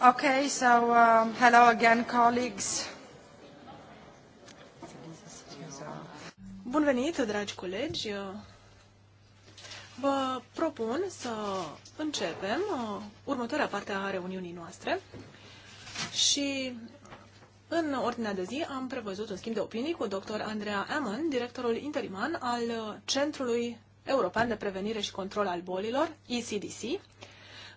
Okay, so um, hello again, colleagues. Bun venit, dragi colegi. Vă propun să începem uh, următoarea parte a reuniunii noastre și în ordinea de zi am prevăzut un schimb de opinii cu dr. Andrea Amon, directorul interiman al Centrului European de Prevenire și Control al Bolilor, ECDC,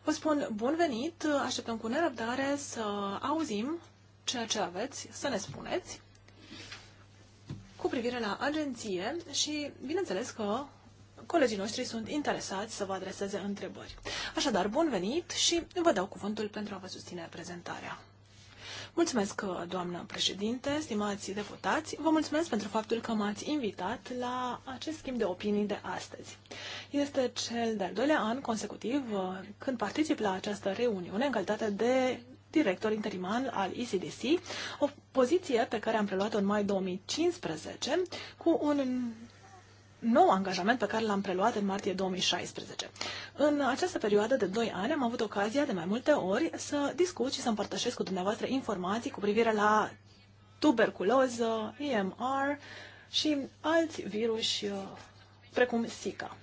Vă spun bun venit, așteptăm cu nerăbdare să auzim ceea ce aveți să ne spuneți cu privire la agenție și bineînțeles că colegii noștri sunt interesați să vă adreseze întrebări. Așadar, bun venit și vă dau cuvântul pentru a vă susține prezentarea. Mulțumesc, uh, doamnă președinte, stimați deputați, vă mulțumesc pentru faptul că m-ați invitat la acest schimb de opinii de astăzi. Este cel de-al doilea an consecutiv uh, când particip la această reuniune în calitate de director interiman al ECDC, o poziție pe care am preluat-o în mai 2015 cu un nou angajament pe care l-am preluat în martie 2016. În această perioadă de 2 ani am avut ocazia de mai multe ori să discut și să împărtășesc cu dumneavoastră informații cu privire la tuberculoză, EMR și alți viruși uh, precum SICA.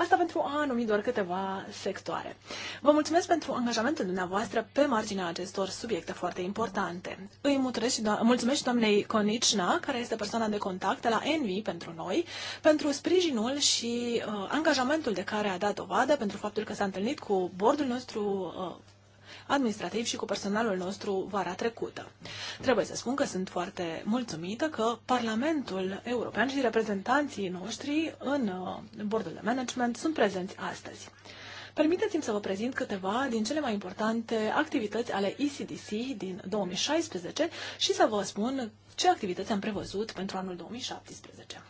Asta pentru a numi doar câteva sectoare. Vă mulțumesc pentru angajamentul dumneavoastră pe marginea acestor subiecte foarte importante. Îi și mulțumesc și doamnei Conicna, care este persoana de contact de la Envi pentru noi, pentru sprijinul și uh, angajamentul de care a dat dovadă, pentru faptul că s-a întâlnit cu bordul nostru uh, administrativ și cu personalul nostru vara trecută. Trebuie să spun că sunt foarte mulțumită că Parlamentul European și reprezentanții noștri în uh, bordul de management sunt prezenți astăzi. Permiteți-mi să vă prezint câteva din cele mai importante activități ale ECDC din 2016 și să vă spun ce activități am prevăzut pentru anul 2017.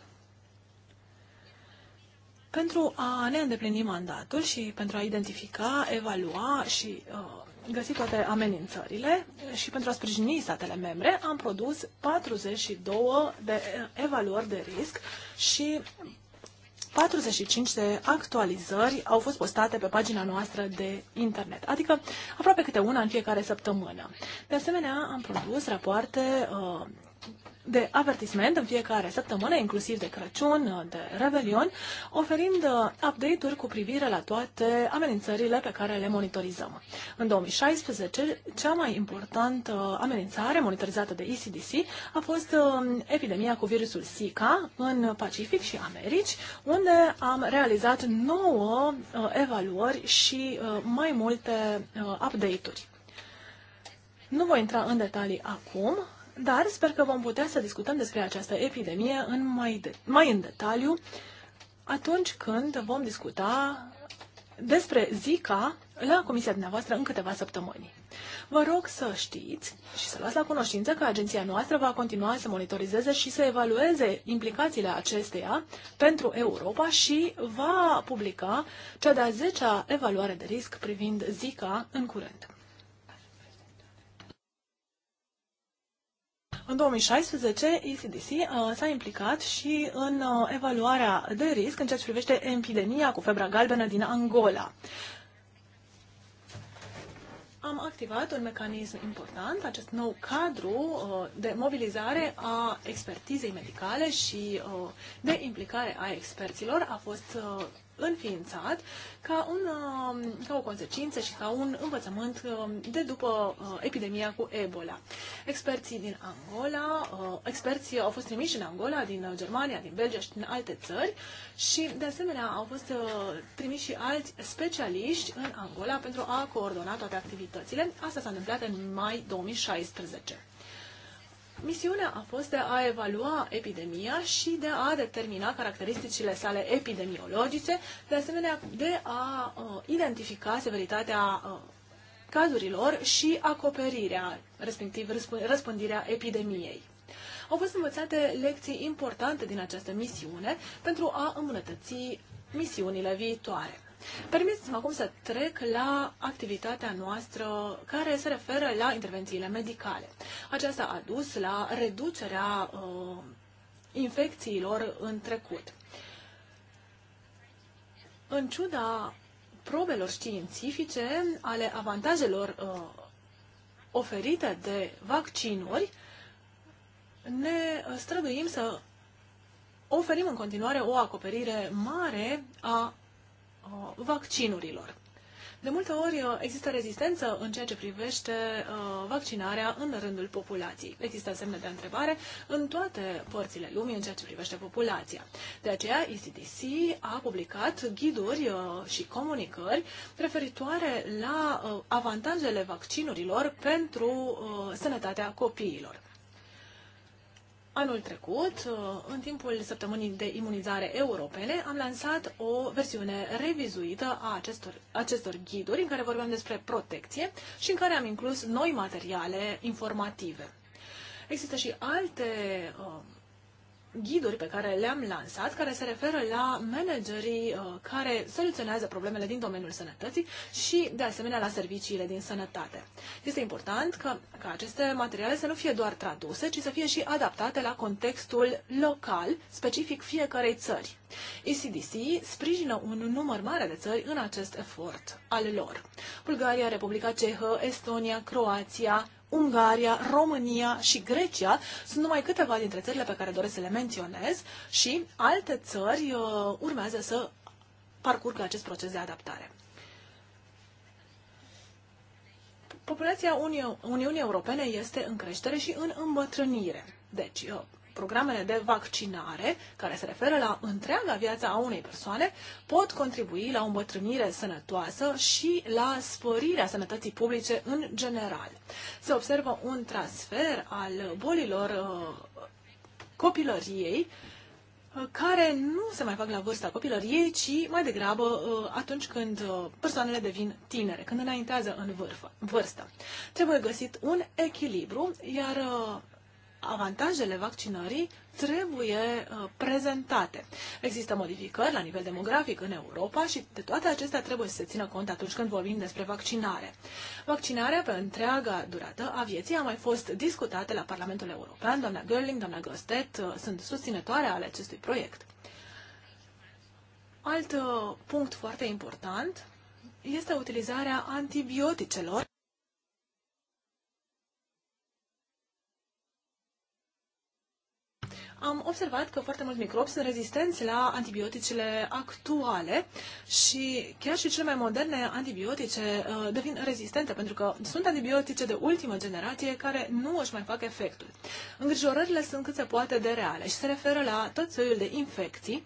Pentru a ne îndeplini mandatul și pentru a identifica, evalua și uh, găsi toate amenințările și pentru a sprijini statele membre am produs 42 de eh, evaluări de risc și 45 de actualizări au fost postate pe pagina noastră de internet, adică aproape câte una în fiecare săptămână. De asemenea, am produs rapoarte uh, de avertisment în fiecare săptămână, inclusiv de Crăciun, de Revelion, oferind uh, update-uri cu privire la toate amenințările pe care le monitorizăm. În 2016, cea mai importantă uh, amenințare monitorizată de ECDC a fost uh, epidemia cu virusul Zika în Pacific și Americi, unde am realizat nouă evaluări și mai multe update-uri. Nu voi intra în detalii acum, dar sper că vom putea să discutăm despre această epidemie în mai, de, mai în detaliu atunci când vom discuta despre Zika la comisia dumneavoastră în câteva săptămâni. Vă rog să știți și să luați la cunoștință că agenția noastră va continua să monitorizeze și să evalueze implicațiile acesteia pentru Europa și va publica cea de-a 10-a evaluare de risc privind Zika în curând. În 2016, ECDC uh, s-a implicat și în uh, evaluarea de risc în ceea ce privește epidemia cu febra galbenă din Angola. Am activat un mecanism important, acest nou cadru uh, de mobilizare a expertizei medicale și uh, de implicare a experților a fost uh, înființat ca, un, um, ca o consecință și ca un învățământ um, de după uh, epidemia cu Ebola. Experții din Angola, uh, experții au fost trimiși în Angola, din uh, Germania, din Belgia și din alte țări și, de asemenea, au fost trimiși și alți specialiști în Angola pentru a coordona toate activitățile. Asta s-a întâmplat în mai 2016. Misiunea a fost de a evalua epidemia și de a determina caracteristicile sale epidemiologice, de asemenea de a uh, identifica severitatea uh, cazurilor și acoperirea, respectiv răsp- răspândirea epidemiei. Au fost învățate lecții importante din această misiune pentru a îmbunătăți misiunile viitoare. Permiteți-mă acum să trec la activitatea noastră care se referă la intervențiile medicale. Aceasta a dus la reducerea uh, infecțiilor în trecut. În ciuda probelor științifice ale avantajelor uh, oferite de vaccinuri, ne străduim să oferim în continuare o acoperire mare a vaccinurilor. De multe ori uh, există rezistență în ceea ce privește uh, vaccinarea în rândul populației. Există semne de întrebare în toate părțile lumii în ceea ce privește populația. De aceea, ECDC a publicat ghiduri uh, și comunicări referitoare la uh, avantajele vaccinurilor pentru uh, sănătatea copiilor. Anul trecut, uh, în timpul săptămânii de imunizare europene, am lansat o versiune revizuită a acestor, acestor ghiduri în care vorbeam despre protecție și în care am inclus noi materiale informative. Există și alte uh, ghiduri pe care le-am lansat, care se referă la managerii uh, care soluționează problemele din domeniul sănătății și, de asemenea, la serviciile din sănătate. Este important că, ca aceste materiale să nu fie doar traduse, ci să fie și adaptate la contextul local, specific fiecarei țări. ECDC sprijină un număr mare de țări în acest efort al lor. Bulgaria, Republica Cehă, Estonia, Croația, Ungaria, România și Grecia sunt numai câteva dintre țările pe care doresc să le menționez și alte țări uh, urmează să parcurgă acest proces de adaptare. Populația Uni Uniunii Europene este în creștere și în îmbătrânire. Deci, uh, programele de vaccinare, care se referă la întreaga viață a unei persoane, pot contribui la o îmbătrânire sănătoasă și la sporirea sănătății publice în general. Se observă un transfer al bolilor uh, copilăriei uh, care nu se mai fac la vârsta copilăriei, ci mai degrabă uh, atunci când persoanele devin tinere, când înaintează în vârfă, vârstă. Trebuie găsit un echilibru, iar avantajele vaccinării trebuie uh, prezentate. Există modificări la nivel demografic în Europa și de toate acestea trebuie să se țină cont atunci când vorbim despre vaccinare. Vaccinarea pe întreaga durată a vieții a mai fost discutată la Parlamentul European. Doamna Görling, doamna Găstet uh, sunt susținătoare ale acestui proiect. Alt uh, punct foarte important este utilizarea antibioticelor am observat că foarte mulți microbi sunt rezistenți la antibioticele actuale și chiar și cele mai moderne antibiotice uh, devin rezistente pentru că sunt antibiotice de ultimă generație care nu își mai fac efectul. Îngrijorările sunt cât se poate de reale și se referă la tot soiul de infecții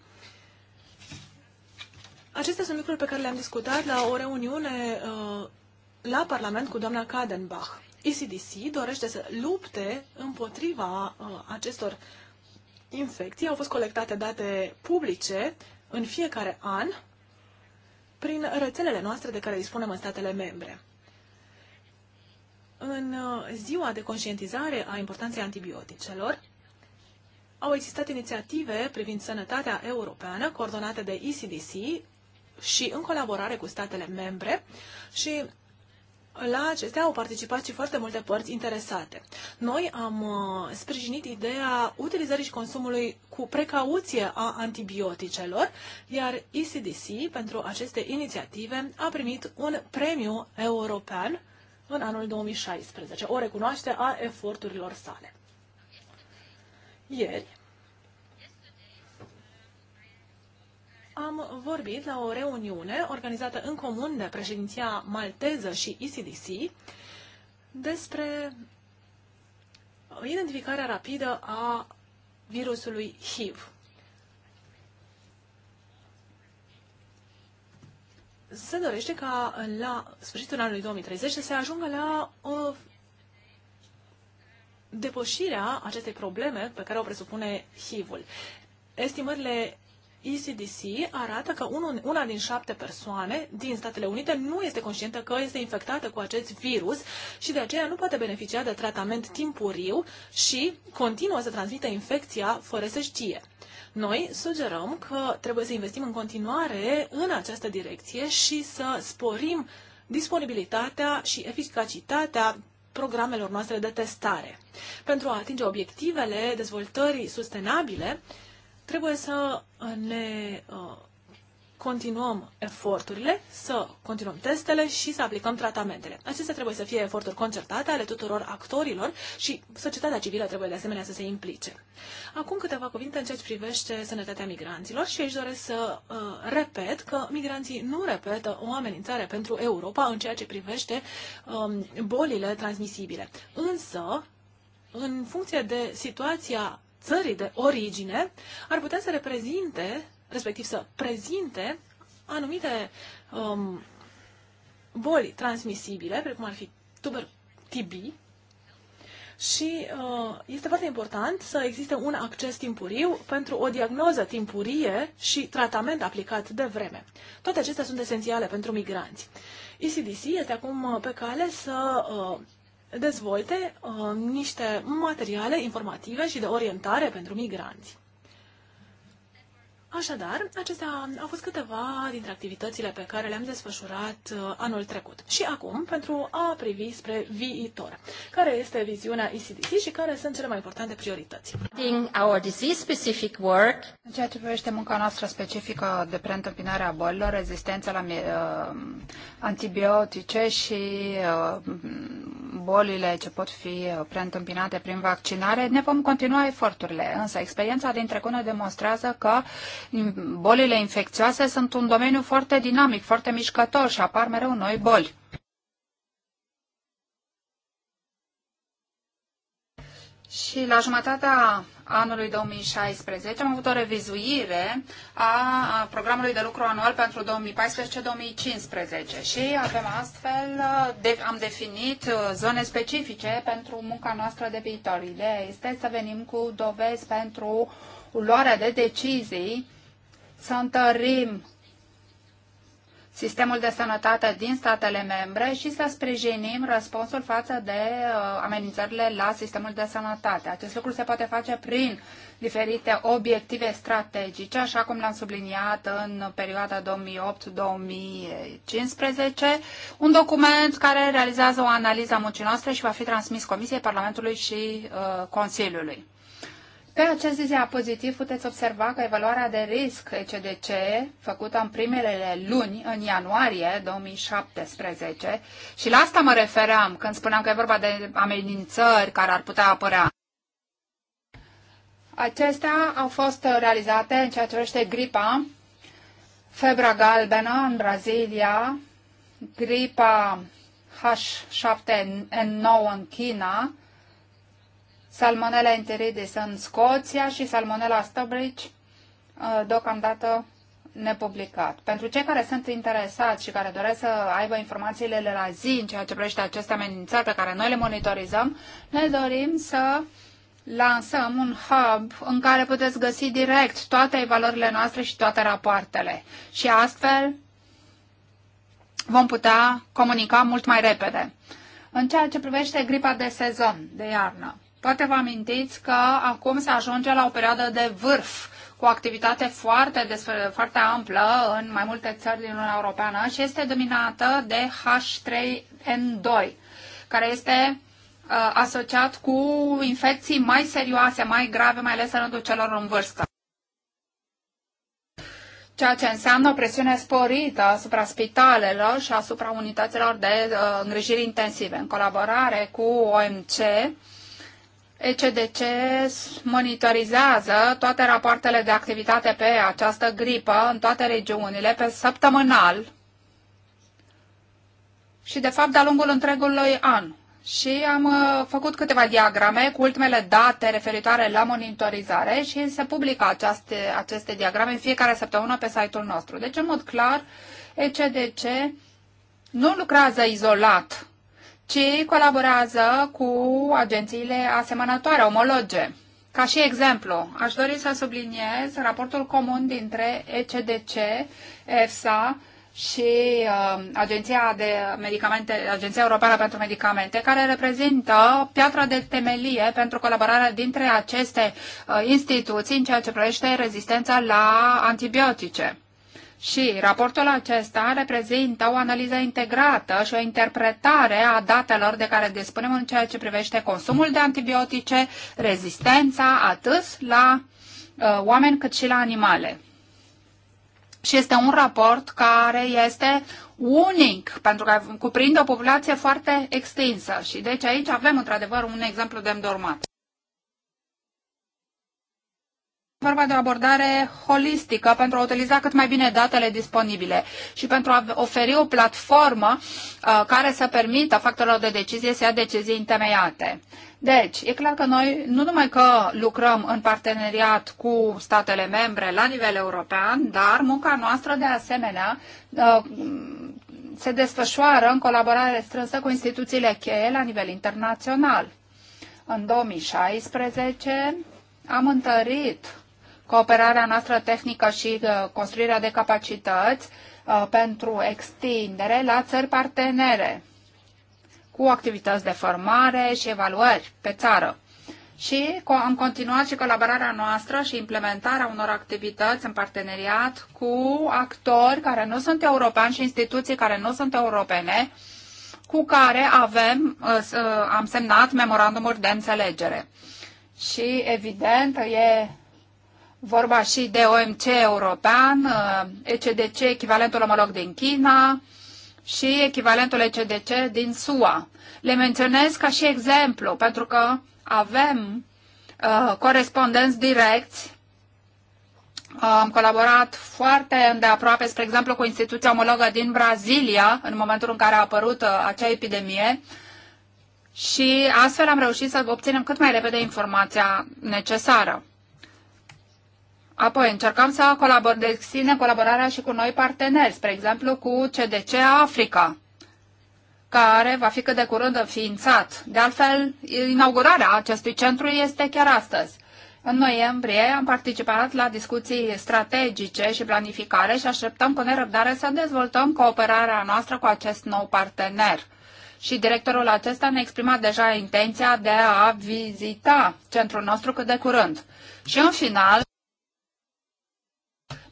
Acestea sunt lucruri pe care le-am discutat la o reuniune uh, la Parlament cu doamna Kadenbach. ECDC dorește să lupte împotriva uh, acestor infecții, au fost colectate date publice în fiecare an prin rețelele noastre de care dispunem în statele membre. În uh, ziua de conștientizare a importanței antibioticelor, au existat inițiative privind sănătatea europeană coordonate de ECDC și în colaborare cu statele membre și la acestea au participat și foarte multe părți interesate. Noi am uh, sprijinit ideea utilizării și consumului cu precauție a antibioticelor, iar ECDC pentru aceste inițiative a primit un premiu european în anul 2016, o recunoaște a eforturilor sale. Ieri, am vorbit la o reuniune organizată în comun de președinția malteză și ECDC despre identificarea rapidă a virusului HIV. Se dorește ca la sfârșitul anului 2030 să se ajungă la o uh, depășirea acestei probleme pe care o presupune HIV-ul. Estimările ECDC arată că una din șapte persoane din Statele Unite nu este conștientă că este infectată cu acest virus și de aceea nu poate beneficia de tratament timpuriu și continuă să transmită infecția fără să știe. Noi sugerăm că trebuie să investim în continuare în această direcție și să sporim disponibilitatea și eficacitatea programelor noastre de testare. Pentru a atinge obiectivele dezvoltării sustenabile, Trebuie să uh, ne uh, continuăm eforturile, să continuăm testele și să aplicăm tratamentele. Acestea trebuie să fie eforturi concertate ale tuturor actorilor și societatea civilă trebuie de asemenea să se implice. Acum câteva cuvinte în ceea ce privește sănătatea migranților și aici doresc să uh, repet că migranții nu repetă o amenințare pentru Europa în ceea ce privește um, bolile transmisibile. Însă, în funcție de situația țării de origine ar putea să reprezinte, respectiv să prezinte anumite um, boli transmisibile, precum ar fi tuber TB, și uh, este foarte important să existe un acces timpuriu pentru o diagnoză timpurie și tratament aplicat de vreme. Toate acestea sunt esențiale pentru migranți. ECDC este acum pe cale să uh, dezvolte uh, niște materiale informative și de orientare pentru migranți. Așadar, acestea au fost câteva dintre activitățile pe care le-am desfășurat uh, anul trecut. Și acum, pentru a privi spre viitor, care este viziunea ECDC și care sunt cele mai importante priorități. In our disease-specific work, în ceea ce privește munca noastră specifică de preîntâmpinare a bolilor, rezistența la uh, antibiotice și uh, bolile ce pot fi uh, preîntâmpinate prin vaccinare, ne vom continua eforturile. Însă, experiența din trecut ne demonstrează că bolile infecțioase sunt un domeniu foarte dinamic, foarte mișcător și apar mereu noi boli. Și la jumătatea anului 2016 am avut o revizuire a programului de lucru anual pentru 2014-2015 și avem astfel, de, am definit uh, zone specifice pentru munca noastră de viitor. Ideea este să venim cu dovezi pentru luarea de decizii să întărim sistemul de sănătate din statele membre și să sprijinim răspunsul față de uh, amenințările la sistemul de sănătate. Acest lucru se poate face prin diferite obiective strategice, așa cum l-am subliniat în perioada 2008-2015, un document care realizează o analiză a muncii noastre și va fi transmis Comisiei Parlamentului și uh, Consiliului. Pe acest diapozitiv puteți observa că evaluarea de risc ECDC, făcută în primele luni, în ianuarie 2017, și la asta mă refeream când spuneam că e vorba de amenințări care ar putea apărea. Acestea au fost realizate în ceea ce vrește gripa, febra galbenă în Brazilia, gripa H7N9 în China, Salmonella enteridis în Scoția și Salmonella Stubbridge uh, deocamdată nepublicat. Pentru cei care sunt interesați și care doresc să aibă informațiile de la zi în ceea ce privește aceste amenințări pe care noi le monitorizăm, ne dorim să lansăm un hub în care puteți găsi direct toate valorile noastre și toate rapoartele. Și astfel vom putea comunica mult mai repede. În ceea ce privește gripa de sezon, de iarnă, Poate vă amintiți că acum se ajunge la o perioadă de vârf, cu o activitate foarte, foarte amplă în mai multe țări din Uniunea Europeană și este dominată de H3N2, care este uh, asociat cu infecții mai serioase, mai grave, mai ales în rândul celor în vârstă ceea ce înseamnă o presiune sporită asupra spitalelor și asupra unităților de uh, îngrijiri intensive. În colaborare cu OMC, ECDC monitorizează toate rapoartele de activitate pe această gripă în toate regiunile pe săptămânal și, de fapt, de-a lungul întregului an. Și am uh, făcut câteva diagrame cu ultimele date referitoare la monitorizare și se publică aceste, aceste diagrame în fiecare săptămână pe site-ul nostru. Deci, în mod clar, ECDC nu lucrează izolat ci colaborează cu agențiile asemănătoare, omologe. Ca și exemplu, aș dori să subliniez raportul comun dintre ECDC, EFSA și uh, Agenția, de Medicamente, Agenția Europeană pentru Medicamente, care reprezintă piatra de temelie pentru colaborarea dintre aceste uh, instituții în ceea ce privește rezistența la antibiotice. Și raportul acesta reprezintă o analiză integrată și o interpretare a datelor de care dispunem în ceea ce privește consumul de antibiotice, rezistența atât la uh, oameni cât și la animale. Și este un raport care este unic, pentru că cuprinde o populație foarte extinsă. Și deci aici avem într-adevăr un exemplu de îndormat. vorba de o abordare holistică pentru a utiliza cât mai bine datele disponibile și pentru a oferi o platformă uh, care să permită factorilor de decizie să ia decizii întemeiate. Deci, e clar că noi nu numai că lucrăm în parteneriat cu statele membre la nivel european, dar munca noastră de asemenea uh, se desfășoară în colaborare strânsă cu instituțiile cheie la nivel internațional. În 2016 am întărit cooperarea noastră tehnică și uh, construirea de capacități uh, pentru extindere la țări partenere cu activități de formare și evaluări pe țară. Și am continuat și colaborarea noastră și implementarea unor activități în parteneriat cu actori care nu sunt europeni și instituții care nu sunt europene, cu care avem, uh, am semnat memorandumuri de înțelegere. Și, evident, e vorba și de OMC european, uh, ECDC, echivalentul omolog din China și echivalentul ECDC din SUA. Le menționez ca și exemplu, pentru că avem uh, corespondenți direcți. Am colaborat foarte îndeaproape, spre exemplu, cu instituția omologă din Brazilia, în momentul în care a apărut uh, acea epidemie, și astfel am reușit să obținem cât mai repede informația necesară. Apoi încercăm să colaborăm, deschine colaborarea și cu noi parteneri, spre exemplu cu CDC Africa, care va fi cât de curând înființat. De altfel, inaugurarea acestui centru este chiar astăzi. În noiembrie am participat la discuții strategice și planificare și așteptăm cu nerăbdare să dezvoltăm cooperarea noastră cu acest nou partener. Și directorul acesta ne-a exprimat deja intenția de a vizita centrul nostru cât de curând. Și în final,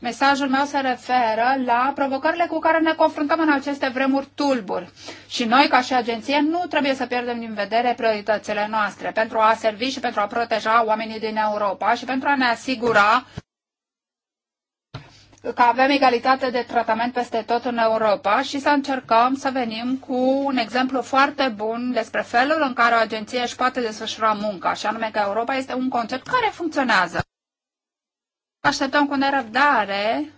Mesajul meu se referă la provocările cu care ne confruntăm în aceste vremuri tulburi. Și noi, ca și agenție, nu trebuie să pierdem din vedere prioritățile noastre pentru a servi și pentru a proteja oamenii din Europa și pentru a ne asigura că avem egalitate de tratament peste tot în Europa și să încercăm să venim cu un exemplu foarte bun despre felul în care o agenție își poate desfășura munca, și anume că Europa este un concept care funcționează. Așteptăm cu nerăbdare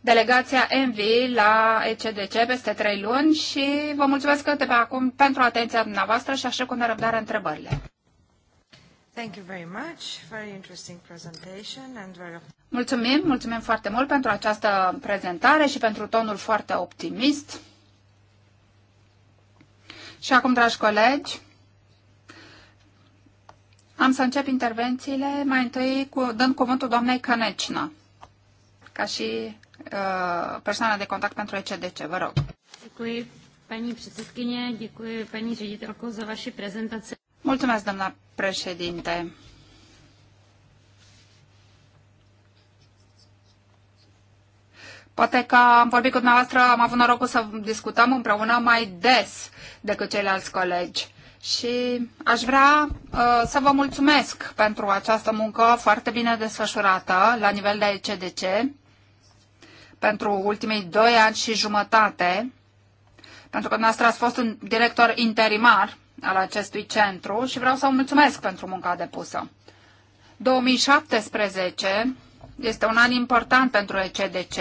delegația Envi la ECDC peste trei luni și vă mulțumesc de pe acum pentru atenția dumneavoastră și aștept cu nerăbdare întrebările. Thank you very much. Very interesting presentation and very... Mulțumim, mulțumim foarte mult pentru această prezentare și pentru tonul foarte optimist. Și acum, dragi colegi, am să încep intervențiile mai întâi cu, dând cuvântul doamnei Cănecină, ca și uh, persoana de contact pentru ECDC. Vă rog. Mulțumesc, doamna președinte. Poate că am vorbit cu dumneavoastră, am avut norocul să discutăm împreună mai des decât ceilalți colegi și aș vrea uh, să vă mulțumesc pentru această muncă foarte bine desfășurată la nivel de ECDC pentru ultimii doi ani și jumătate, pentru că noastră ați fost un director interimar al acestui centru și vreau să vă mulțumesc pentru munca depusă. 2017 este un an important pentru ECDC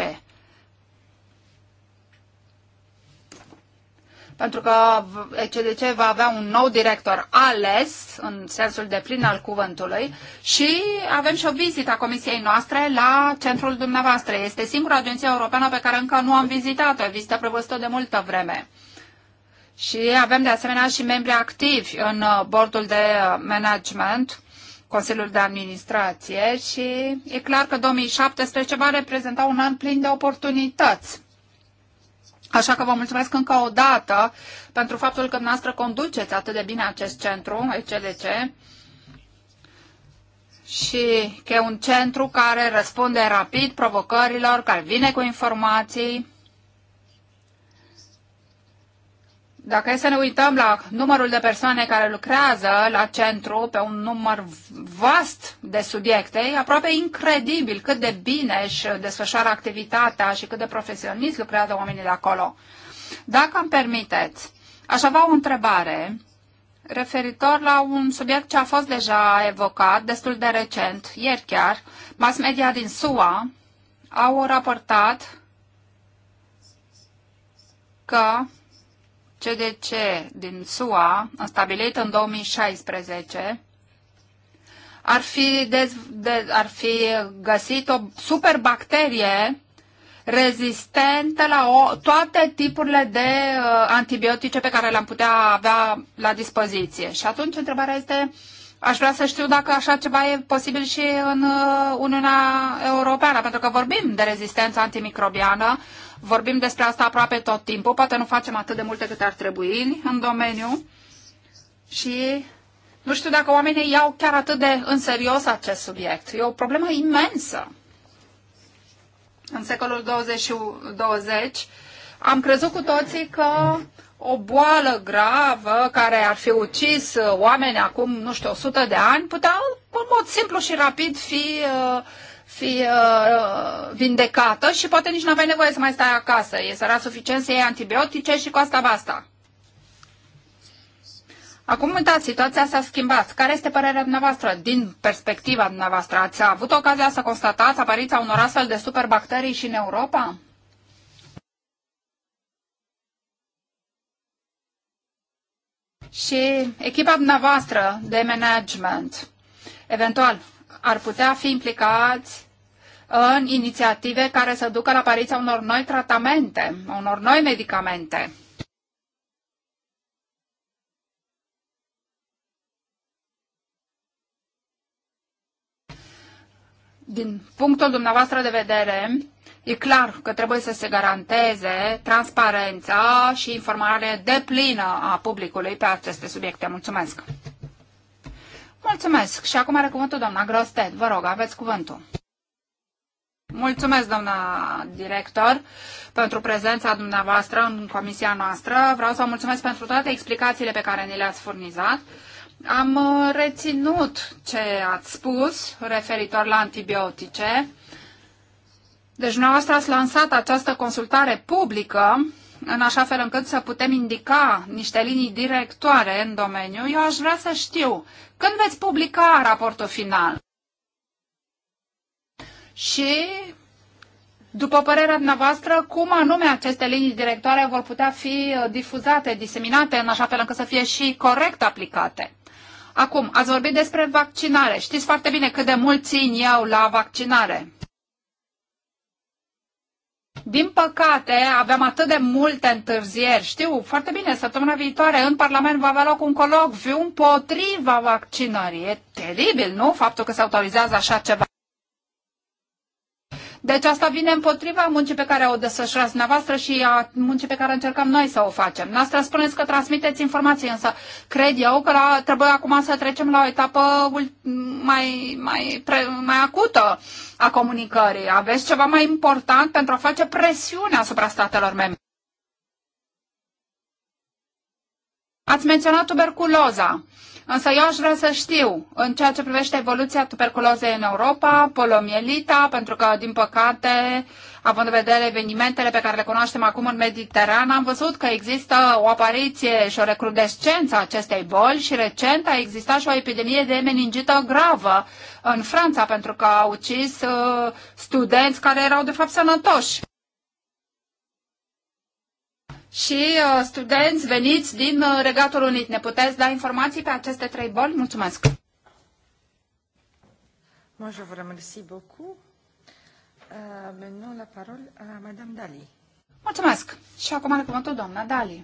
pentru că ECDC va avea un nou director ales, în sensul de plin al cuvântului, și avem și o vizită a comisiei noastre la centrul dumneavoastră. Este singura agenție europeană pe care încă nu am vizitat-o, vizită prevăzută de multă vreme. Și avem de asemenea și membri activi în uh, bordul de uh, management, Consiliul de Administrație și e clar că 2017 va reprezenta un an plin de oportunități Așa că vă mulțumesc încă o dată pentru faptul că noastră conduceți atât de bine acest centru, ECDC, și că e un centru care răspunde rapid provocărilor, care vine cu informații Dacă e să ne uităm la numărul de persoane care lucrează la centru pe un număr vast de subiecte, e aproape incredibil cât de bine își desfășoară activitatea și cât de profesionist lucrează oamenii de acolo. Dacă îmi permiteți, aș avea o întrebare referitor la un subiect ce a fost deja evocat destul de recent, ieri chiar, mass media din SUA au raportat că CDC din SUA, stabilit în 2016, ar fi, dez, de, ar fi găsit o superbacterie rezistentă la o, toate tipurile de uh, antibiotice pe care le-am putea avea la dispoziție. Și atunci întrebarea este, aș vrea să știu dacă așa ceva e posibil și în uh, Uniunea Europeană, pentru că vorbim de rezistență antimicrobiană, Vorbim despre asta aproape tot timpul, poate nu facem atât de multe cât ar trebui în domeniu și nu știu dacă oamenii iau chiar atât de în serios acest subiect. E o problemă imensă. În secolul 20, 20 am crezut cu toții că o boală gravă care ar fi ucis oameni acum, nu știu, 100 de ani, putea în mod simplu și rapid fi uh, fi uh, vindecată și poate nici nu aveai nevoie să mai stai acasă. E săra suficient să iei antibiotice și cu asta basta. Acum, uitați, situația s-a schimbat. Care este părerea dumneavoastră din perspectiva dumneavoastră? Ați avut ocazia să constatați apariția unor astfel de superbacterii și în Europa? Și echipa dumneavoastră de management, eventual, ar putea fi implicați în inițiative care să ducă la apariția unor noi tratamente, unor noi medicamente. Din punctul dumneavoastră de vedere, e clar că trebuie să se garanteze transparența și informarea deplină a publicului pe aceste subiecte. Mulțumesc! Mulțumesc. Și acum are cuvântul doamna Grosted. Vă rog, aveți cuvântul. Mulțumesc, doamna director, pentru prezența dumneavoastră în comisia noastră. Vreau să vă mulțumesc pentru toate explicațiile pe care ni le-ați furnizat. Am uh, reținut ce ați spus referitor la antibiotice. Deci, dumneavoastră ați lansat această consultare publică în așa fel încât să putem indica niște linii directoare în domeniu, eu aș vrea să știu când veți publica raportul final. Și, după părerea dumneavoastră, cum anume aceste linii directoare vor putea fi uh, difuzate, diseminate, în așa fel încât să fie și corect aplicate? Acum, ați vorbit despre vaccinare. Știți foarte bine cât de mult țin eu la vaccinare. Din păcate, avem atât de multe întârzieri. Știu foarte bine, săptămâna viitoare în Parlament va avea loc un colocviu împotriva vaccinării. E teribil, nu? Faptul că se autorizează așa ceva. Deci asta vine împotriva muncii pe care o desfășurați dumneavoastră și a muncii pe care încercăm noi să o facem. Noastră spuneți că transmiteți informații, însă cred eu că la, trebuie acum să trecem la o etapă mai, mai, pre, mai acută a comunicării. Aveți ceva mai important pentru a face presiune asupra statelor membre. Ați menționat tuberculoza. Însă eu aș vrea să știu, în ceea ce privește evoluția tuberculozei în Europa, polomielita, pentru că, din păcate, având în vedere evenimentele pe care le cunoaștem acum în Mediterană, am văzut că există o apariție și o recrudescență a acestei boli și recent a existat și o epidemie de meningită gravă în Franța, pentru că au ucis uh, studenți care erau, de fapt, sănătoși și uh, studenți veniți din uh, Regatul Unit. Ne puteți da informații pe aceste trei boli? Mulțumesc! Moi, beaucoup. Uh, maintenant, la parole à Madame Dali. Mulțumesc! Și acum are cuvântul doamna Dali.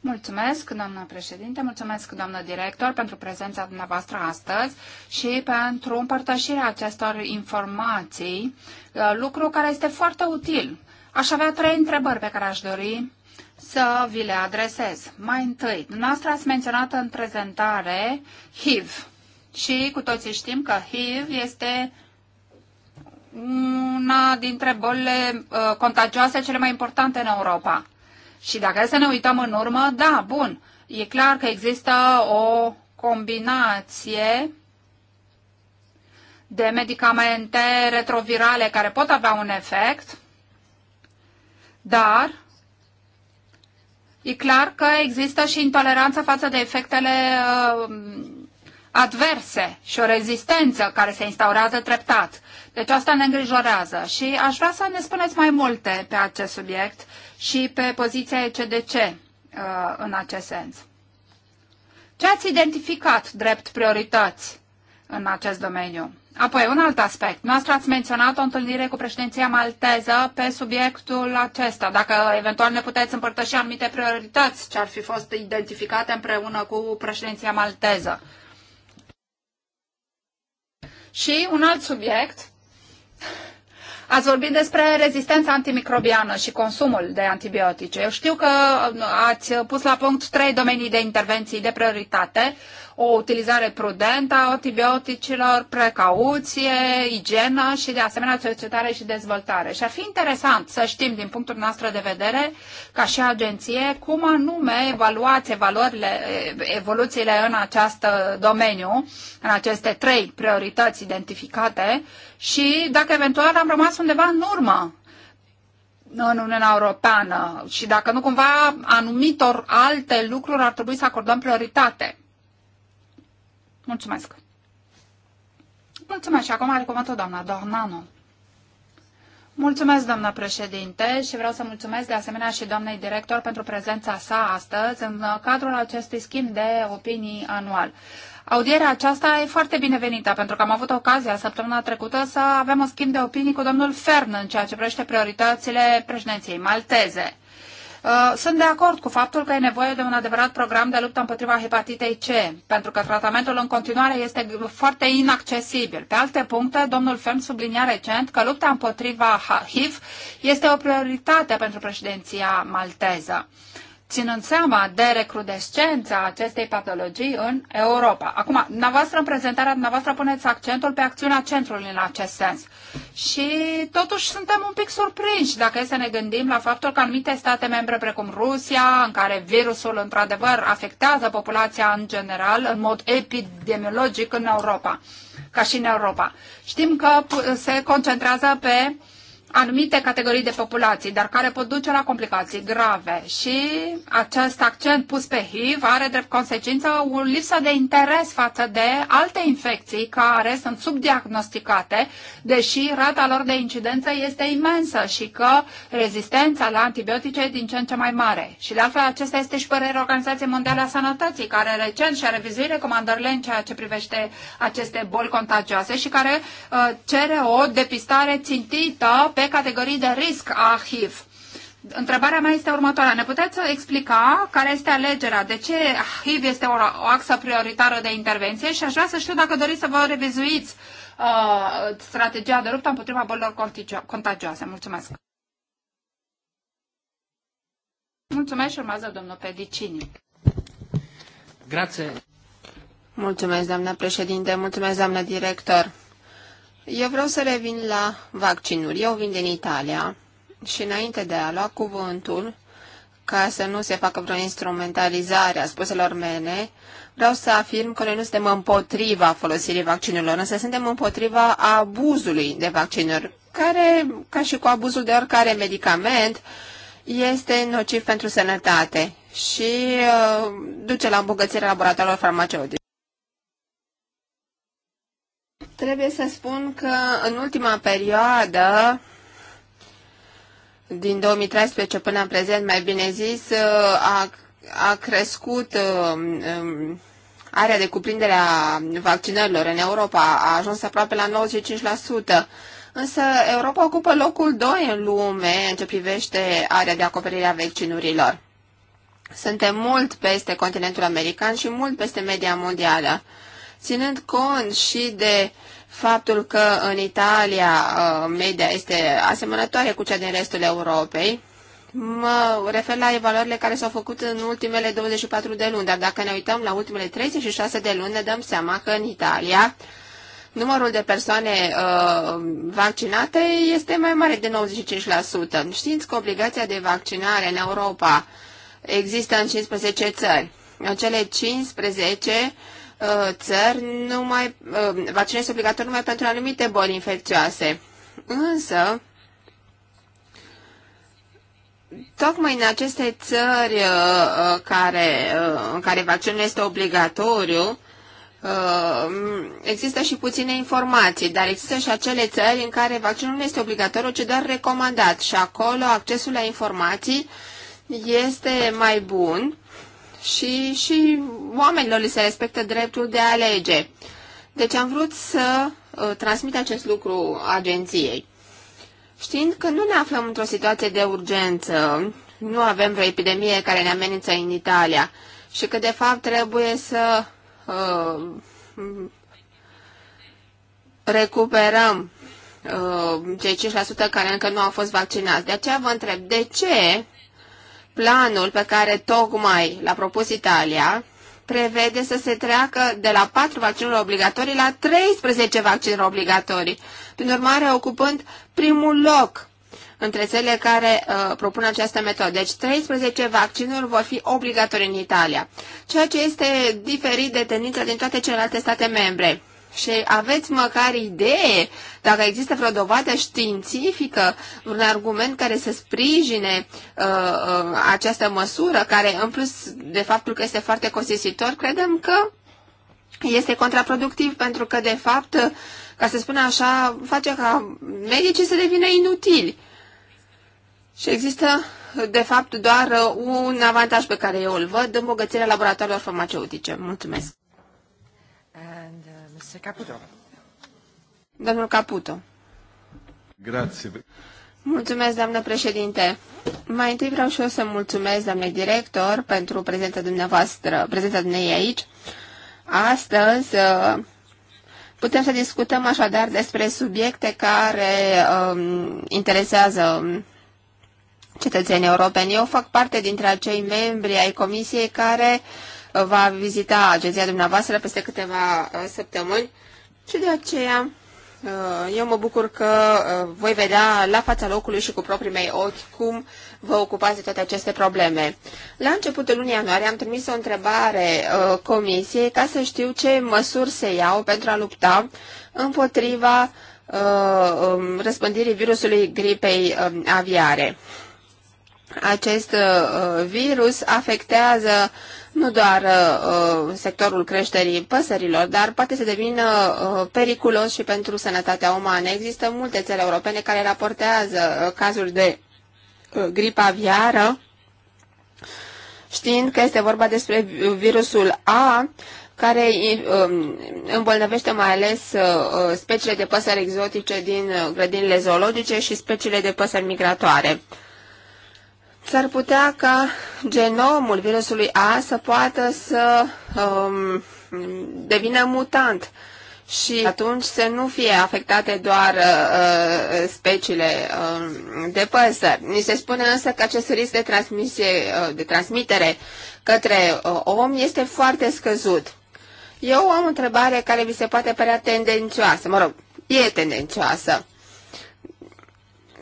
Mulțumesc, doamna președinte, mulțumesc, doamna director, pentru prezența dumneavoastră astăzi și pentru împărtășirea acestor informații, uh, lucru care este foarte util Aș avea trei întrebări pe care aș dori să vi le adresez. Mai întâi, dumneavoastră ați menționat în prezentare HIV și cu toții știm că HIV este una dintre bolile uh, contagioase cele mai importante în Europa. Și dacă să ne uităm în urmă, da, bun, e clar că există o combinație de medicamente retrovirale care pot avea un efect, dar e clar că există și intoleranța față de efectele uh, adverse și o rezistență care se instaurează treptat. Deci asta ne îngrijorează și aș vrea să ne spuneți mai multe pe acest subiect și pe poziția ECDC uh, în acest sens. Ce ați identificat drept priorități în acest domeniu? Apoi, un alt aspect. Noastră ați menționat o întâlnire cu președinția malteză pe subiectul acesta. Dacă eventual ne puteți împărtăși anumite priorități ce ar fi fost identificate împreună cu președinția malteză. Și un alt subiect. Ați vorbit despre rezistența antimicrobiană și consumul de antibiotice. Eu știu că ați pus la punct trei domenii de intervenții de prioritate o utilizare prudentă a antibioticilor, precauție, igienă și de asemenea cercetare și dezvoltare. Și ar fi interesant să știm din punctul nostru de vedere, ca și agenție, cum anume evaluați evaluările, evoluțiile în acest domeniu, în aceste trei priorități identificate și dacă eventual am rămas undeva în urmă în Uniunea Europeană și dacă nu cumva anumitor alte lucruri ar trebui să acordăm prioritate. Mulțumesc! Mulțumesc și acum are cuvântul doamna Dornano. Mulțumesc, doamna președinte, și vreau să mulțumesc de asemenea și doamnei director pentru prezența sa astăzi în cadrul acestui schimb de opinii anual. Audierea aceasta e foarte binevenită, pentru că am avut ocazia săptămâna trecută să avem un schimb de opinii cu domnul Fern în ceea ce privește prioritățile președinției malteze. Uh, sunt de acord cu faptul că e nevoie de un adevărat program de luptă împotriva hepatitei C, pentru că tratamentul în continuare este foarte inaccesibil. Pe alte puncte, domnul Fem sublinia recent că lupta împotriva HIV este o prioritate pentru președinția malteză ținând seama de recrudescența acestei patologii în Europa. Acum, dumneavoastră, în prezentarea dumneavoastră, puneți accentul pe acțiunea centrului în acest sens. Și totuși suntem un pic surprinși dacă e să ne gândim la faptul că anumite state membre, precum Rusia, în care virusul, într-adevăr, afectează populația în general, în mod epidemiologic în Europa, ca și în Europa. Știm că se concentrează pe anumite categorii de populații, dar care pot duce la complicații grave. Și acest accent pus pe HIV are drept consecință o lipsă de interes față de alte infecții care sunt subdiagnosticate, deși rata lor de incidență este imensă și că rezistența la antibiotice e din ce în ce mai mare. Și de altfel acesta este și părerea Organizației Mondiale a Sănătății, care recent și-a revizuit recomandările în ceea ce privește aceste boli contagioase și care uh, cere o depistare țintită pe categorii de risc a HIV. Întrebarea mea este următoarea. Ne puteți explica care este alegerea? De ce HIV este o, o axă prioritară de intervenție? Și aș vrea să știu dacă doriți să vă revizuiți uh, strategia de luptă împotriva bolilor contagioase. Mulțumesc! Mulțumesc și urmează domnul Pedicini. Grație! Mulțumesc, doamna președinte, mulțumesc, doamna director. Eu vreau să revin la vaccinuri. Eu vin din Italia și înainte de a lua cuvântul, ca să nu se facă vreo instrumentalizare a spuselor mele, vreau să afirm că noi nu suntem împotriva folosirii vaccinurilor, însă suntem împotriva abuzului de vaccinuri, care, ca și cu abuzul de oricare medicament, este nociv pentru sănătate și uh, duce la îmbogățirea laboratorilor farmaceutice. Trebuie să spun că în ultima perioadă, din 2013 până în prezent, mai bine zis, uh, a, a crescut uh, um, area de cuprindere a vaccinărilor în Europa, a ajuns aproape la 95%. Însă Europa ocupă locul 2 în lume în ce privește area de acoperire a vaccinurilor. Suntem mult peste continentul american și mult peste media mondială ținând cont și de faptul că în Italia uh, media este asemănătoare cu cea din restul Europei, mă refer la evaluările care s-au făcut în ultimele 24 de luni, dar dacă ne uităm la ultimele 36 de luni, ne dăm seama că în Italia numărul de persoane uh, vaccinate este mai mare de 95%. Știți că obligația de vaccinare în Europa există în 15 țări. În cele 15 Uh, țări numai, uh, vaccinul este obligatoriu numai pentru anumite boli infecțioase. Însă, tocmai în aceste țări uh, care, în care vaccinul este obligatoriu, există și puține informații, dar există și acele țări în care vaccinul nu este obligatoriu, ci doar recomandat și acolo accesul la informații este mai bun și, și oamenilor li se respectă dreptul de a alege. Deci am vrut să uh, transmit acest lucru agenției. Știind că nu ne aflăm într-o situație de urgență, nu avem vreo epidemie care ne amenință în Italia și că de fapt trebuie să uh, recuperăm uh, cei 5% care încă nu au fost vaccinați. De aceea vă întreb, de ce Planul pe care tocmai l-a propus Italia prevede să se treacă de la 4 vaccinuri obligatorii la 13 vaccinuri obligatorii, prin urmare ocupând primul loc între cele care uh, propun această metodă. Deci 13 vaccinuri vor fi obligatorii în Italia, ceea ce este diferit de tendința din toate celelalte state membre și aveți măcar idee dacă există vreo dovadă științifică, un argument care să sprijine uh, uh, această măsură, care în plus de faptul că este foarte costisitor, credem că este contraproductiv pentru că de fapt, ca să spun așa, face ca medicii să devină inutili. Și există de fapt doar un avantaj pe care eu îl văd, îmbogățirea laboratoarelor farmaceutice. Mulțumesc! Mrs. Caputo. Domnul Caputo. Grazie. Mulțumesc, doamnă președinte. Mai întâi vreau și eu să mulțumesc, doamne director, pentru prezența dumneavoastră, prezența dumneavoastră aici. Astăzi uh, putem să discutăm așadar despre subiecte care um, interesează cetățenii europeni. Eu fac parte dintre acei membri ai comisiei care uh, va vizita agenția dumneavoastră peste câteva uh, săptămâni și de aceea uh, eu mă bucur că uh, voi vedea la fața locului și cu proprii mei ochi cum vă ocupați de toate aceste probleme. La începutul lunii ianuarie am trimis o întrebare comisiei ca să știu ce măsuri se iau pentru a lupta împotriva um, răspândirii virusului gripei um, aviare acest uh, uh, virus afectează nu doar uh, sectorul creșterii păsărilor, dar poate să devină periculos și pentru sănătatea umană. Există multe țări europene care raportează cazuri de gripa aviară, știind că este vorba despre virusul A, care um, îmbolnăvește mai ales speciile de păsări exotice din grădinile zoologice și speciile de păsări migratoare. S-ar putea ca genomul virusului A să poată să um, devină mutant și atunci să nu fie afectate doar uh, uh speciile uh, de păsări. Ni se spune însă că acest risc de, transmisie, uh, de transmitere către uh, om este foarte scăzut. Eu am o întrebare care vi se poate părea tendențioasă, mă rog, e tendențioasă.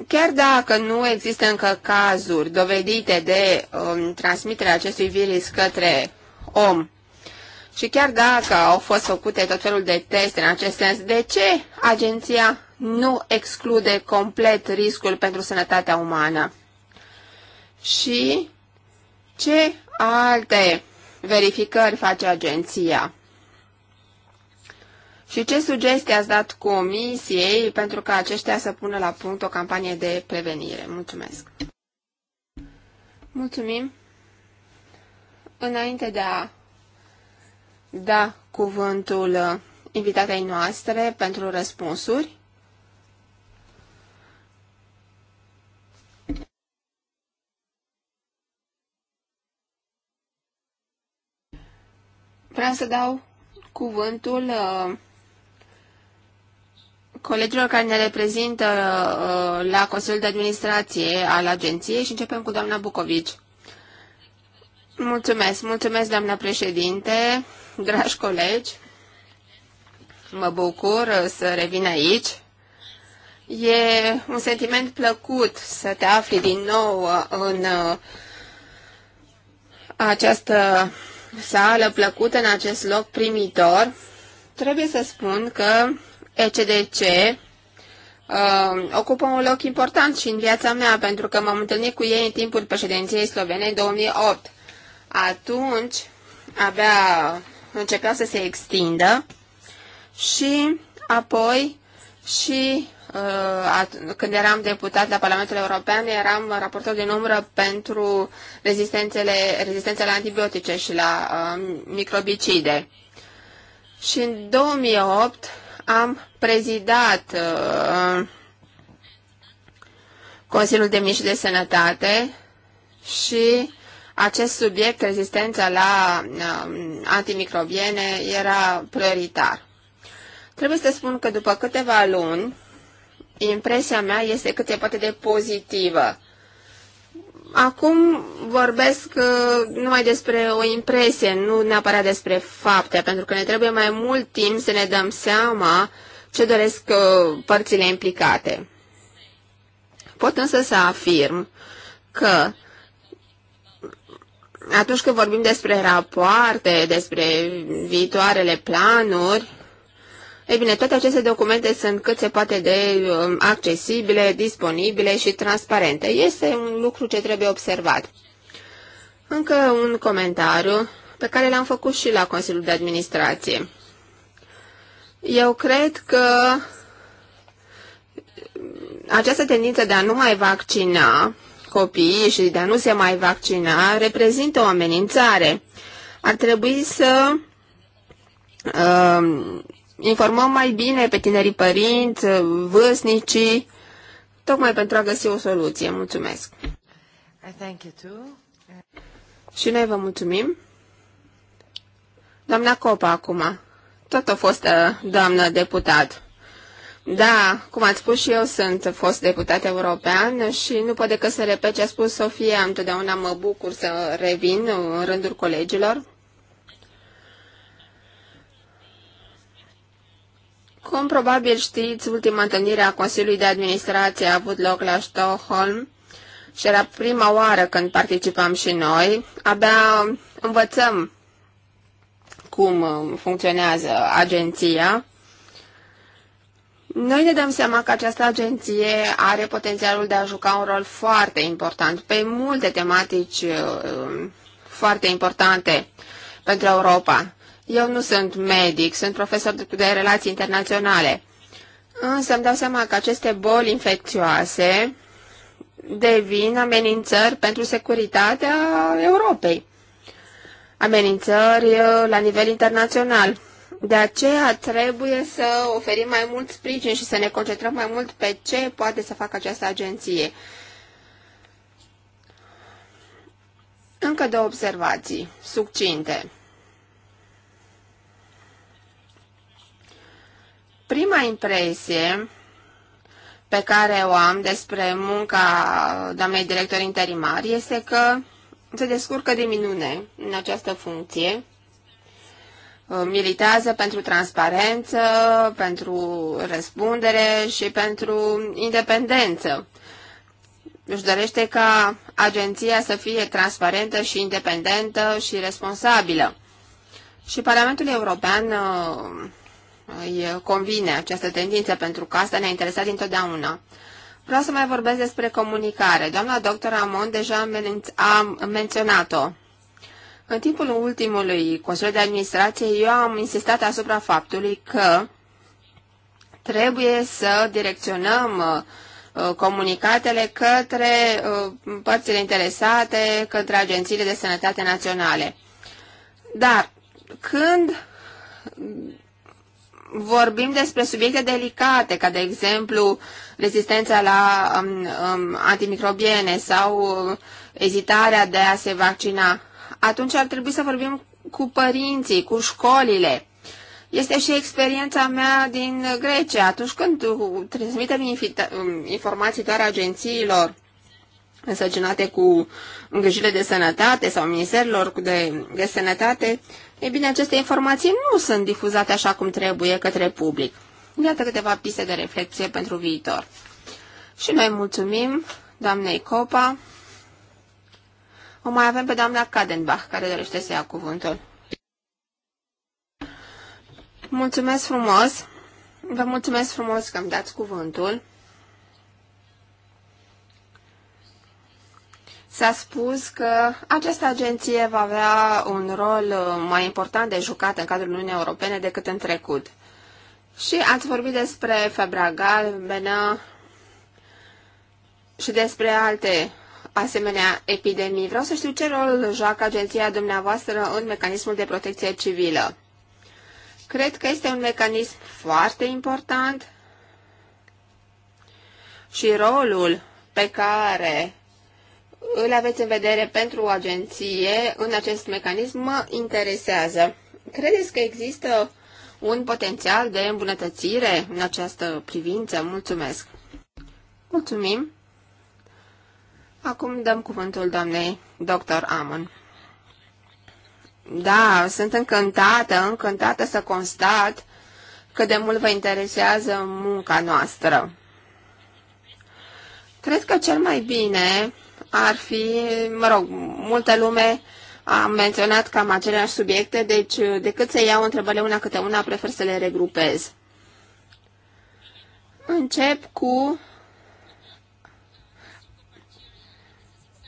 Chiar dacă nu există încă cazuri dovedite de um, transmiterea acestui virus către om și chiar dacă au fost făcute tot felul de teste în acest sens, de ce agenția nu exclude complet riscul pentru sănătatea umană? Și ce alte verificări face agenția? Și ce sugestii ați dat comisiei pentru ca aceștia să pună la punct o campanie de prevenire? Mulțumesc! Mulțumim! Înainte de a da cuvântul invitatei noastre pentru răspunsuri, vreau să dau cuvântul uh, colegilor care ne reprezintă uh, la Consiliul de Administrație al agenției și începem cu doamna Bucovici. Mulțumesc, mulțumesc doamna președinte, dragi colegi, mă bucur uh, să revin aici. E un sentiment plăcut să te afli din nou uh, în această sală plăcută, în acest loc primitor. Trebuie să spun că ECDC uh, ocupă un loc important și în viața mea, pentru că m-am întâlnit cu ei în timpul președinției slovene 2008. Atunci abia începea să se extindă și apoi și uh, când eram deputat la Parlamentul European, eram raportor de numără pentru rezistențele, rezistența la antibiotice și la uh, microbicide. Și în 2008 am prezidat uh, Consiliul de Miști de Sănătate și acest subiect, rezistența la uh, antimicrobiene, era prioritar. Trebuie să spun că după câteva luni, impresia mea este cât se poate de pozitivă acum vorbesc uh, numai despre o impresie, nu neapărat despre fapte, pentru că ne trebuie mai mult timp să ne dăm seama ce doresc uh, părțile implicate. Pot însă să afirm că atunci când vorbim despre rapoarte, despre viitoarele planuri, ei bine, toate aceste documente sunt cât se poate de um, accesibile, disponibile și transparente. Este un lucru ce trebuie observat. Încă un comentariu pe care l-am făcut și la Consiliul de Administrație. Eu cred că această tendință de a nu mai vaccina copiii și de a nu se mai vaccina reprezintă o amenințare. Ar trebui să uh, informăm mai bine pe tinerii părinți, vârstnicii, tocmai pentru a găsi o soluție. Mulțumesc! Thank you too. Și noi vă mulțumim. Doamna Copa acum, tot a fost uh, doamnă deputat. Da, cum ați spus și eu, sunt fost deputat european și nu pot decât să repet ce a spus Sofia. Întotdeauna mă bucur să revin în rândul colegilor. Cum probabil știți, ultima întâlnire a Consiliului de Administrație a avut loc la Stockholm și era prima oară când participam și noi. Abia învățăm cum uh, funcționează agenția. Noi ne dăm seama că această agenție are potențialul de a juca un rol foarte important pe multe tematici uh, foarte importante pentru Europa. Eu nu sunt medic, sunt profesor de relații internaționale. Însă îmi dau seama că aceste boli infecțioase devin amenințări pentru securitatea Europei. Amenințări uh, la nivel internațional. De aceea trebuie să oferim mai mult sprijin și să ne concentrăm mai mult pe ce poate să facă această agenție. Încă două observații succinte. Prima impresie pe care o am despre munca doamnei director interimar este că se descurcă de minune în această funcție. Uh, militează pentru transparență, pentru răspundere și pentru independență. Își dorește ca agenția să fie transparentă și independentă și responsabilă. Și Parlamentul European uh, îi convine această tendință, pentru că asta ne-a interesat întotdeauna. Vreau să mai vorbesc despre comunicare. Doamna doctor Amon deja a menționat-o. În timpul ultimului Consiliu de Administrație, eu am insistat asupra faptului că trebuie să direcționăm uh, uh, comunicatele către uh, părțile interesate, către agențiile de sănătate naționale. Dar când vorbim despre subiecte delicate, ca de exemplu rezistența la um, um, antimicrobiene sau uh, ezitarea de a se vaccina, atunci ar trebui să vorbim cu părinții, cu școlile. Este și experiența mea din Grecia. Atunci când transmitem um, informații doar agențiilor însăcinate cu îngrijire de sănătate sau ministerilor de, de sănătate, uh, ei bine, aceste informații nu sunt difuzate așa cum trebuie către public. Iată câteva piste de reflexie pentru viitor. Și noi mulțumim doamnei Copa. O mai avem pe doamna Kadenbach, care dorește să ia cuvântul. Mulțumesc frumos! Vă mulțumesc frumos că îmi dați cuvântul. S-a spus că această agenție va avea un rol uh, mai important de jucat în cadrul Uniunii Europene decât în trecut. Și ați vorbit despre febra galbenă și despre alte asemenea epidemii. Vreau să știu ce rol joacă agenția dumneavoastră în mecanismul de protecție civilă. Cred că este un mecanism foarte important și rolul pe care îl aveți în vedere pentru o agenție în acest mecanism mă interesează. Credeți că există un potențial de îmbunătățire în această privință? Mulțumesc! Mulțumim! Acum dăm cuvântul doamnei dr. Amon. Da, sunt încântată, încântată să constat că de mult vă interesează munca noastră. Cred că cel mai bine ar fi, mă rog, multă lume a menționat cam aceleași subiecte, deci uh, decât să iau întrebările una câte una, prefer să le regrupez. Încep cu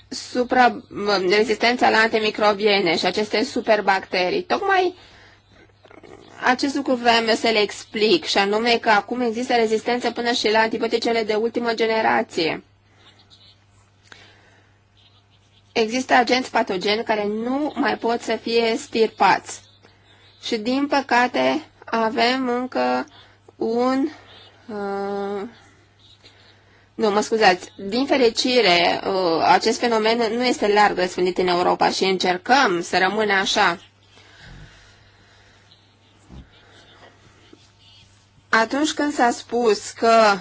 supra, rezistența la antimicrobiene și aceste superbacterii. Tocmai acest lucru vreau eu să le explic, și anume că acum există rezistență până și la antibioticele de ultimă generație există agenți patogeni care nu mai pot să fie stirpați. Și din păcate avem încă un... Uh, nu, mă scuzați, din fericire, uh, acest fenomen nu este larg răspândit în Europa și încercăm să rămână așa. Atunci când s-a spus că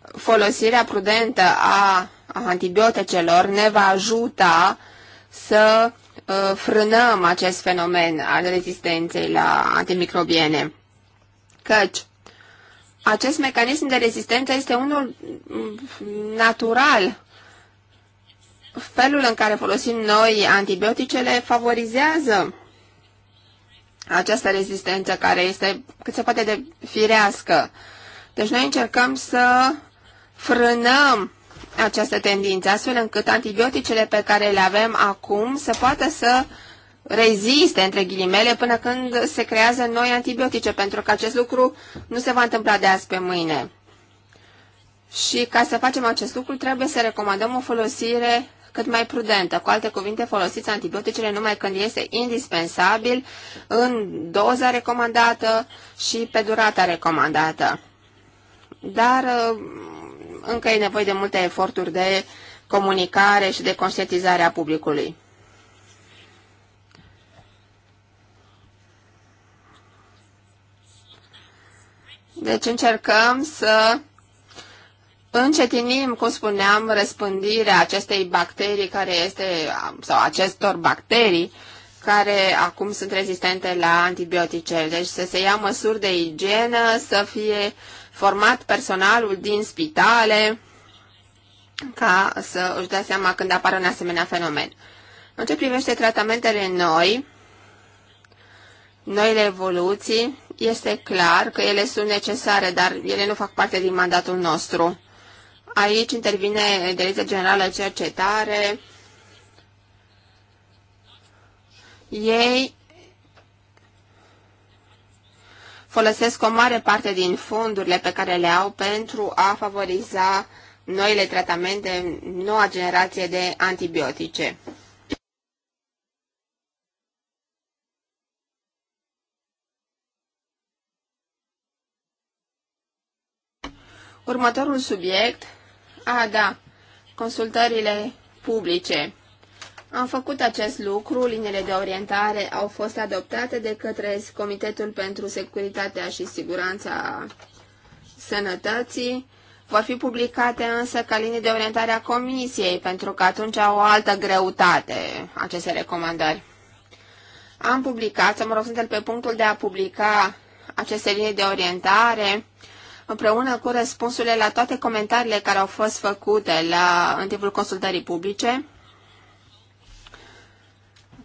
folosirea prudentă a a antibioticelor ne va ajuta să uh, frânăm acest fenomen al rezistenței la antimicrobiene. Căci acest mecanism de rezistență este unul mm, natural. Felul în care folosim noi antibioticele favorizează această rezistență care este cât se poate de firească. Deci noi încercăm să frânăm această tendință, astfel încât antibioticele pe care le avem acum să poată să reziste, între ghilimele, până când se creează noi antibiotice, pentru că acest lucru nu se va întâmpla de azi pe mâine. Și ca să facem acest lucru, trebuie să recomandăm o folosire cât mai prudentă. Cu alte cuvinte, folosiți antibioticele numai când este indispensabil, în doza recomandată și pe durata recomandată. Dar încă e nevoie de multe eforturi de comunicare și de conștientizare a publicului. Deci încercăm să încetinim, cum spuneam, răspândirea acestei bacterii care este, sau acestor bacterii care acum sunt rezistente la antibiotice. Deci să se ia măsuri de igienă, să fie format personalul din spitale ca să își dea seama când apare un asemenea fenomen. În ce privește tratamentele noi, noile evoluții, este clar că ele sunt necesare, dar ele nu fac parte din mandatul nostru. Aici intervine Direcția Generală Cercetare. Ei folosesc o mare parte din fondurile pe care le au pentru a favoriza noile tratamente, noua generație de antibiotice. Următorul subiect, a, da, consultările publice. Am făcut acest lucru, linele de orientare au fost adoptate de către Comitetul pentru Securitatea și Siguranța Sănătății, vor fi publicate însă ca linii de orientare a Comisiei, pentru că atunci au o altă greutate aceste recomandări. Am publicat, sau mă rog, suntem pe punctul de a publica aceste linii de orientare, împreună cu răspunsurile la toate comentariile care au fost făcute la, în timpul consultării publice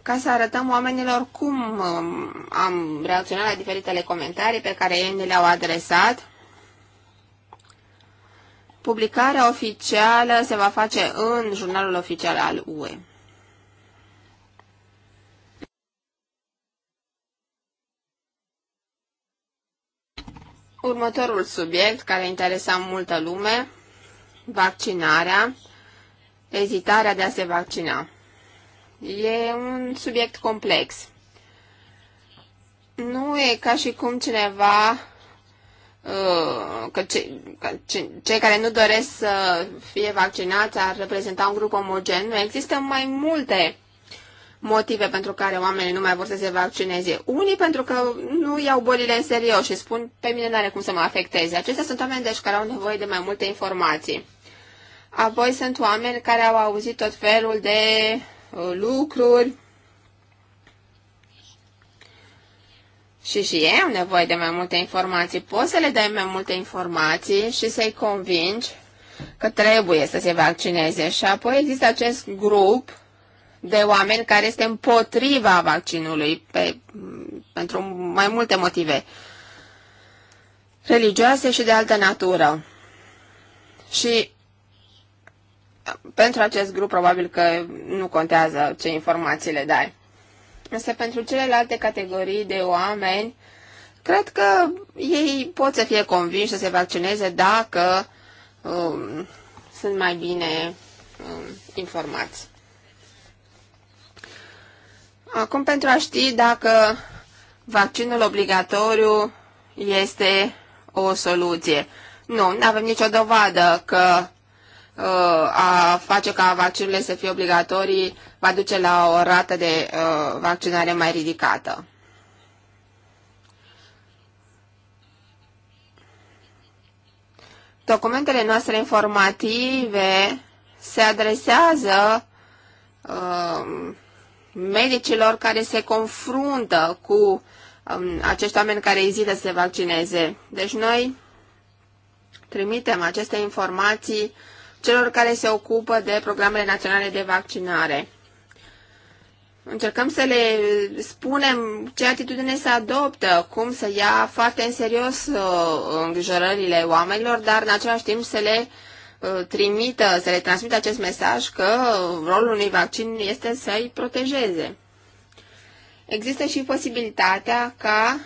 ca să arătăm oamenilor cum um, am reacționat la diferitele comentarii pe care ei ne le-au adresat. Publicarea oficială se va face în jurnalul oficial al UE. Următorul subiect care interesa multă lume, vaccinarea, ezitarea de a se vaccina. E un subiect complex. Nu e ca și cum cineva uh, că, cei care nu doresc să fie vaccinați ar reprezenta un grup omogen. Nu există mai multe motive pentru care oamenii nu mai vor să se vaccineze. Unii pentru că nu iau bolile în serios și spun pe mine n-are cum să mă afecteze. Acestea sunt oameni deci care au nevoie de mai multe informații. Apoi sunt oameni care au auzit tot felul de Uh, lucruri. Și și ei au nevoie de mai multe informații. Poți să le dai mai multe informații și să-i convingi că trebuie să se vaccineze. Și apoi există acest grup de oameni care este împotriva vaccinului pe, pentru mai multe motive religioase și de altă natură. Și pentru acest grup probabil că nu contează ce informații le dai. Însă pentru celelalte categorii de oameni, cred că ei pot să fie convinși să se vaccineze dacă um, sunt mai bine um, informați. Acum, pentru a ști dacă vaccinul obligatoriu este o soluție. Nu, nu avem nicio dovadă că Uh, a face ca vaccinurile să fie obligatorii va duce la o rată de uh, vaccinare mai ridicată. Documentele noastre informative se adresează uh, medicilor care se confruntă cu um, acești oameni care ezită să se vaccineze. Deci noi trimitem aceste informații celor care se ocupă de programele naționale de vaccinare. Încercăm să le spunem ce atitudine se adoptă, cum să ia foarte în serios uh, îngrijorările oamenilor, dar în același timp să le uh, trimită, să le transmită acest mesaj că rolul unui vaccin este să-i protejeze. Există și posibilitatea ca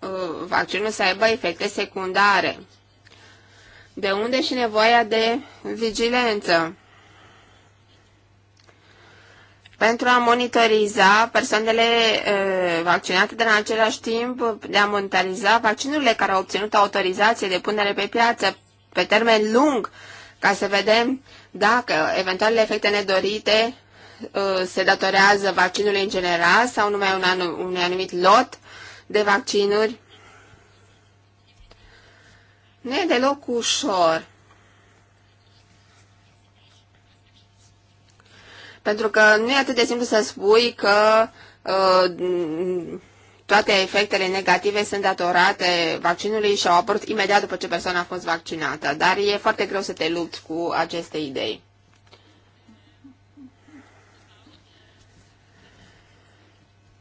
uh, vaccinul să aibă efecte secundare, de unde și nevoia de vigilență? pentru a monitoriza persoanele e, vaccinate, dar în același timp de a monitoriza vaccinurile care au obținut autorizație de punere pe piață pe termen lung, ca să vedem dacă eventualele efecte nedorite e, se datorează vaccinului în general sau numai un unui anumit lot de vaccinuri. Nu e deloc ușor. Pentru că nu e atât de simplu să spui că uh, toate efectele negative sunt datorate vaccinului și au apărut imediat după ce persoana a fost vaccinată, dar e foarte greu să te lupți cu aceste idei.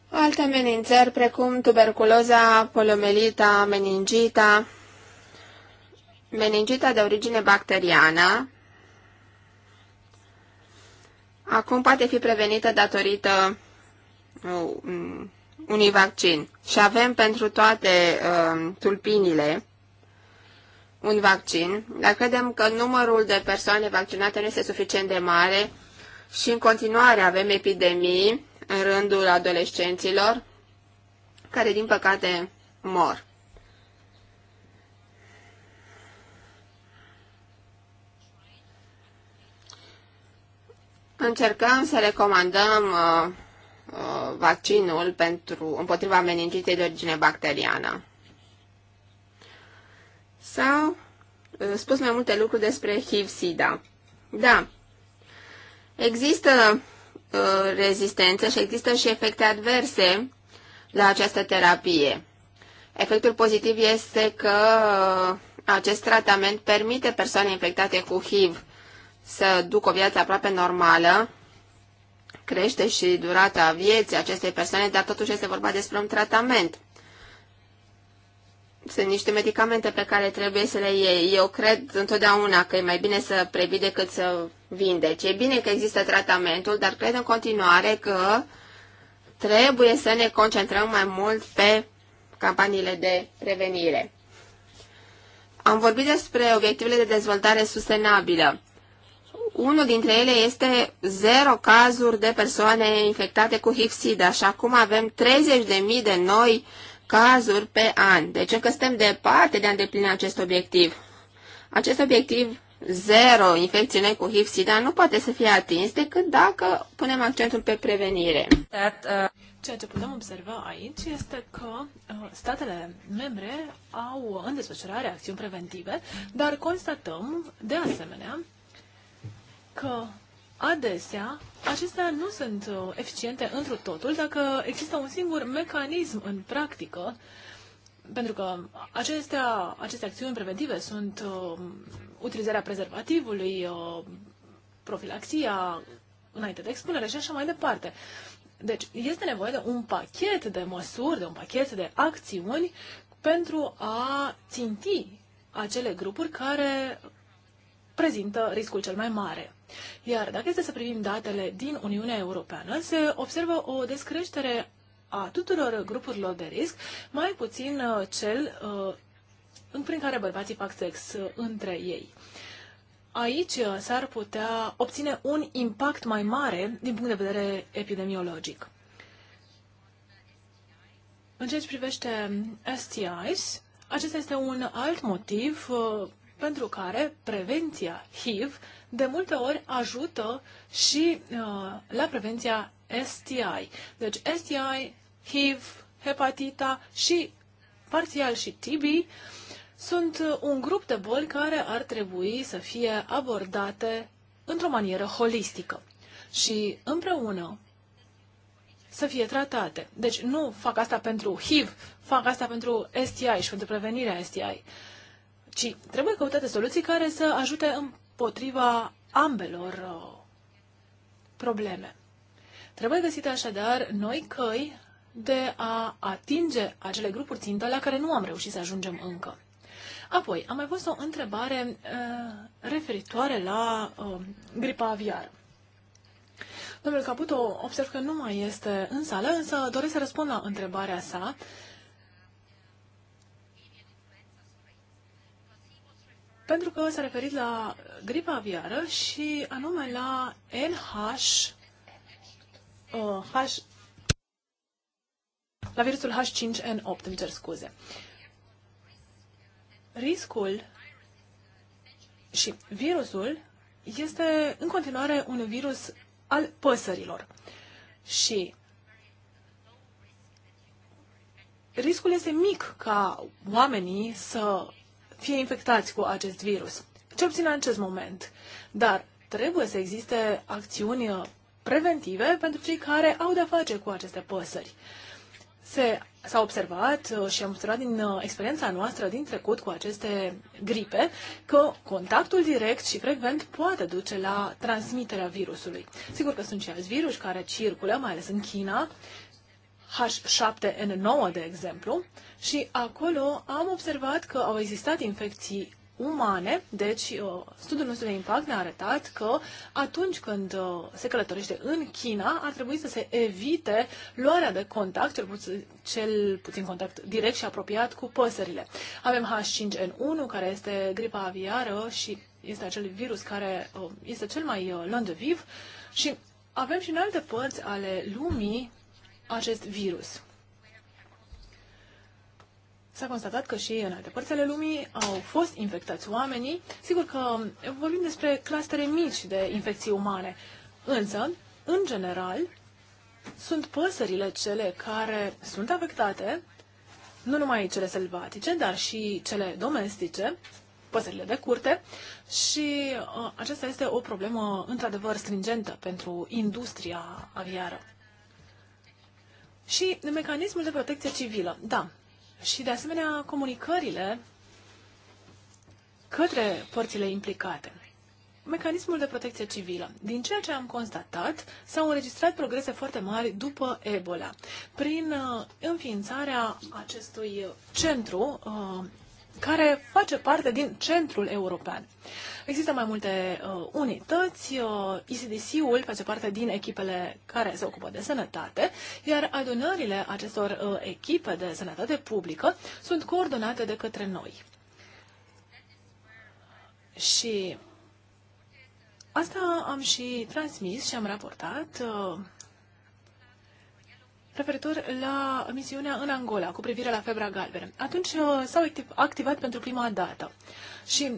Alte amenințări, precum tuberculoza, poliomelita, meningita, meningita de origine bacteriană acum poate fi prevenită datorită uh, unui vaccin. Și avem pentru toate uh, tulpinile un vaccin, dar credem că numărul de persoane vaccinate nu este suficient de mare și în continuare avem epidemii în rândul adolescenților care, din păcate, mor. Încercăm să recomandăm uh, uh, vaccinul pentru, împotriva meningitei de origine bacteriană. Sau uh, spus mai multe lucruri despre HIV-SIDA. Da, există uh, rezistență și există și efecte adverse la această terapie. Efectul pozitiv este că uh, acest tratament permite persoane infectate cu HIV să ducă o viață aproape normală, crește și durata vieții acestei persoane, dar totuși este vorba despre un tratament. Sunt niște medicamente pe care trebuie să le iei. Eu cred întotdeauna că e mai bine să previi decât să vindeci. E bine că există tratamentul, dar cred în continuare că trebuie să ne concentrăm mai mult pe campaniile de prevenire. Am vorbit despre obiectivele de dezvoltare sustenabilă. Unul dintre ele este zero cazuri de persoane infectate cu HIV-SIDA și acum avem 30.000 de noi cazuri pe an. Deci încă suntem departe de a îndeplini acest obiectiv. Acest obiectiv zero infecțiune cu HIV-SIDA nu poate să fie atins decât dacă punem accentul pe prevenire. Uh, Ceea ce putem observa aici este că uh, statele membre au în desfășurare acțiuni preventive, dar constatăm de asemenea că adesea acestea nu sunt uh, eficiente întru totul dacă există un singur mecanism în practică, pentru că acestea, aceste acțiuni preventive sunt uh, utilizarea prezervativului, uh, profilaxia înainte de expunere și așa mai departe. Deci este nevoie de un pachet de măsuri, de un pachet de acțiuni pentru a ținti acele grupuri care prezintă riscul cel mai mare. Iar dacă este să privim datele din Uniunea Europeană, se observă o descreștere a tuturor grupurilor de risc, mai puțin uh, cel uh, în prin care bărbații fac sex uh, între ei. Aici s-ar putea obține un impact mai mare din punct de vedere epidemiologic. În ceea ce privește um, STIs, acesta este un alt motiv pentru care prevenția HIV de multe ori ajută și uh, la prevenția STI. Deci STI, HIV, hepatita și parțial și TB sunt uh, un grup de boli care ar trebui să fie abordate într-o manieră holistică și împreună să fie tratate. Deci nu fac asta pentru HIV, fac asta pentru STI și pentru prevenirea STI, ci trebuie căutate soluții care să ajute în împotriva ambelor uh, probleme. Trebuie găsite așadar noi căi de a atinge acele grupuri țintă la care nu am reușit să ajungem încă. Apoi, am mai fost o întrebare uh, referitoare la uh, gripa aviară. Domnul Caputo observ că nu mai este în sală, însă doresc să răspund la întrebarea sa pentru că s-a referit la gripa aviară și anume la NH, uh, H, la virusul H5N8, îmi cer scuze. Riscul și virusul este în continuare un virus al păsărilor. Și riscul este mic ca oamenii să fie infectați cu acest virus. Ce obțin în acest moment. Dar trebuie să existe acțiuni uh, preventive pentru cei care au de-a face cu aceste păsări. Se, s-a observat uh, și am observat din uh, experiența noastră din trecut cu aceste gripe că contactul direct și frecvent poate duce la transmiterea virusului. Sigur că sunt și alți virus care circulă, mai ales în China, H7N9, de exemplu, și acolo am observat că au existat infecții umane, deci uh, studiul nostru de impact ne-a arătat că atunci când uh, se călătorește în China, ar trebui să se evite luarea de contact, cel puțin, cel puțin contact direct și apropiat cu păsările. Avem H5N1, care este gripa aviară și este acel virus care uh, este cel mai longeviv și avem și în alte părți ale lumii acest virus s-a constatat că și în alte părți ale lumii au fost infectați oamenii. Sigur că vorbim despre clastere mici de infecții umane, însă, în general, sunt păsările cele care sunt afectate, nu numai cele sălbatice, dar și cele domestice, păsările de curte și uh, aceasta este o problemă într-adevăr stringentă pentru industria aviară. Și mecanismul de protecție civilă. Da, și, de asemenea, comunicările către părțile implicate. Mecanismul de protecție civilă. Din ceea ce am constatat, s-au înregistrat progrese foarte mari după Ebola. Prin uh, înființarea acestui uh, centru uh, care face parte din centrul european. Există mai multe uh, unități, uh, icdc ul face parte din echipele care se ocupă de sănătate, iar adunările acestor uh, echipe de sănătate publică sunt coordonate de către noi. Și asta am și transmis și am raportat uh, referitor la misiunea în Angola cu privire la febra galbenă. Atunci uh, s-au activat pentru prima dată și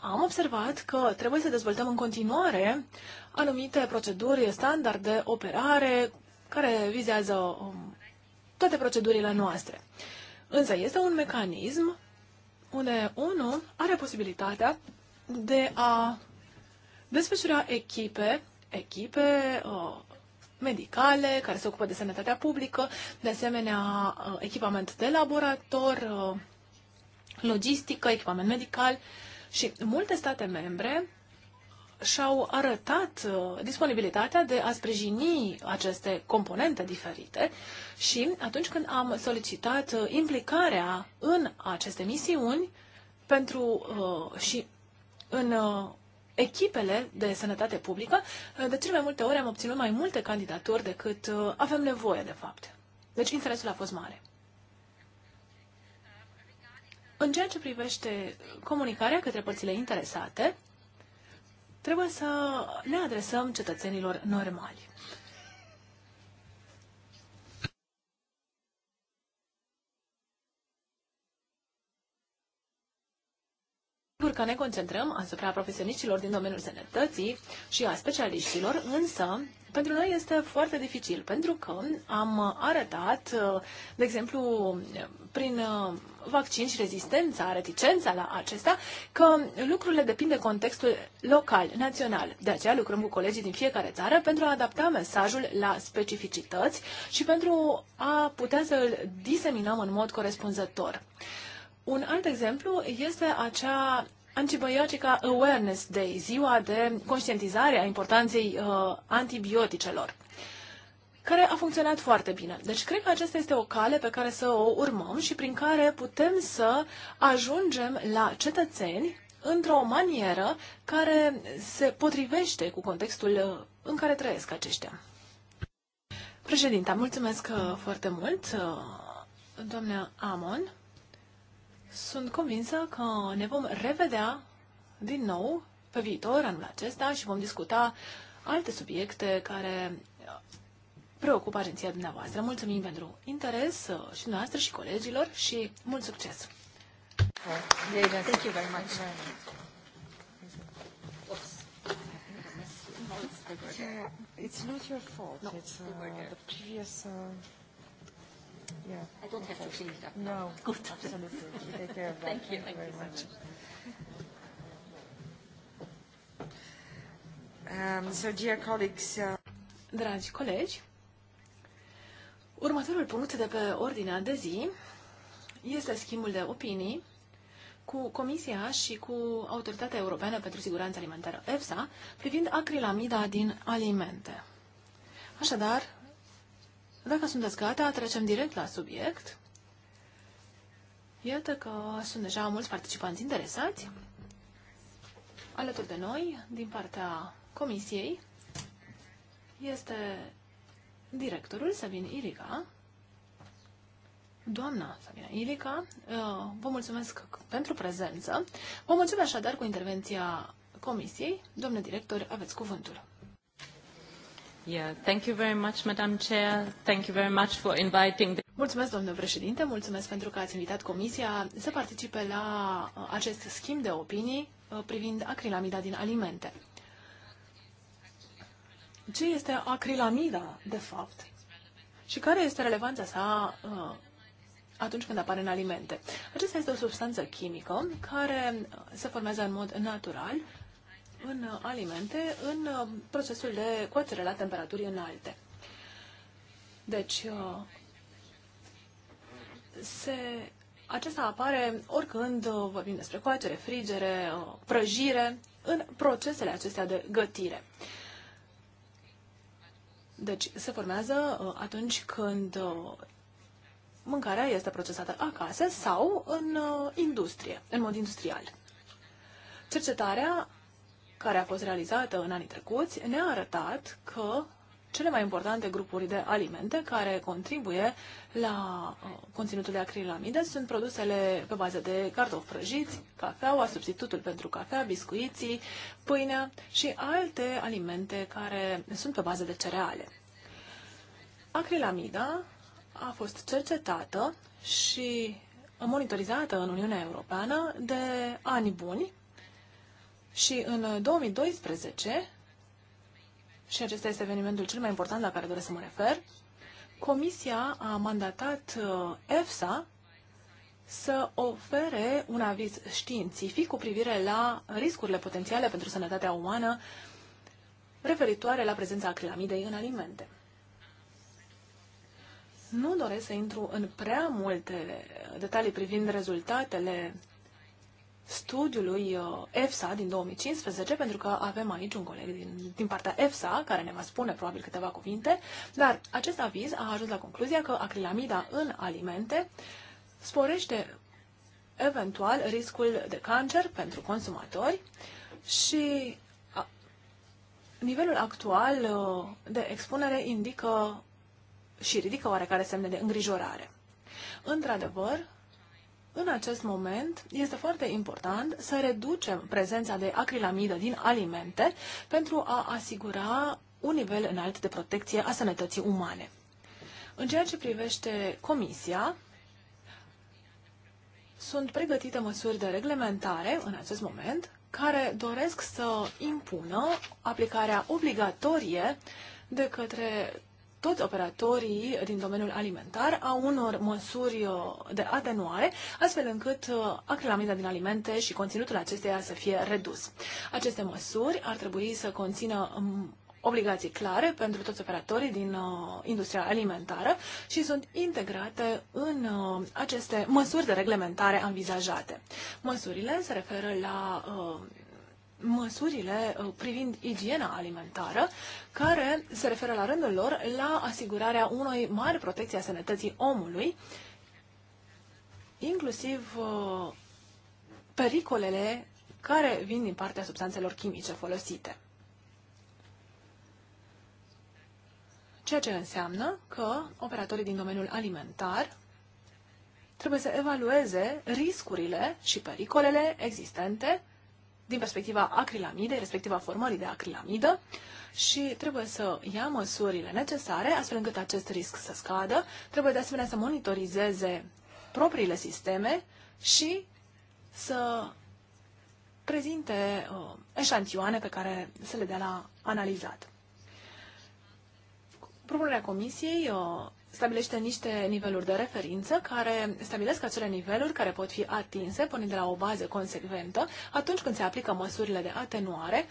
am observat că trebuie să dezvoltăm în continuare anumite proceduri, standard de operare care vizează um, toate procedurile noastre. Însă este un mecanism unde unul are posibilitatea de a desfășura echipe, echipe uh, medicale, care se ocupă de sănătatea publică, de asemenea uh, echipament de laborator, uh, logistică, echipament medical și multe state membre și-au arătat uh, disponibilitatea de a sprijini aceste componente diferite și atunci când am solicitat implicarea în aceste misiuni pentru uh, și în echipele de sănătate publică, eh, de cele mai multe ori am obținut mai multe candidaturi decât eh, avem nevoie, de fapt. Deci interesul a fost mare. În ceea ce privește comunicarea către părțile interesate, trebuie să ne adresăm cetățenilor normali. Sigur că ne concentrăm asupra profesioniștilor din domeniul sănătății și a specialiștilor, însă pentru noi este foarte dificil, pentru că am arătat, de exemplu, prin vaccin și rezistența, reticența la acesta, că lucrurile depind de contextul local, național. De aceea lucrăm cu colegii din fiecare țară pentru a adapta mesajul la specificități și pentru a putea să îl diseminăm în mod corespunzător. Un alt exemplu este acea Antibiotica Awareness Day, ziua de conștientizare a importanței uh, antibioticelor, care a funcționat foarte bine. Deci cred că aceasta este o cale pe care să o urmăm și prin care putem să ajungem la cetățeni într-o manieră care se potrivește cu contextul uh, în care trăiesc aceștia. Președinta, mulțumesc uh, foarte mult, uh, doamna Amon. Sunt convinsă că ne vom revedea din nou pe viitor, anul acesta, și vom discuta alte subiecte care preocupă agenția dumneavoastră. Mulțumim pentru interes uh, și noastră și colegilor și mult succes! Thank you very much. It's not your fault. No, it's uh, the previous. Uh Yeah. I don't have to finish that. No. Good. Absolutely. Take care of that. Thank you. Thank, Thank you very much. Um, so, dear colleagues, uh... Dragi colegi, următorul punct de pe ordinea de zi este schimbul de opinii cu Comisia și cu Autoritatea Europeană pentru Siguranță Alimentară, EFSA, privind acrilamida din alimente. Așadar, dacă sunteți gata, trecem direct la subiect. Iată că sunt deja mulți participanți interesați alături de noi, din partea comisiei, este directorul Sabin Irica. Doamna Sabina Ilica, uh, vă mulțumesc pentru prezență. Vă mulțumesc așadar cu intervenția comisiei. Domnule director, aveți cuvântul. Mulțumesc, domnule președinte, mulțumesc pentru că ați invitat Comisia să participe la uh, acest schimb de opinii uh, privind acrilamida din alimente. Ce este acrilamida, de fapt? Și care este relevanța sa uh, atunci când apare în alimente? Acesta este o substanță chimică care se formează în mod natural în uh, alimente în uh, procesul de coacere la temperaturi înalte. Deci, uh, se, acesta apare oricând vorbim despre coacere, frigere, prăjire, în procesele acestea de gătire. Deci, se formează atunci când mâncarea este procesată acasă sau în industrie, în mod industrial. Cercetarea care a fost realizată în anii trecuți ne-a arătat că cele mai importante grupuri de alimente care contribuie la uh, conținutul de acrilamide sunt produsele pe bază de cartofi prăjiți, cafeaua, substitutul pentru cafea, biscuiții, pâinea și alte alimente care sunt pe bază de cereale. Acrilamida a fost cercetată și monitorizată în Uniunea Europeană de ani buni și în 2012, uh, și acesta este evenimentul cel mai important la care doresc să mă refer, Comisia a mandatat uh, EFSA să ofere un aviz științific cu privire la riscurile potențiale pentru sănătatea umană referitoare la prezența acrilamidei în alimente. Nu doresc să intru în prea multe detalii privind rezultatele studiului EFSA uh, din 2015, pentru că avem aici un coleg din, din partea EFSA care ne va spune probabil câteva cuvinte, dar acest aviz a ajuns la concluzia că acrilamida în alimente sporește eventual riscul de cancer pentru consumatori și nivelul actual uh, de expunere indică și ridică oarecare semne de îngrijorare. Într-adevăr, în acest moment este foarte important să reducem prezența de acrilamidă din alimente pentru a asigura un nivel înalt de protecție a sănătății umane. În ceea ce privește Comisia, sunt pregătite măsuri de reglementare în acest moment care doresc să impună aplicarea obligatorie de către toți operatorii din domeniul alimentar a unor măsuri uh, de atenuare, astfel încât uh, acrilamida din alimente și conținutul acesteia să fie redus. Aceste măsuri ar trebui să conțină um, obligații clare pentru toți operatorii din uh, industria alimentară și sunt integrate în uh, aceste măsuri de reglementare anvizajate. Măsurile se referă la uh, măsurile uh, privind igiena alimentară, care se referă la rândul lor la asigurarea unei mari protecții a sănătății omului, inclusiv uh, pericolele care vin din partea substanțelor chimice folosite. Ceea ce înseamnă că operatorii din domeniul alimentar trebuie să evalueze riscurile și pericolele existente din perspectiva acrilamidei, respectiv a formării de acrilamidă și trebuie să ia măsurile necesare astfel încât acest risc să scadă. Trebuie de asemenea să monitorizeze propriile sisteme și să prezinte uh, eșantioane pe care să le dea la analizat. Propunerea comisiei uh, stabilește niște niveluri de referință care stabilesc acele niveluri care pot fi atinse, pornind de la o bază consecventă, atunci când se aplică măsurile de atenuare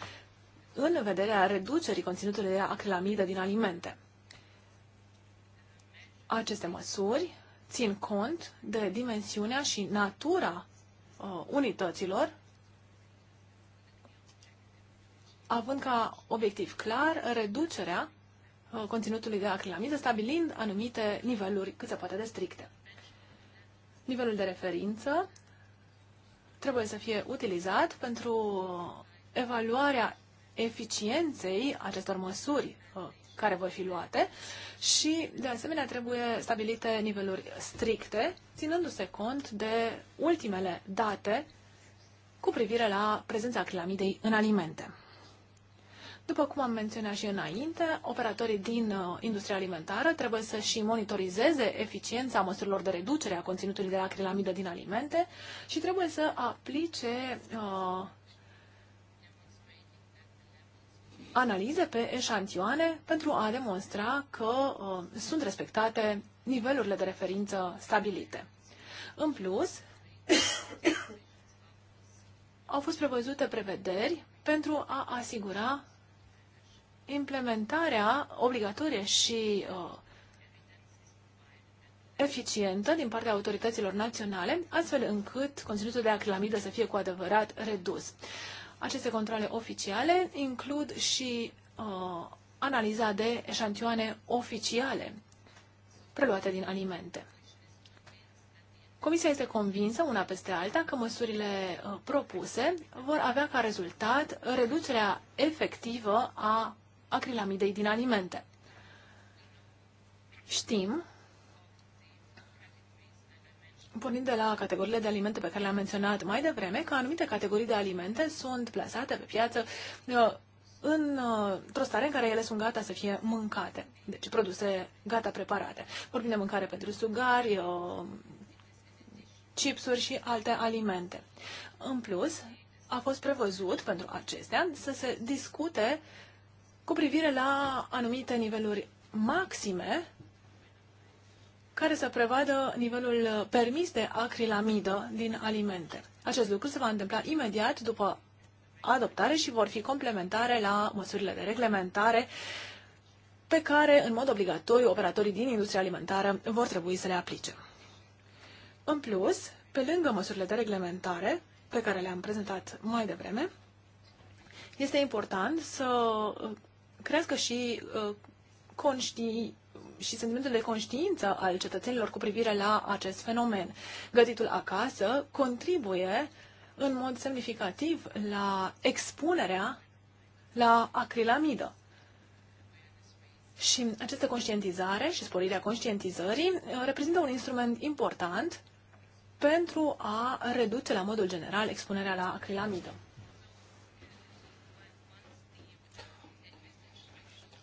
în vederea reducerii conținutului de acrilamidă din alimente. Aceste măsuri țin cont de dimensiunea și natura uh, unităților, având ca obiectiv clar reducerea Uh, conținutului de acrilamiță, stabilind anumite niveluri cât se poate de stricte. Nivelul de referință trebuie să fie utilizat pentru evaluarea eficienței acestor măsuri uh, care vor fi luate și, de asemenea, trebuie stabilite niveluri stricte, ținându-se cont de ultimele date cu privire la prezența acrilamidei în alimente. După cum am menționat și înainte, operatorii din uh, industria alimentară trebuie să și monitorizeze eficiența măsurilor de reducere a conținutului de acrilamidă din alimente și trebuie să aplice uh, analize pe eșantioane pentru a demonstra că uh, sunt respectate nivelurile de referință stabilite. În plus, au fost prevăzute prevederi pentru a asigura implementarea obligatorie și uh, eficientă din partea autorităților naționale, astfel încât conținutul de acrilamidă să fie cu adevărat redus. Aceste controle oficiale includ și uh, analiza de eșantioane oficiale preluate din alimente. Comisia este convinsă, una peste alta, că măsurile uh, propuse vor avea ca rezultat reducerea efectivă a acrilamidei din alimente. Știm, pornind de la categoriile de alimente pe care le-am menționat mai devreme, că anumite categorii de alimente sunt plasate pe piață uh, în, uh, într-o stare în care ele sunt gata să fie mâncate. Deci produse gata preparate. Vorbim de mâncare pentru sugari, uh, chipsuri și alte alimente. În plus, a fost prevăzut pentru acestea să se discute cu privire la anumite niveluri maxime care să prevadă nivelul permis de acrilamidă din alimente. Acest lucru se va întâmpla imediat după adoptare și vor fi complementare la măsurile de reglementare pe care, în mod obligatoriu, operatorii din industria alimentară vor trebui să le aplice. În plus, pe lângă măsurile de reglementare pe care le-am prezentat mai devreme, este important să cred că și conștii uh, conști și sentimentul de conștiință al cetățenilor cu privire la acest fenomen. Gătitul acasă contribuie în mod semnificativ la expunerea la acrilamidă. Și această conștientizare și sporirea conștientizării uh, reprezintă un instrument important pentru a reduce la modul general expunerea la acrilamidă.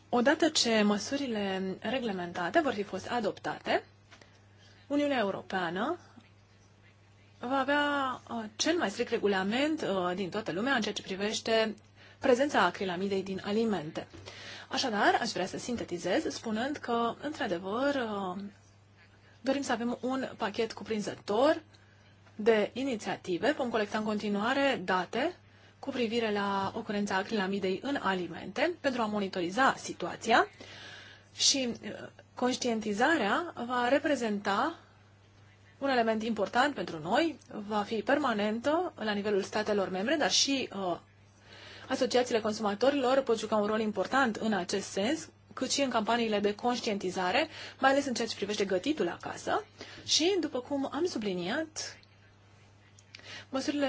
Odată ce măsurile reglementate vor fi fost adoptate, Uniunea Europeană va avea uh, cel mai strict regulament uh, din toată lumea în ceea ce privește prezența acrilamidei din alimente. Așadar, aș vrea să sintetizez spunând că, într-adevăr, uh, dorim să avem un pachet cuprinzător de inițiative. Vom colecta în continuare date cu privire la ocurența acrilamidei în alimente pentru a monitoriza situația și uh, conștientizarea va reprezenta un element important pentru noi, va fi permanentă la nivelul statelor membre, dar și uh, asociațiile consumatorilor pot juca un rol important în acest sens, cât și în campaniile de conștientizare, mai ales în ceea ce privește gătitul acasă. Și, după cum am subliniat, măsurile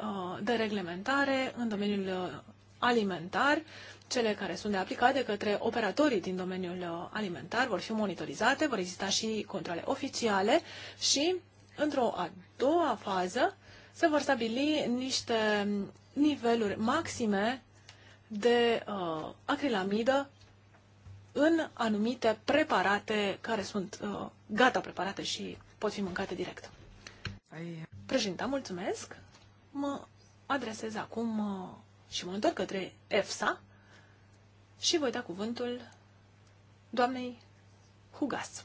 uh, de reglementare în domeniul uh, alimentar, cele care sunt de aplicat de către operatorii din domeniul uh, alimentar vor fi monitorizate, vor exista și controle oficiale și, într-o a doua fază, se vor stabili niște niveluri maxime de uh, acrilamidă în anumite preparate care sunt uh, gata preparate și pot fi mâncate direct. Președinta, mulțumesc. Mă adresez acum și mă întorc către EFSA și voi da cuvântul doamnei Hugas.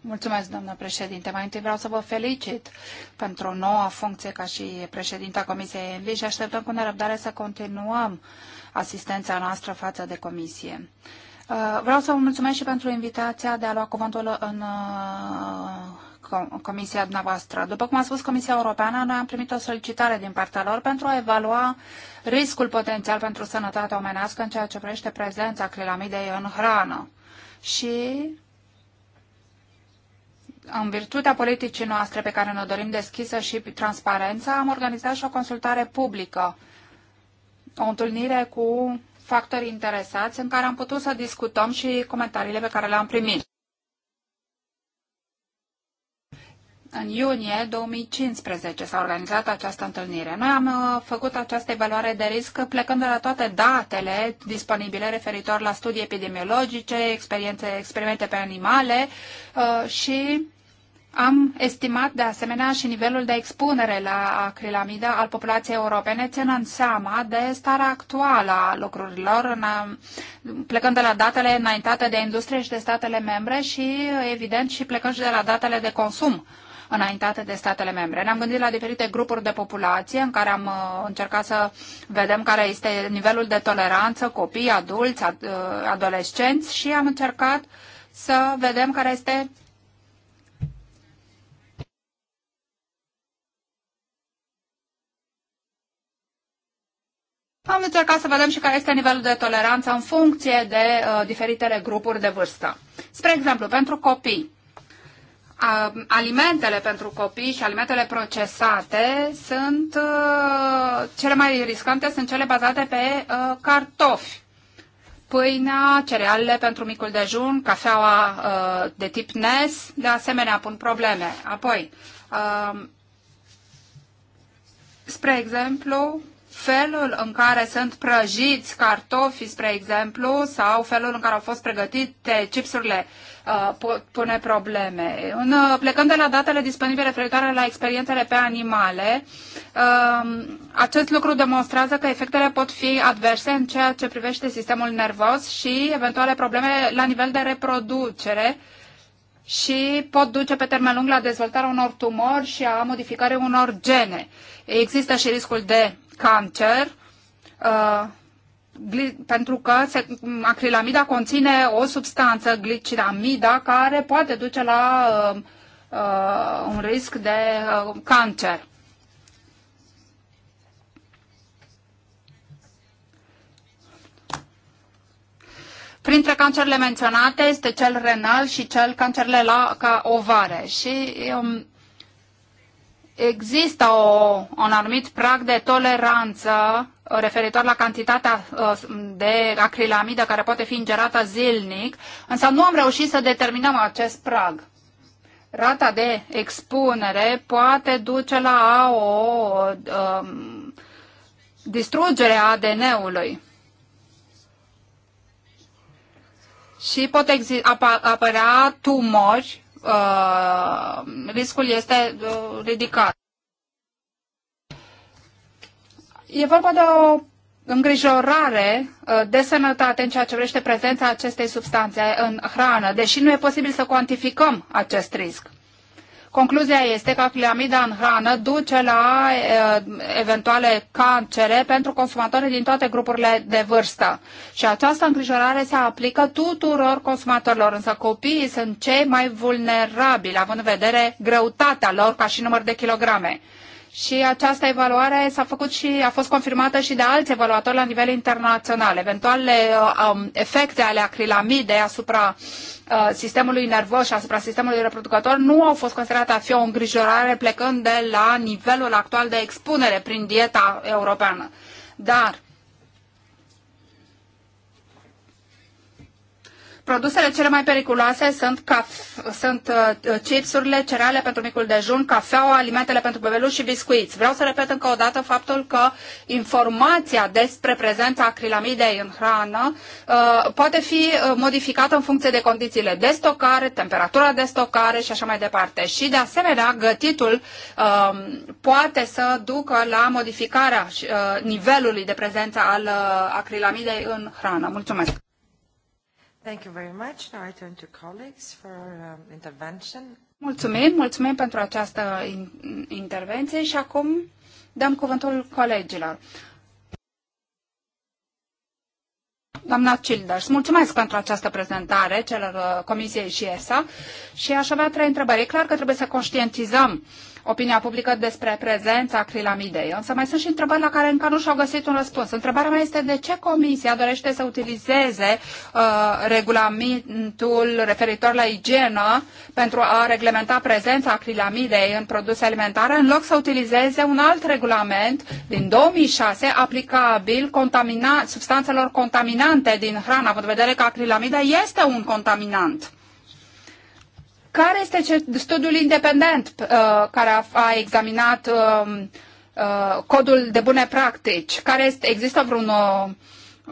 Mulțumesc, doamnă președinte. Mai întâi vreau să vă felicit pentru noua funcție ca și președinta Comisiei ENVI și așteptăm cu nerăbdare să continuăm asistența noastră față de Comisie. Uh, Uh, vreau să vă mulțumesc și pentru invitația de a lua cuvântul în uh, comisia dumneavoastră. După cum a spus Comisia Europeană, noi am primit o solicitare din partea lor pentru a evalua riscul potențial pentru sănătatea omenească în ceea ce privește prezența acrilamidei în hrană. Și în virtutea politicii noastre pe care ne dorim deschisă și transparență, am organizat și o consultare publică, o întâlnire cu factori interesați în care am putut să discutăm și comentariile pe care le-am primit. În iunie 2015 s-a organizat această întâlnire. Noi am uh, făcut această evaluare de risc plecând de la toate datele disponibile referitor la studii epidemiologice, experiențe, experimente pe animale uh, și am estimat de asemenea și nivelul de expunere la acrilamidă al populației europene, ținând seama de starea actuală a lucrurilor, în, plecând de la datele înaintate de industrie și de statele membre și, evident, și plecând și de la datele de consum înaintate de statele membre. Ne-am gândit la diferite grupuri de populație în care am uh, încercat să vedem care este nivelul de toleranță, copii, adulți, uh, adolescenți și am încercat să vedem care este Am încercat să vedem și care este nivelul de toleranță în funcție de uh, diferitele grupuri de vârstă. Spre exemplu, pentru copii, uh, alimentele pentru copii și alimentele procesate sunt uh, cele mai riscante, sunt cele bazate pe uh, cartofi. Pâinea, cerealele pentru micul dejun, cafeaua uh, de tip NES, de asemenea pun probleme. Apoi, uh, spre exemplu, felul în care sunt prăjiți cartofii, spre exemplu, sau felul în care au fost pregătite chipsurile uh, pune probleme. În, uh, plecând de la datele disponibile referitoare la experiențele pe animale, uh, acest lucru demonstrează că efectele pot fi adverse în ceea ce privește sistemul nervos și eventuale probleme la nivel de reproducere și pot duce pe termen lung la dezvoltarea unor tumori și a modificării unor gene. Există și riscul de cancer, uh, pentru că acrilamida conține o substanță, glicinamida, care poate duce la uh, uh, un risc de uh, cancer. Printre cancerele menționate este cel renal și cel cancerele la ca ovare. Și um, există o, un anumit prag de toleranță uh, referitor la cantitatea uh, de acrilamidă care poate fi ingerată zilnic, însă nu am reușit să determinăm acest prag. Rata de expunere poate duce la o o um, distrugere a ADN-ului. Și pot apărea tumori Uh, riscul este uh, ridicat. E vorba de o îngrijorare uh, de sănătate în ceea ce vrește prezența acestei substanțe în hrană, deși nu e posibil să cuantificăm acest risc. Concluzia este că clamida în hrană duce la eventuale cancere pentru consumatorii din toate grupurile de vârstă. Și această îngrijorare se aplică tuturor consumatorilor, însă copiii sunt cei mai vulnerabili, având în vedere greutatea lor ca și număr de kilograme și această evaluare s-a făcut și a fost confirmată și de alți evaluatori la nivel internațional. Eventualele uh, um, efecte ale acrilamidei asupra uh, sistemului nervos și asupra sistemului reproducător nu au fost considerate a fi o îngrijorare plecând de la nivelul actual de expunere prin dieta europeană. Dar Produsele cele mai periculoase sunt, caf- sunt uh, chipsurile, cereale pentru micul dejun, cafeaua, alimentele pentru bebeluși și biscuiți. Vreau să repet încă o dată faptul că informația despre prezența acrilamidei în hrană uh, poate fi uh, modificată în funcție de condițiile de stocare, temperatura de stocare și așa mai departe. Și de asemenea, gătitul uh, poate să ducă la modificarea uh, nivelului de prezență al uh, acrilamidei în hrană. Mulțumesc! Thank you very much. Now I turn to colleagues for um, intervention. Mulțumim, mulțumim pentru această in- intervenție și acum dăm cuvântul colegilor. Doamna Childers, mulțumesc pentru această prezentare celor uh, Comisiei și ESA și aș avea trei întrebări. E clar că trebuie să conștientizăm uh, opinia publică despre prezența acrilamidei. Însă mai sunt și întrebări la care încă nu și-au găsit un răspuns. Întrebarea mea este de ce Comisia dorește să utilizeze uh, regulamentul referitor la igienă pentru a reglementa prezența acrilamidei în produse alimentare, în loc să utilizeze un alt regulament din 2006 aplicabil contamina- substanțelor contaminante din hrană, având în vedere că acrilamida este un contaminant. Care este studiul independent uh, care a, a examinat uh, uh, codul de bune practici? Care este, există vreun uh,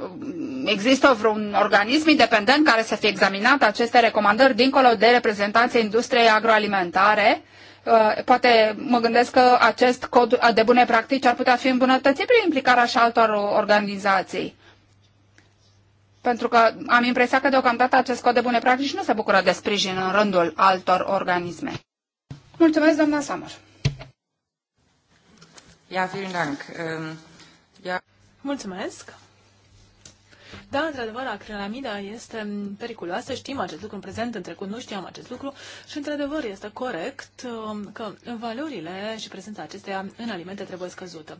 um, există vreun organism independent care să fie examinat aceste recomandări dincolo de reprezentanții industriei agroalimentare? Uh, poate mă gândesc că acest cod uh, de bune practici ar putea fi îmbunătățit prin implicarea și altor organizații pentru că am impresia că deocamdată acest cod de bune practici nu se bucură de sprijin în rândul altor organisme. Mulțumesc, doamna Samar. Ja, vielen Dank. Um, ehm, ja. Mulțumesc. Da, într-adevăr, acrilamida este periculoasă, știm acest lucru în prezent, în trecut nu știam acest lucru și, într-adevăr, este corect ehm, că valorile și prezența acesteia în alimente trebuie scăzută.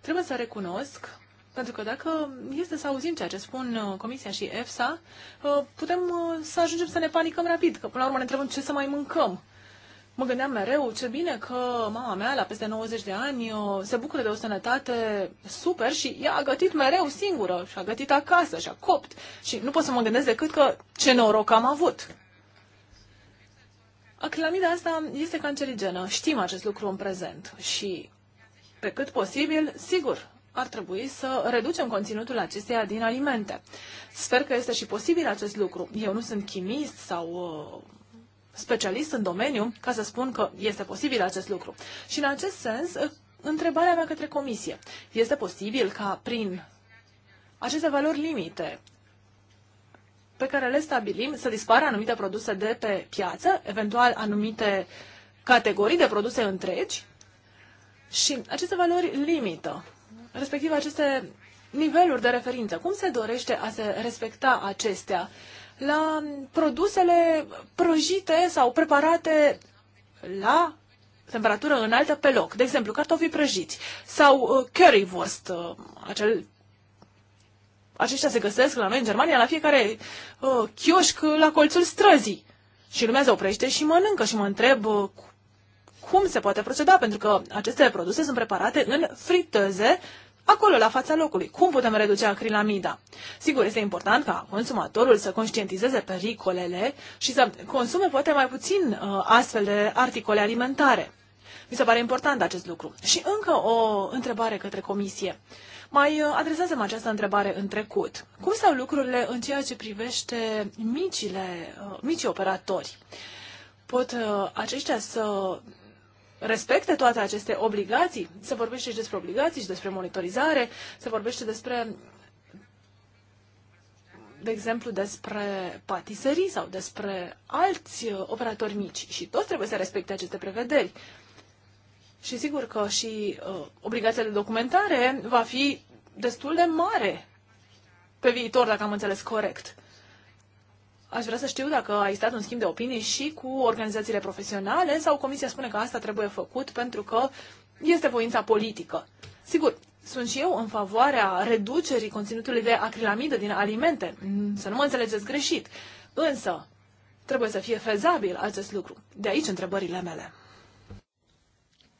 Trebuie să recunosc pentru că dacă este să auzim ceea ce spun uh, Comisia și EFSA, uh, putem uh, să ajungem să ne panicăm rapid, că până la urmă ne întrebăm ce să mai mâncăm. Mă gândeam mereu, ce bine că mama mea, la peste 90 de ani, se bucură de o sănătate super și ea a gătit mereu singură și a gătit acasă și a copt. Și nu pot să mă gândesc decât că ce noroc am avut. Aclamida asta este cancerigenă. Știm acest lucru în prezent și, pe cât posibil, sigur, ar trebui să reducem conținutul acesteia din alimente. Sper că este și posibil acest lucru. Eu nu sunt chimist sau uh, specialist în domeniu ca să spun că este posibil acest lucru. Și în acest sens, uh, întrebarea mea către comisie. Este posibil ca prin aceste valori limite pe care le stabilim să dispară anumite produse de pe piață, eventual anumite categorii de produse întregi și aceste valori limită respectiv aceste niveluri de referință. Cum se dorește a se respecta acestea la produsele prăjite sau preparate la temperatură înaltă pe loc. De exemplu, cartofii prăjiți sau uh, currywurst, uh, acel aceștia se găsesc la noi în Germania la fiecare uh, chioșc la colțul străzii. Și lumea se oprește și mănâncă și mă întreb uh, cum se poate proceda, pentru că aceste produse sunt preparate în friteze acolo, la fața locului. Cum putem reduce acrilamida? Sigur, este important ca consumatorul să conștientizeze pericolele și să consume poate mai puțin uh, astfel de articole alimentare. Mi se pare important acest lucru. Și încă o întrebare către comisie. Mai uh, adresasem această întrebare în trecut. Cum stau lucrurile în ceea ce privește micile, uh, micii operatori? Pot uh, aceștia să respecte toate aceste obligații. Se vorbește și despre obligații și despre monitorizare, se vorbește despre, de exemplu, despre patiserii sau despre alți uh, operatori mici și toți trebuie să respecte aceste prevederi. Și sigur că și uh, obligația de documentare va fi destul de mare pe viitor, dacă am înțeles corect. Aș vrea să știu dacă a existat un schimb de opinii și cu organizațiile profesionale sau Comisia spune că asta trebuie făcut pentru că este voința politică. Sigur, sunt și eu în favoarea reducerii conținutului de acrilamidă din alimente, mm, să nu mă înțelegeți greșit, însă trebuie să fie fezabil acest lucru. De aici întrebările mele.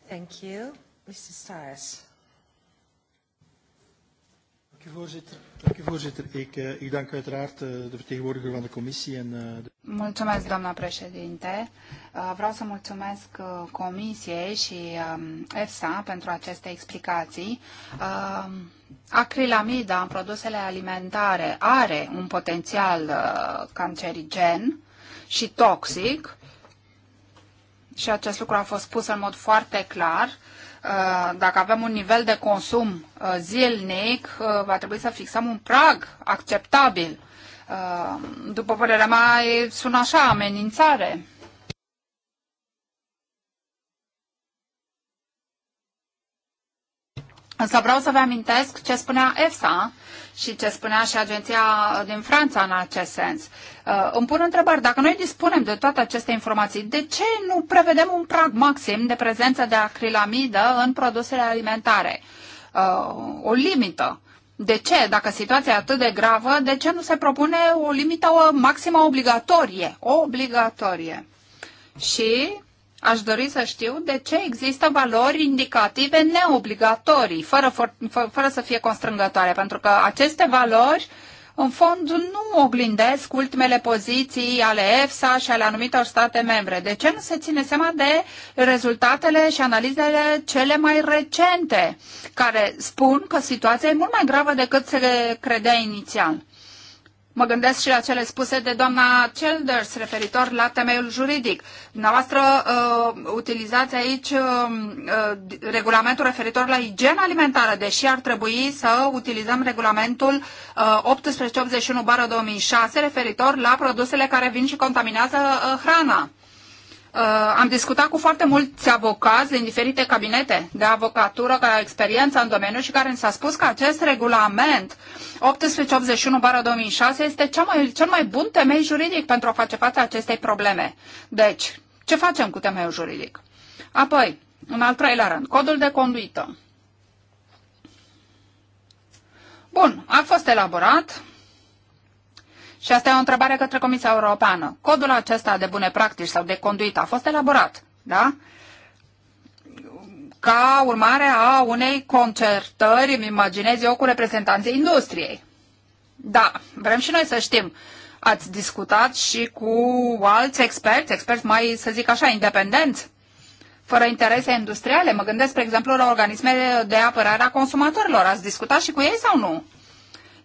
Thank you, Mrs. Stiles. Mulțumesc, doamna președinte. Eh, vreau să mulțumesc eh, Comisiei și ehm, EFSA pentru aceste explicații. Ehm, acrilamida în produsele alimentare are un potențial eh, cancerigen și toxic și acest lucru a fost pus în mod foarte clar Uh, dacă avem un nivel de consum uh, zilnic, uh, va trebui să fixăm un prag acceptabil. După părerea mea, sună așa, amenințare. Însă vreau să vă amintesc ce spunea EFSA și ce spunea și agenția din Franța în acest sens. Uh, îmi pun întrebări, dacă noi dispunem de toate aceste informații, de ce nu prevedem un prag maxim de prezență de acrilamidă în produsele alimentare? Uh, o limită. De ce, dacă situația e atât de gravă, de ce nu se propune o limită maximă obligatorie? Obligatorie. Și Aș dori să știu de ce există valori indicative neobligatorii, fără, fără să fie constrângătoare, pentru că aceste valori, în fond, nu oglindesc ultimele poziții ale EFSA și ale anumitor state membre. De ce nu se ține seama de rezultatele și analizele cele mai recente, care spun că situația e mult mai gravă decât se credea inițial? Mă gândesc și la cele spuse de doamna Childers referitor la temeiul juridic. Dumneavoastră uh, utilizați aici uh, uh, regulamentul referitor la igiena alimentară, deși ar trebui să utilizăm regulamentul uh, 1881-2006 referitor la produsele care vin și contaminează uh, hrana. Uh, am discutat cu foarte mulți avocați din diferite cabinete de avocatură care au experiență în domeniu și care mi s-a spus că acest regulament 1881-2006 este cea mai, cel mai bun temei juridic pentru a face față acestei probleme. Deci, ce facem cu temeiul juridic? Apoi, în al treilea rând, codul de conduită. Bun, a fost elaborat, și asta e o întrebare către Comisia Europeană. Codul acesta de bune practici sau de conduit a fost elaborat, da? Ca urmare a unei concertări, îmi imaginez eu, cu reprezentanții industriei. Da, vrem și noi să știm. Ați discutat și cu alți experți, experți mai, să zic așa, independenți? fără interese industriale. Mă gândesc, spre exemplu, la organismele de apărare a consumatorilor. Ați discutat și cu ei sau nu?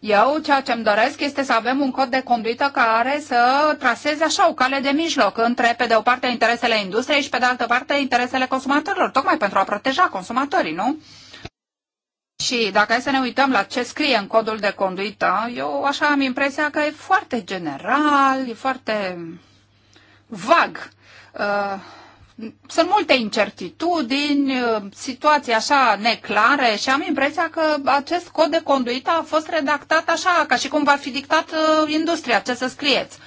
Eu ceea ce îmi doresc este să avem un cod de conduită care să traseze așa o cale de mijloc între, pe de o parte, interesele industriei și, pe de altă parte, interesele consumatorilor, tocmai pentru a proteja consumatorii, nu? Și dacă e să ne uităm la ce scrie în codul de conduită, eu așa am impresia că e foarte general, e foarte vag. Uh, sunt multe incertitudini, uh, situații așa neclare și am impresia că acest cod de conduită a fost redactat așa, ca și cum va fi dictat uh, industria, ce să scrieți.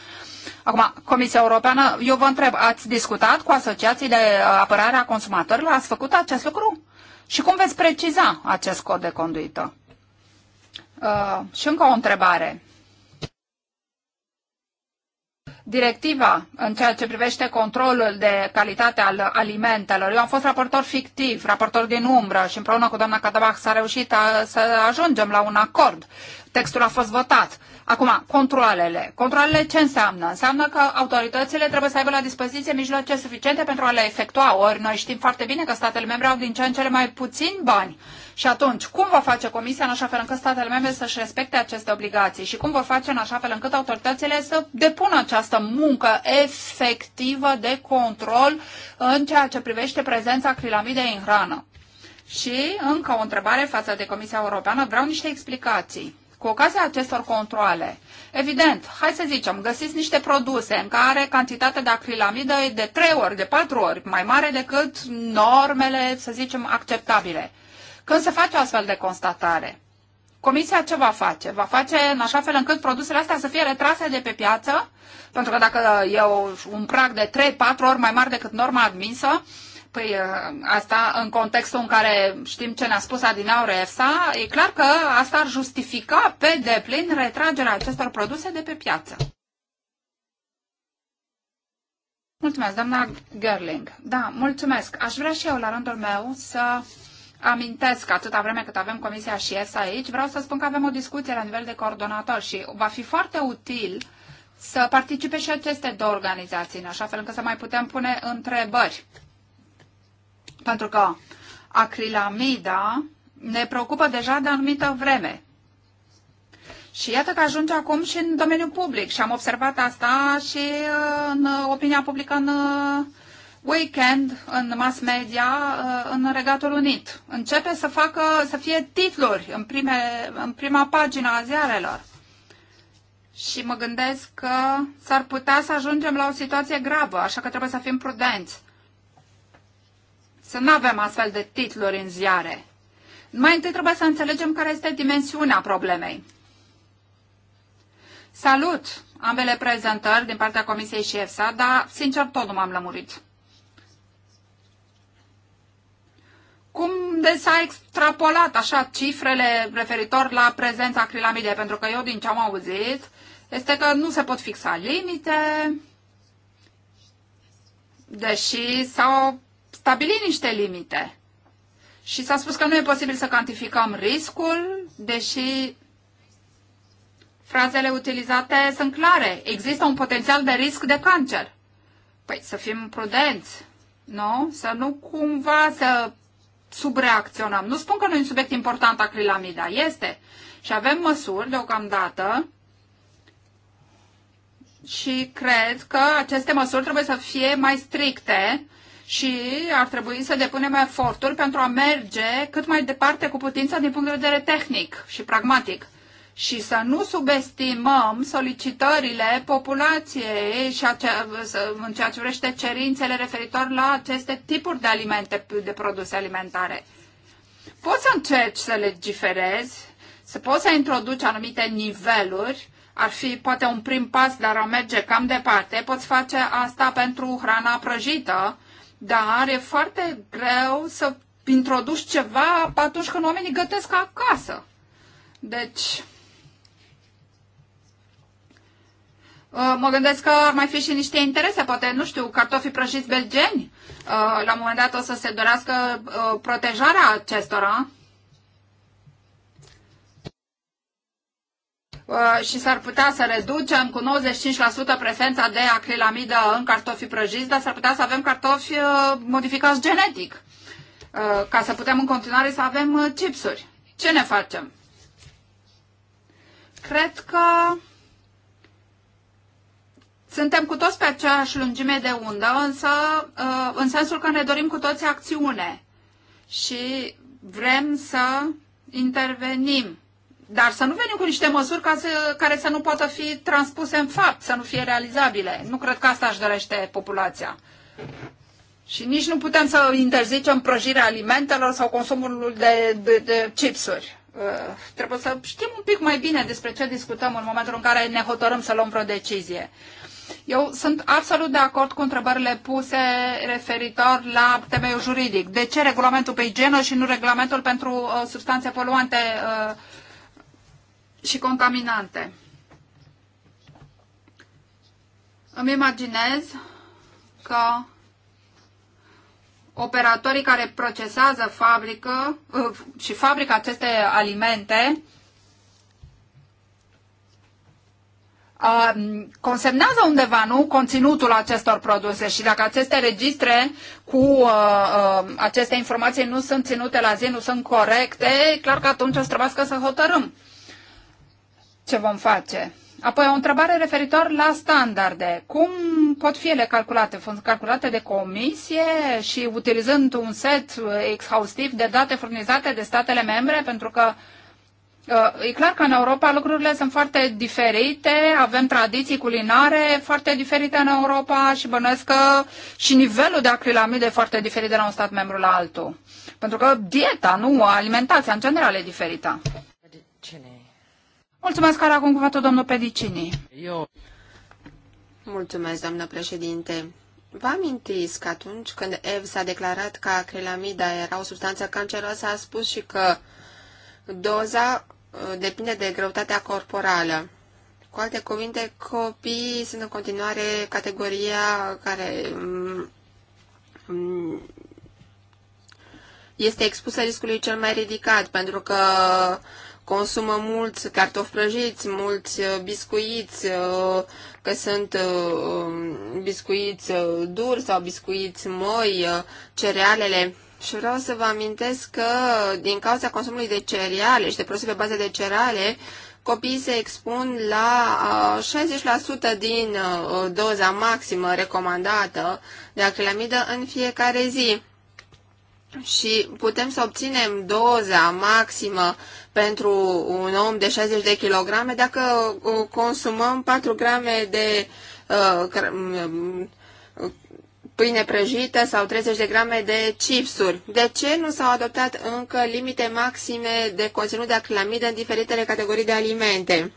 Acum, Comisia Europeană, eu vă întreb, ați discutat cu asociații de uh, apărare a consumatorilor? Ați făcut acest lucru? Și cum veți preciza acest cod de conduită? Uh, și încă o întrebare directiva în ceea ce privește controlul de calitate al alimentelor. Eu am fost raportor fictiv, raportor din umbră și împreună cu doamna Cadabach s-a reușit a, să ajungem la un acord. Textul a fost votat. Acum, controlele. Controlele ce înseamnă? Înseamnă că autoritățile trebuie să aibă la dispoziție mijloace suficiente pentru a le efectua. Ori noi știm foarte bine că statele membre au din ce în cele mai puțini bani și atunci, cum va face Comisia în așa fel încât statele membre să-și respecte aceste obligații și cum vor face în așa fel încât autoritățile să depună această muncă efectivă de control în ceea ce privește prezența acrilamidei în hrană? Și încă o întrebare față de Comisia Europeană, vreau niște explicații. Cu ocazia acestor controle, evident, hai să zicem, găsiți niște produse în care cantitatea de acrilamidă e de 3 ori, de 4 ori mai mare decât normele, să zicem, acceptabile. Când se face o astfel de constatare, Comisia ce va face? Va face în așa fel încât produsele astea să fie retrase de pe piață? Pentru că dacă e un prag de 3-4 ori mai mare decât norma admisă, Păi ă, asta în contextul în care știm ce ne-a spus Adinaure EFSA, e clar că asta ar justifica pe deplin retragerea acestor produse de pe piață. Mulțumesc, doamna Gerling. Da, mulțumesc. Aș vrea și eu, la rândul meu, să amintesc că atâta vreme cât avem Comisia și ES aici, vreau să spun că avem o discuție la nivel de coordonator și va fi foarte util să participe și aceste două organizații, în așa fel încât să mai putem pune întrebări. Pentru că acrilamida ne preocupă deja de anumită vreme. Și iată că ajunge acum și în domeniul public și am observat asta și uh, în uh, opinia publică în uh, weekend în mass media uh, în Regatul Unit. Începe să facă, să fie titluri în, prime, în prima pagină a ziarelor. Și mă gândesc că s-ar putea să ajungem la o situație gravă, așa că trebuie să fim prudenți. Să nu avem astfel de titluri în ziare. Mai întâi trebuie să înțelegem care este dimensiunea problemei. Salut ambele prezentări din partea Comisiei și EFSA, dar, sincer, tot nu m-am lămurit. cum de s-a extrapolat așa cifrele referitor la prezența acrilamidei, pentru că eu din ce am auzit este că nu se pot fixa limite, deși s-au stabilit niște limite. Și s-a spus că nu e posibil să cantificăm riscul, deși frazele utilizate sunt clare. Există un potențial de risc de cancer. Păi să fim prudenți, nu? Să nu cumva să subreacționăm. Nu spun că nu e un subiect important acrilamida, este. Și avem măsuri deocamdată și cred că aceste măsuri trebuie să fie mai stricte și ar trebui să depunem eforturi pentru a merge cât mai departe cu putința din punct de vedere tehnic și pragmatic și să nu subestimăm solicitările populației și a în ceea ce vrește cerințele referitor la aceste tipuri de alimente, de produse alimentare. Poți să încerci să legiferezi, să poți să introduci anumite niveluri, ar fi poate un prim pas, dar a merge cam departe. Poți face asta pentru hrana prăjită, dar e foarte greu să introduci ceva atunci când oamenii gătesc acasă. Deci, Uh, mă gândesc că ar mai fi și niște interese, poate, nu știu, cartofii prăjiți belgeni. Uh, la un moment dat o să se dorească uh, protejarea acestora. și s-ar putea să reducem cu 95% prezența de acrilamidă în cartofii prăjiți, dar s-ar putea să avem cartofi modificați genetic, ca să putem în continuare să avem chipsuri. Ce ne facem? Cred că suntem cu toți pe aceeași lungime de undă, însă uh, în sensul că ne dorim cu toți acțiune și vrem să intervenim. Dar să nu venim cu niște măsuri ca să, care să nu poată fi transpuse în fapt, să nu fie realizabile. Nu cred că asta își dorește populația. Și nici nu putem să interzicem prăjirea alimentelor sau consumul de, de, de chipsuri. Uh, trebuie să știm un pic mai bine despre ce discutăm în momentul în care ne hotărâm să luăm vreo decizie. Eu sunt absolut de acord cu întrebările puse referitor la temeiul juridic. De ce regulamentul pe igienă și nu regulamentul pentru uh, substanțe poluante uh, și contaminante? Îmi imaginez că operatorii care procesează fabrică uh, și fabrică aceste alimente uh, Uh, consemnează undeva, nu, conținutul acestor produse și dacă aceste registre cu uh, uh, aceste informații nu sunt ținute la zi, nu sunt corecte, e clar că atunci o să trebuiască să hotărâm ce vom face. Apoi o întrebare referitor la standarde. Cum pot fi ele calculate? Sunt calculate de comisie și utilizând un set exhaustiv de date furnizate de statele membre, pentru că uh, Uh, e clar că în Europa lucrurile sunt foarte diferite, avem tradiții culinare foarte diferite în Europa și bănuiesc că și nivelul de acrilamid e foarte diferit de la un stat membru la altul. Pentru că dieta, nu, alimentația în general e diferită. Pedicini. Mulțumesc, care acum cuvântul domnul Pedicini. Eu... Mulțumesc, doamnă președinte. Vă amintiți că atunci când Ev s-a declarat că acrilamida era o substanță canceroasă, a spus și că doza Uh, depinde de greutatea corporală. Cu alte cuvinte, copiii sunt în continuare categoria care um, um, este expusă riscului cel mai ridicat, pentru că consumă mulți cartofi prăjiți, mulți uh, biscuiți, uh, că sunt um, biscuiți duri sau biscuiți moi, cerealele și vreau să vă amintesc că din cauza consumului de cereale și de produse pe bază de cereale, copiii se expun la 60% uh, din uh, doza maximă recomandată de acrilamidă în fiecare zi. Și putem să obținem doza maximă pentru un om de 60 de kilograme dacă uh, consumăm 4 grame de uh, pâine prăjită sau 30 de grame de chipsuri. De ce nu s-au adoptat încă limite maxime de conținut de aclamidă în diferitele categorii de alimente?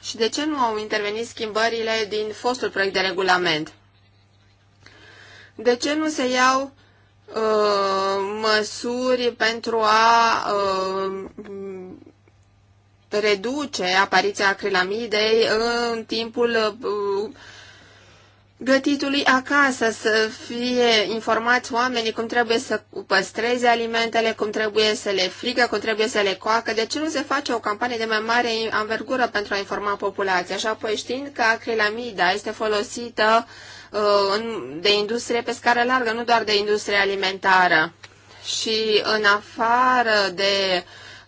Și de ce nu au intervenit schimbările din fostul proiect de regulament? De ce nu se iau uh, măsuri pentru a uh, reduce apariția acrilamidei în timpul uh, gătitului acasă, să fie informați oamenii cum trebuie să păstreze alimentele, cum trebuie să le frigă, cum trebuie să le coacă. De ce nu se face o campanie de mai mare anvergură pentru a informa populația? Și apoi știind că acrilamida este folosită uh, de industrie pe scară largă, nu doar de industrie alimentară. Și în afară de uh,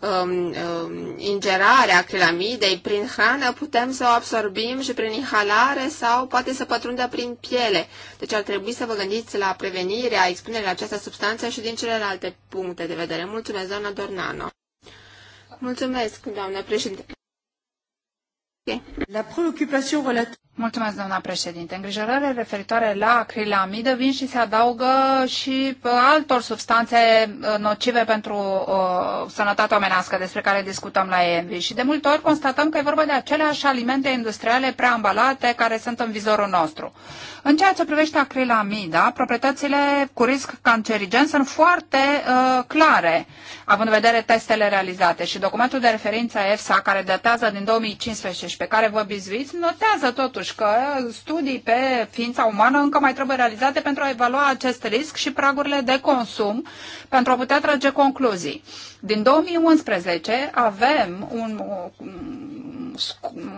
um, um, ingerarea acrilamidei prin hrană, putem să o absorbim și prin inhalare sau poate să pătrundă prin piele. Deci ar trebui să vă gândiți la prevenirea expunerii la această substanță și din celelalte puncte de vedere. Mulțumesc, doamna Dornano. Mulțumesc, doamna președinte. La preocupație relativă Mulțumesc, doamna președinte. Îngrijorările referitoare la acrilamidă vin și se adaugă și uh, altor substanțe uh, nocive pentru uh, sănătatea omenească despre care discutăm la EMV Și de multe ori constatăm că e vorba de aceleași alimente industriale preambalate care sunt în vizorul nostru. În ceea ce privește acrilamida, proprietățile cu risc cancerigen sunt foarte uh, clare, având în vedere testele realizate și documentul de referință EFSA, care datează din 2015 și pe care vă bizuiți, notează totuși totuși că studii pe ființa umană încă mai trebuie realizate pentru a evalua acest risc și pragurile de consum pentru a putea trage concluzii. Din 2011 avem un,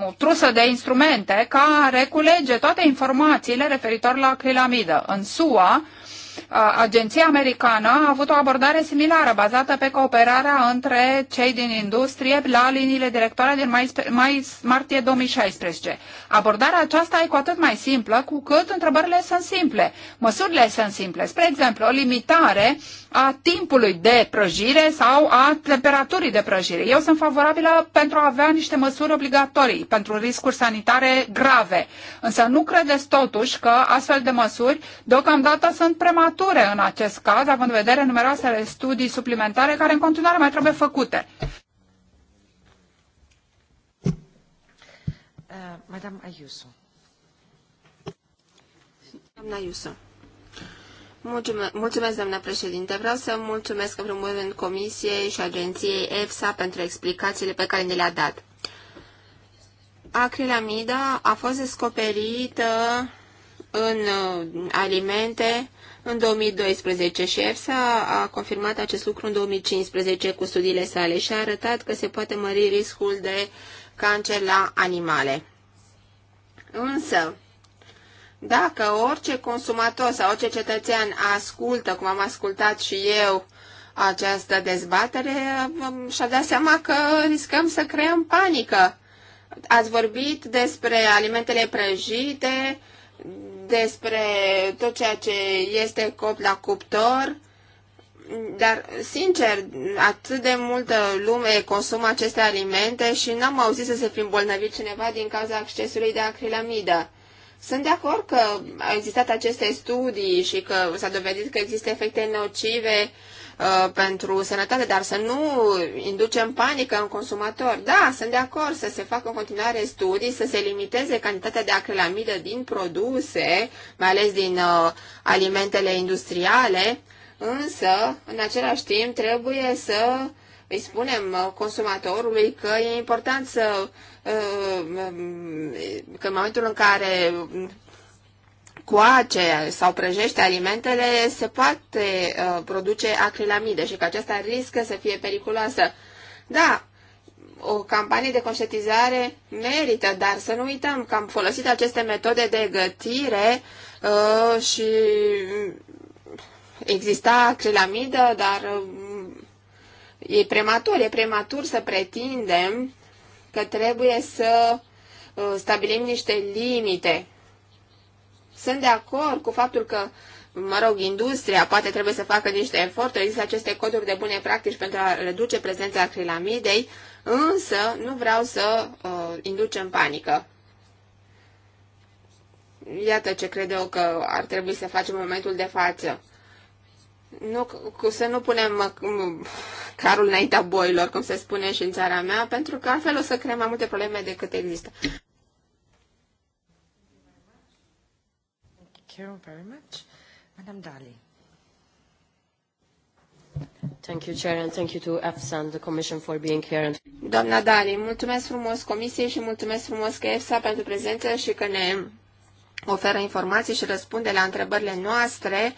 o trusă de instrumente care culege toate informațiile referitor la acrilamidă. În SUA, Agenția americană a avut o abordare similară, bazată pe cooperarea între cei din industrie la liniile directoare din mai, mai, martie 2016. Abordarea aceasta e cu atât mai simplă, cu cât întrebările sunt simple. Măsurile sunt simple. Spre exemplu, o limitare a timpului de prăjire sau a temperaturii de prăjire. Eu sunt favorabilă pentru a avea niște măsuri obligatorii pentru riscuri sanitare grave, însă nu credeți totuși că astfel de măsuri deocamdată sunt premature în acest caz, având în vedere numeroasele studii suplimentare care în continuare mai trebuie făcute. Uh, Madame Ayuso. Doamna Ayuso. Mulțumesc, mulțumesc doamna președinte. Vreau să mulțumesc în primul rând Comisiei și Agenției EFSA pentru explicațiile pe care ne le-a dat. Acrilamida a fost descoperită în uh, alimente în 2012 și EFSA a confirmat acest lucru în 2015 cu studiile sale și a arătat că se poate mări riscul de cancer la animale. Însă, dacă orice consumator sau orice cetățean ascultă, cum am ascultat și eu, această dezbatere um, și-a dat seama că riscăm să creăm panică. Ați vorbit despre alimentele prăjite, despre tot ceea ce este copt la cuptor, dar, sincer, atât de multă lume consumă aceste alimente și n-am auzit să se fi îmbolnăvit cineva din cauza accesului de acrilamidă. Sunt de acord că au existat aceste studii și că s-a dovedit că există efecte nocive uh, pentru sănătate, dar să nu inducem panică în consumator. Da, sunt de acord să se facă în continuare studii, să se limiteze cantitatea de acrilamidă din produse, mai ales din uh, alimentele industriale, însă, în același timp, trebuie să îi spunem uh, consumatorului că e important să uh, că în momentul în care coace sau prăjește alimentele, se poate uh, produce acrilamide și că aceasta riscă să fie periculoasă. Da, o campanie de conștientizare merită, dar să nu uităm că am folosit aceste metode de gătire uh, și exista acrilamidă, dar uh, e prematur, e prematur să pretindem că trebuie să uh, stabilim niște limite. Sunt de acord cu faptul că, mă rog, industria poate trebuie să facă niște eforturi, există aceste coduri de bune practici pentru a reduce prezența acrilamidei, însă nu vreau să uh, inducem panică. Iată ce cred eu că ar trebui să facem în momentul de față. Nu, să nu punem carul înaintea boilor, cum se spune și în țara mea, pentru că altfel o să creăm mai multe probleme decât există. Thank you very much. Madame Dali. Thank you, Chair, and thank you to EFSA and the Commission for being here. Doamna Dali, mulțumesc frumos Comisiei și mulțumesc frumos că EFSA pentru prezență și că ne oferă informații și răspunde la întrebările noastre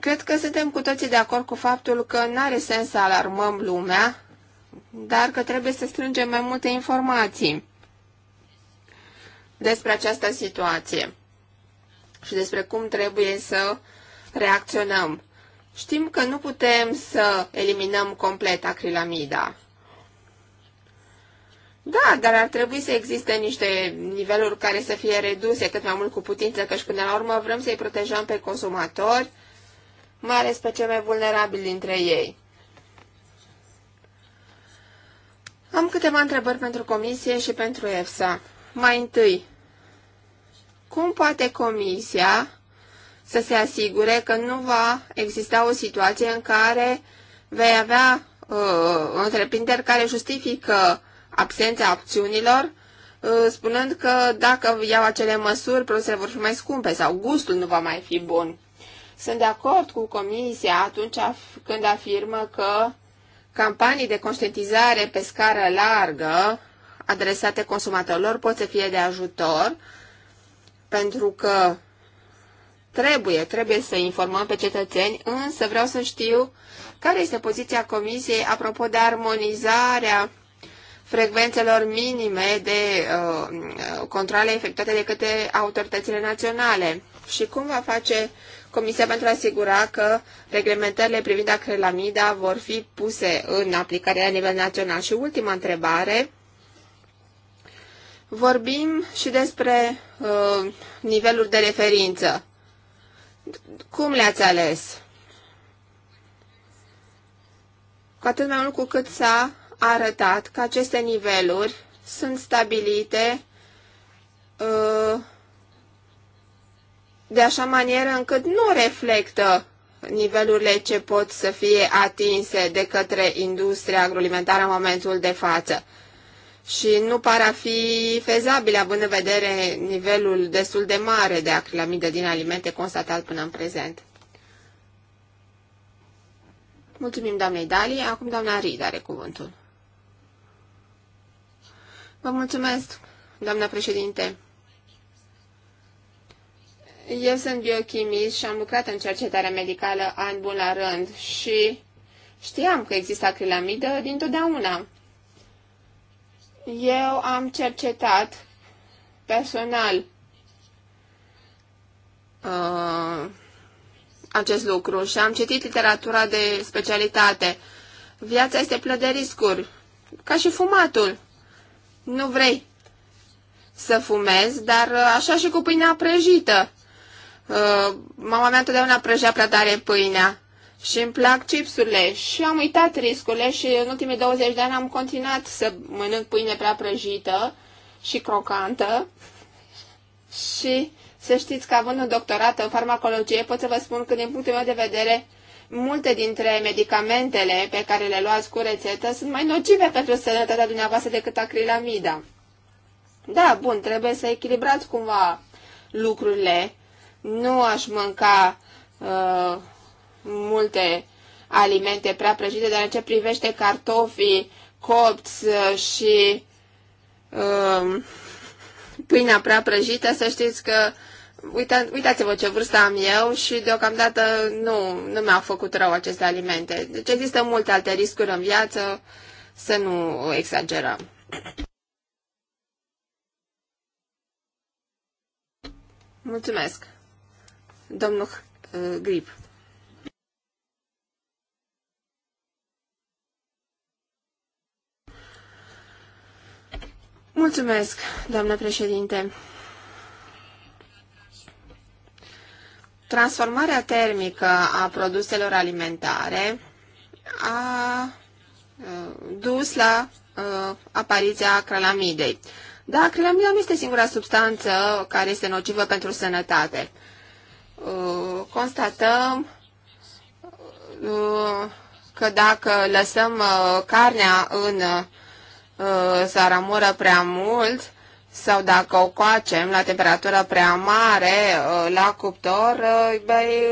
Cred că suntem cu toții de acord cu faptul că nu are sens să alarmăm lumea, dar că trebuie să strângem mai multe informații despre această situație și despre cum trebuie să reacționăm. Știm că nu putem să eliminăm complet acrilamida. Da, dar ar trebui să existe niște niveluri care să fie reduse cât mai mult cu putință, căci până la urmă vrem să-i protejăm pe consumatori, mai ales pe cei mai vulnerabili dintre ei. Am câteva întrebări pentru Comisie și pentru EFSA. Mai întâi, cum poate Comisia să se asigure că nu va exista o situație în care vei avea uh, întreprinderi care justifică absența acțiunilor, uh, spunând că dacă iau acele măsuri, produsele vor fi mai scumpe sau gustul nu va mai fi bun. Sunt de acord cu Comisia atunci când afirmă că campanii de conștientizare pe scară largă adresate consumatorilor pot să fie de ajutor pentru că trebuie, trebuie să informăm pe cetățeni, însă vreau să știu care este poziția Comisiei apropo de armonizarea frecvențelor minime de uh, controle efectuate de către autoritățile naționale și cum va face Comisia pentru a asigura că reglementările privind acrilamida vor fi puse în aplicare la nivel național. Și ultima întrebare, vorbim și despre uh, niveluri de referință. Cum le-ați ales? Cu atât mai mult cu cât s-a arătat că aceste niveluri sunt stabilite uh, de așa manieră încât nu reflectă nivelurile ce pot să fie atinse de către industria agroalimentară în momentul de față. Și nu par a fi fezabil, având în vedere nivelul destul de mare de acrilamidă din alimente constatat până în prezent. Mulțumim doamnei Dali, acum doamna Rida are cuvântul. Vă mulțumesc, doamna președinte. Eu sunt biochimist și am lucrat în cercetarea medicală an bun la rând și știam că există acrilamidă dintotdeauna. Eu am cercetat personal uh, acest lucru și am citit literatura de specialitate. Viața este plă de riscuri, ca și fumatul. Nu vrei să fumezi, dar uh, așa și cu pâinea prăjită. Uh, mama mea întotdeauna prăjea prea tare pâinea și îmi plac chipsurile și am uitat riscurile și în ultimii 20 de ani am continuat să mănânc pâine prea prăjită și crocantă și să știți că având un doctorat în farmacologie pot să vă spun că din punctul meu de vedere multe dintre medicamentele pe care le luați cu rețetă sunt mai nocive pentru sănătatea dumneavoastră decât acrilamida. Da, bun, trebuie să echilibrați cumva lucrurile nu aș mânca uh, multe alimente prea prăjite, dar în ce privește cartofii copți uh, și uh, pâinea prea prăjită, să știți că uita, uitați-vă ce vârstă am eu și deocamdată nu, nu mi-au făcut rău aceste alimente. Deci există multe alte riscuri în viață, să nu exagerăm. Mulțumesc! Domnul uh, Grip. Mulțumesc, doamnă președinte. Transformarea termică a produselor alimentare a uh, dus la uh, apariția cralamidei. Da, cralamida nu este singura substanță care este nocivă pentru sănătate. Uh, constatăm uh, că dacă lăsăm uh, carnea în saramură prea mult sau dacă o coacem la temperatură prea mare la cuptor, băi,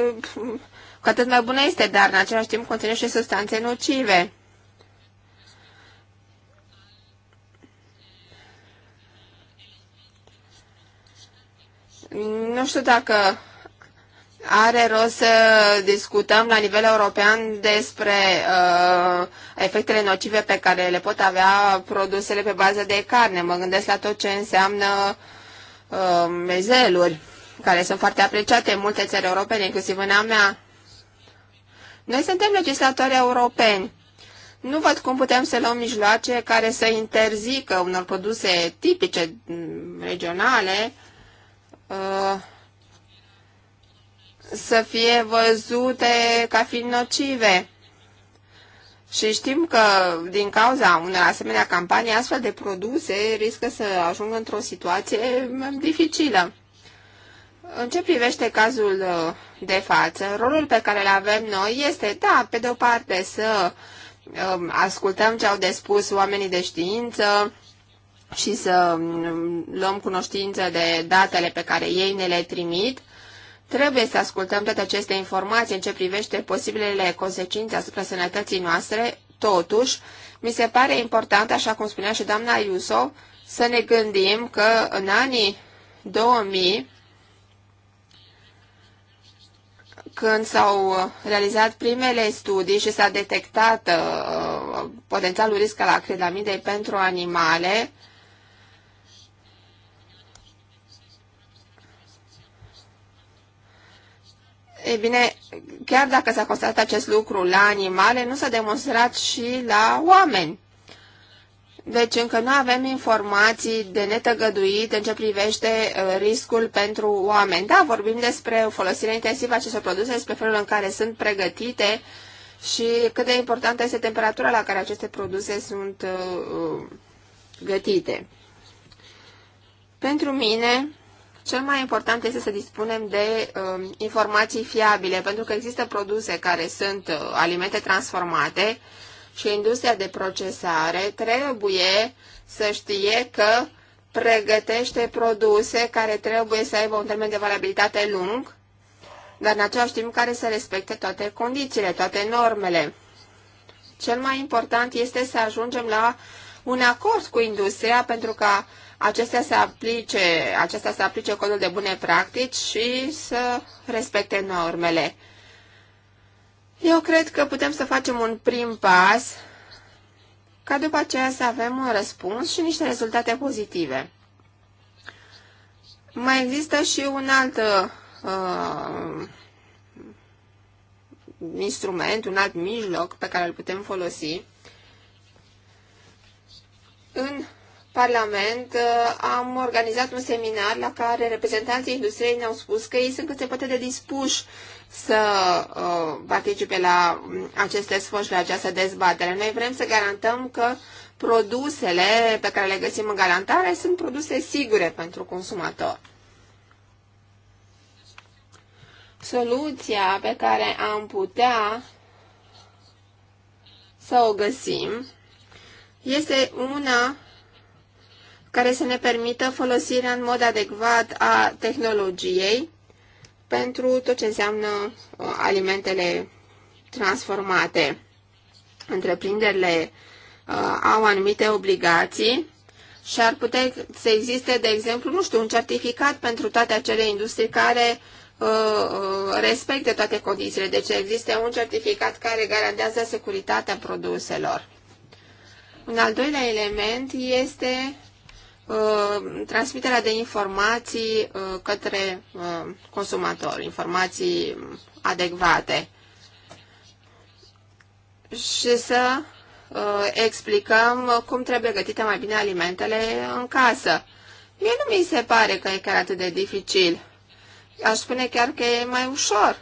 cu atât mai bună este, dar în același timp conține și substanțe nocive. Nu știu dacă are rost să discutăm la nivel european despre uh, efectele nocive pe care le pot avea produsele pe bază de carne. Mă gândesc la tot ce înseamnă uh, mezeluri, care sunt foarte apreciate în multe țări europene, inclusiv în a mea. Noi suntem legislatori europeni. Nu văd cum putem să luăm mijloace care să interzică unor produse tipice mm, regionale uh, să fie văzute ca fiind nocive. Și știm că din cauza unei asemenea campanii, astfel de produse riscă să ajungă într-o situație dificilă. În ce privește cazul uh, de față, rolul pe care îl avem noi este, da, pe de o parte să um, ascultăm ce au de spus oamenii de știință și să um, luăm cunoștință de datele pe care ei ne le trimit, Trebuie să ascultăm toate aceste informații în ce privește posibilele consecințe asupra sănătății noastre, totuși, mi se pare important, așa cum spunea și doamna Iuso, să ne gândim că în anii 2000, când s-au uh, realizat primele studii și s-a detectat uh, potențialul risc al acrilamidei pentru animale, uh, E bine, chiar dacă s-a constatat acest lucru la animale, nu s-a demonstrat și la oameni. Deci încă nu avem informații de netăgăduit în ce privește uh, riscul pentru oameni. Da, vorbim despre folosirea intensivă a acestor produse, despre felul în care sunt pregătite și cât de importantă este temperatura la care aceste produse sunt uh, uh gătite. Pentru mine, cel mai important este să dispunem de uh, informații fiabile, pentru că există produse care sunt uh, alimente transformate și industria de procesare trebuie să știe că pregătește produse care trebuie să aibă un termen de valabilitate lung, dar în același timp care să respecte toate condițiile, toate normele. Cel mai important este să ajungem la un acord cu industria pentru ca acestea să aplice, acestea să aplice codul de bune practici și să respecte normele. Eu cred că putem să facem un prim pas ca după aceea să avem un răspuns și niște rezultate pozitive. Mai există și un alt uh, instrument, un alt mijloc pe care îl putem folosi. În Parlament uh, am organizat un seminar la care reprezentanții industriei ne-au spus că ei sunt cât se poate de dispuși să uh, participe la um, acest esforț, la această dezbatere. Noi vrem să garantăm că produsele pe care le găsim în garantare sunt produse sigure pentru consumator. Soluția pe care am putea să o găsim este una care să ne permită folosirea în mod adecvat a tehnologiei pentru tot ce înseamnă uh, alimentele transformate. Întreprinderile uh, au anumite obligații și ar putea să existe, de exemplu, nu știu, un certificat pentru toate acele industrii care uh, respecte toate condițiile. Deci există un certificat care garantează securitatea produselor. Un al doilea element este Uh, transmiterea de informații uh, către uh, consumator, informații adecvate și să explicăm cum trebuie gătite mai bine alimentele în casă. Mie nu mi se pare că e chiar atât de dificil. Aș spune chiar că e mai ușor,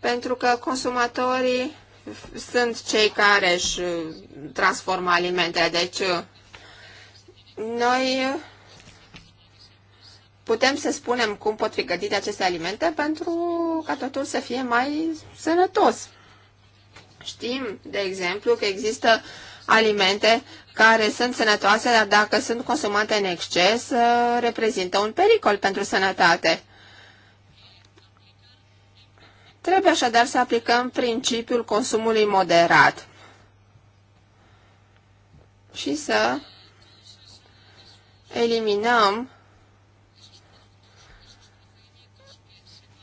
pentru că consumatorii sunt cei care își transformă alimentele, deci noi putem să spunem cum pot fi gătite aceste alimente pentru ca totul să fie mai sănătos. Știm, de exemplu, că există alimente care sunt sănătoase, dar dacă sunt consumate în exces, ă, reprezintă un pericol pentru sănătate. Trebuie așadar să aplicăm principiul consumului moderat și să eliminăm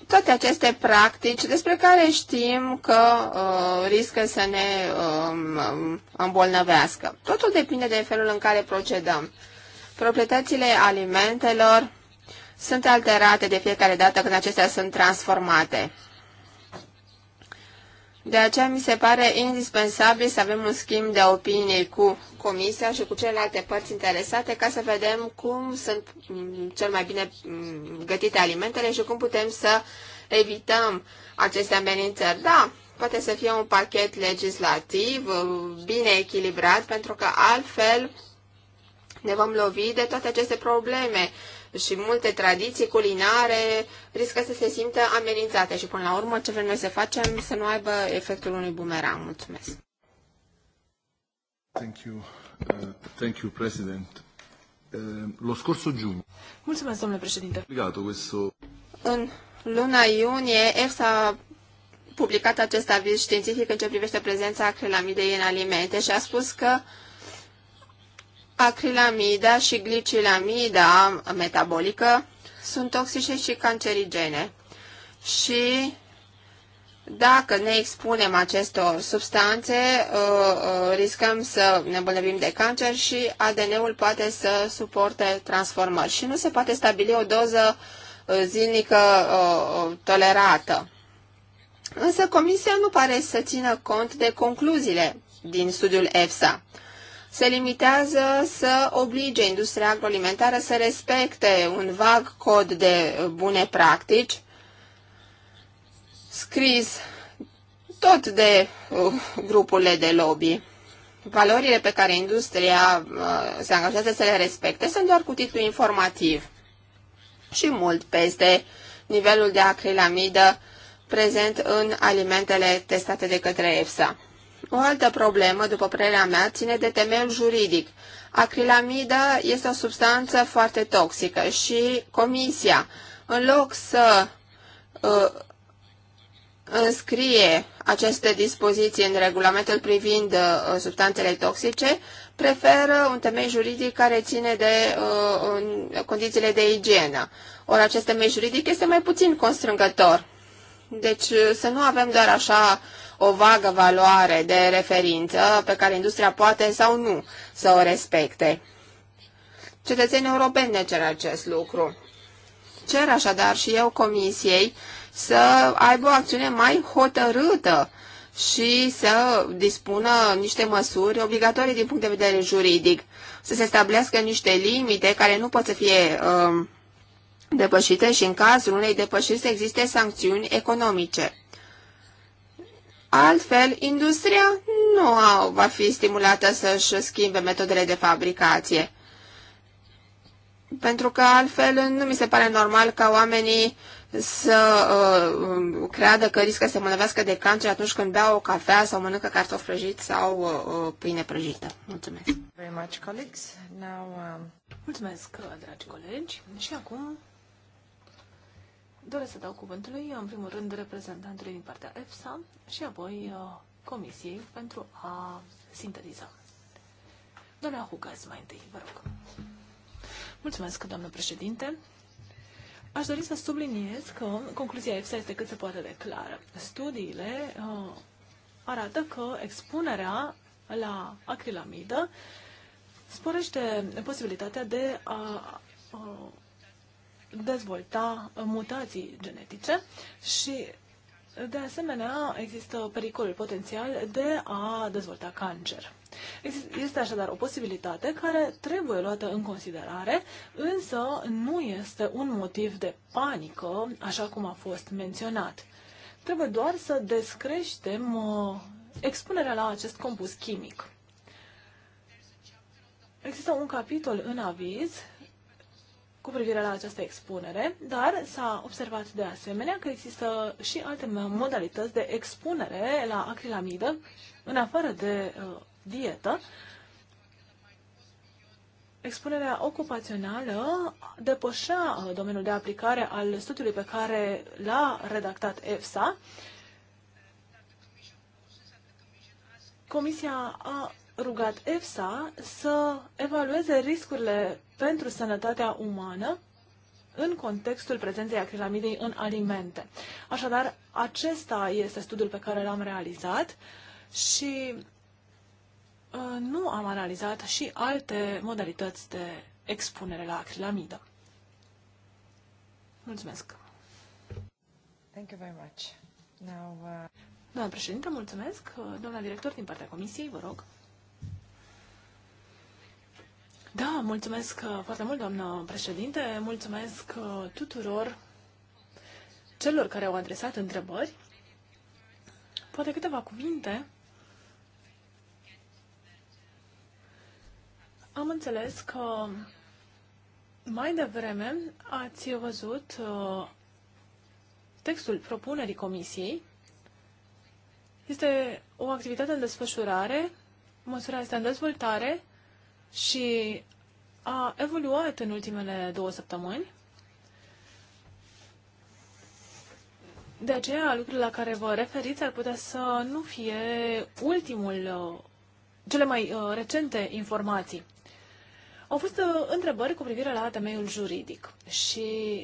toate aceste practici despre care știm că uh, riscă să ne um, îmbolnăvească. Totul depinde de felul în care procedăm. Proprietățile alimentelor sunt alterate de fiecare dată când acestea sunt transformate. De aceea mi se pare indispensabil să avem un schimb de opinii cu Comisia și cu celelalte părți interesate ca să vedem cum sunt cel mai bine mm, gătite alimentele și cum putem să evităm aceste amenințări. Da, poate să fie un pachet legislativ bine echilibrat pentru că altfel ne vom lovi de toate aceste probleme și multe tradiții culinare riscă să se simtă amenințate și până la urmă ce vrem noi să facem să nu aibă efectul unui bumerang. Mulțumesc! Thank you. Uh, thank you, President. Uh, lo scorso giugno. Mulțumesc, domnule președinte. questo... În luna iunie, EFSA publicat acest aviz științific în ce privește prezența acrilamidei în alimente și a spus că Acrilamida și glicilamida metabolică sunt toxice și cancerigene și dacă ne expunem acestor substanțe, uh, uh, riscăm să ne îmbolnăvim de cancer și ADN-ul poate să suporte transformări și nu se poate stabili o doză uh, zilnică tolerată. Însă Comisia nu pare să țină cont de concluziile din studiul EFSA se limitează să oblige industria agroalimentară să respecte un vag cod de bune practici scris tot de uh, grupurile de lobby. Valorile pe care industria uh, se angajează să le respecte sunt doar cu titlu informativ și mult peste nivelul de acrilamidă prezent în alimentele testate de către EFSA. O altă problemă, după părerea mea, ține de temel juridic. Acrilamida este o substanță foarte toxică și comisia, în loc să uh, înscrie aceste dispoziții în regulamentul privind uh, substanțele toxice, preferă un temei juridic care ține de uh, condițiile de igienă. Ori acest temei juridic este mai puțin constrângător. Deci să nu avem doar așa uh, o vagă valoare de referință pe care industria poate sau nu să o respecte. Cetățenii europeni ne cer acest lucru. Cer așadar și eu Comisiei să aibă o acțiune mai hotărâtă și să dispună niște măsuri obligatorii din punct de vedere juridic, să se stabilească niște limite care nu pot să fie uh, depășite și în cazul unei depășiri să existe sancțiuni economice. Altfel, industria nu au, va fi stimulată să-și schimbe metodele de fabricație. Pentru că altfel nu mi se pare normal ca oamenii să uh, creadă că riscă să mănăvească de cancer atunci când beau o cafea sau mănâncă cartofi prăjit sau uh, uh pâine prăjită. Mulțumesc! Very much, colleagues. Now, um... Mulțumesc, dragi colegi! Și acum Doresc să dau cuvântul lui, în primul rând, reprezentantului din partea EFSA și apoi uh, Comisiei pentru a sintetiza. Doamna Hugas, mai întâi, vă rog. Mulțumesc, doamnă președinte. Aș dori să subliniez că concluzia EFSA este cât se poate de clară. Studiile uh, arată că expunerea la acrilamidă sporește posibilitatea de a, a uh, dezvolta mutații genetice și, de asemenea, există pericolul potențial de a dezvolta cancer. Este așadar o posibilitate care trebuie luată în considerare, însă nu este un motiv de panică, așa cum a fost menționat. Trebuie doar să descreștem uh, expunerea la acest compus chimic. Există un capitol în aviz cu privire la această expunere, dar s-a observat de asemenea că există și alte modalități de expunere la acrilamidă, în afară de uh, dietă. Expunerea ocupațională depășea uh, domeniul de aplicare al studiului pe care l-a redactat EFSA. Comisia a rugat EFSA să evalueze riscurile pentru sănătatea umană în contextul prezenței acrilamidei în alimente. Așadar, acesta este studiul pe care l-am realizat și uh, nu am analizat și alte modalități de expunere la acrilamidă. Mulțumesc! Thank you very much. Now, uh... Doamna președintă, mulțumesc. Doamna director, din partea comisiei, vă rog. Da, mulțumesc uh, foarte mult, doamnă președinte. Mulțumesc uh, tuturor celor care au adresat întrebări. Poate câteva cuvinte. Am înțeles că mai devreme ați văzut uh, textul propunerii comisiei. Este o activitate în desfășurare, măsura este în dezvoltare, și a evoluat în ultimele două săptămâni. De aceea, lucrurile la care vă referiți ar putea să nu fie ultimul, uh, cele mai uh, recente informații. Au fost uh, întrebări cu privire la temeiul juridic și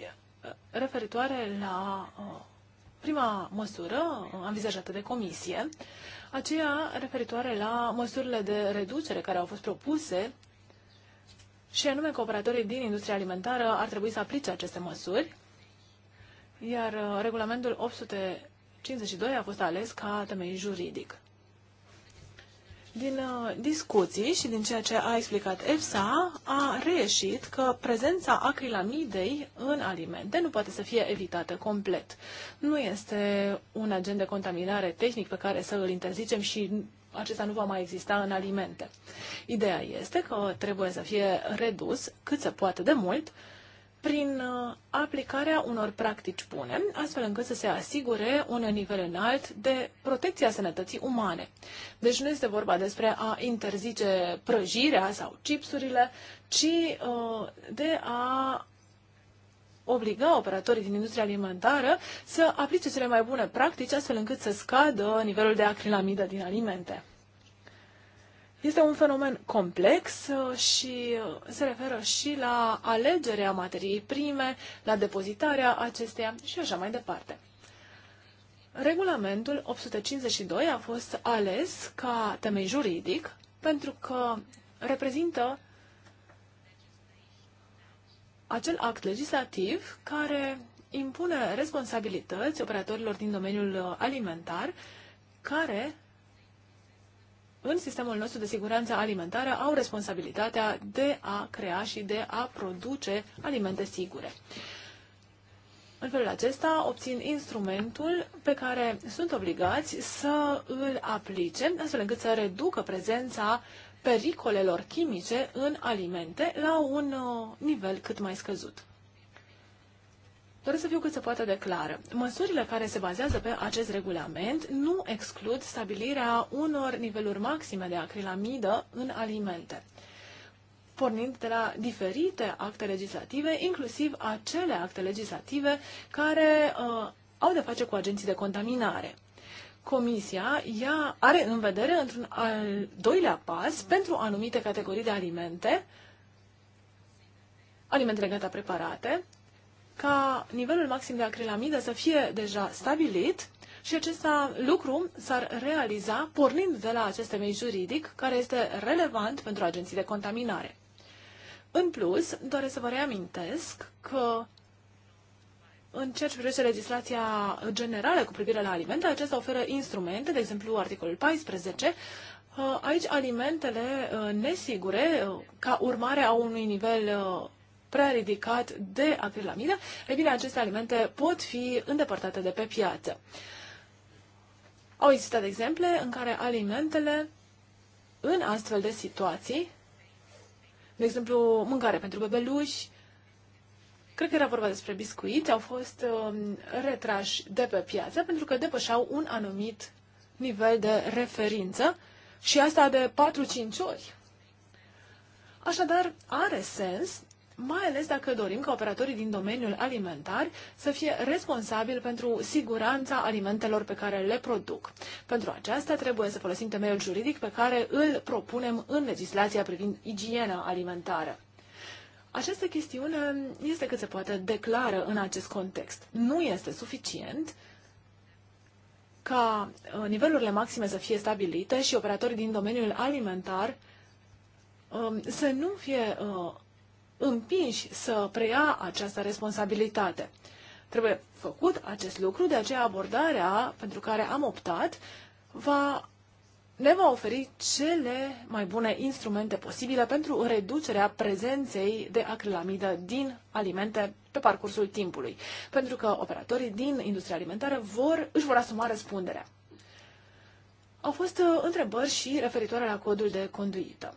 referitoare la prima măsură învizajată de comisie, aceea referitoare la măsurile de reducere care au fost propuse și anume că operatorii din industria alimentară ar trebui să aplice aceste măsuri, iar uh, regulamentul 852 a fost ales ca temei juridic. Din uh, discuții și din ceea ce a explicat EFSA, a reieșit că prezența acrilamidei în alimente nu poate să fie evitată complet. Nu este un agent de contaminare tehnic pe care să îl interzicem și acesta nu va mai exista în alimente. Ideea este că trebuie să fie redus cât se poate de mult prin uh, aplicarea unor practici bune, astfel încât să se asigure un nivel înalt de protecția sănătății umane. Deci nu este vorba despre a interzice prăjirea sau chipsurile, ci uh, de a obliga operatorii din industria alimentară să aplice cele mai bune practici, astfel încât să scadă nivelul de acrilamidă din alimente. Este un fenomen complex uh, și uh, se referă și la alegerea materiei prime, la depozitarea acesteia și așa mai departe. Regulamentul 852 a fost ales ca temei juridic pentru că reprezintă acel act legislativ care impune responsabilități operatorilor din domeniul uh, alimentar care în sistemul nostru de siguranță alimentară au responsabilitatea de a crea și de a produce alimente sigure. În felul acesta obțin instrumentul pe care sunt obligați să îl aplice, astfel încât să reducă prezența pericolelor chimice în alimente la un uh, nivel cât mai scăzut. Doresc să fiu cât se poate de clară. Măsurile care se bazează pe acest regulament nu exclud stabilirea unor niveluri maxime de acrilamidă în alimente pornind de la diferite acte legislative, inclusiv acele acte legislative care uh, au de face cu agenții de contaminare. Comisia ea are în vedere într-un al doilea pas pentru anumite categorii de alimente, legate a preparate, ca nivelul maxim de acrilamidă să fie deja stabilit și acest lucru s-ar realiza pornind de la acest temei juridic care este relevant pentru agenții de contaminare. În plus, doresc să vă reamintesc că în ceea ce privește legislația generală cu privire la alimente, acesta oferă instrumente, de exemplu articolul 14, Aici alimentele uh, nesigure, uh, ca urmare a unui nivel uh, prea ridicat de acrilamidă, e bine, aceste alimente pot fi îndepărtate de pe piață. Au existat exemple în care alimentele în astfel de situații, de exemplu, mâncare pentru bebeluși, cred că era vorba despre biscuiți, au fost um, retrași de pe piață pentru că depășeau un anumit nivel de referință și asta de 4-5 ori. Așadar, are sens mai ales dacă dorim ca operatorii din domeniul alimentar să fie responsabili pentru siguranța alimentelor pe care le produc. Pentru aceasta trebuie să folosim temeiul juridic pe care îl propunem în legislația privind igiena alimentară. Această chestiune este cât se poate declară în acest context. Nu este suficient ca uh, nivelurile maxime să fie stabilite și operatorii din domeniul alimentar um, să nu fie uh, împinși să preia această responsabilitate. Trebuie făcut acest lucru, de aceea abordarea pentru care am optat va, ne va oferi cele mai bune instrumente posibile pentru reducerea prezenței de acrilamidă din alimente pe parcursul timpului, pentru că operatorii din industria alimentară vor, își vor asuma răspunderea. Au fost uh, întrebări și referitoare la codul de conduită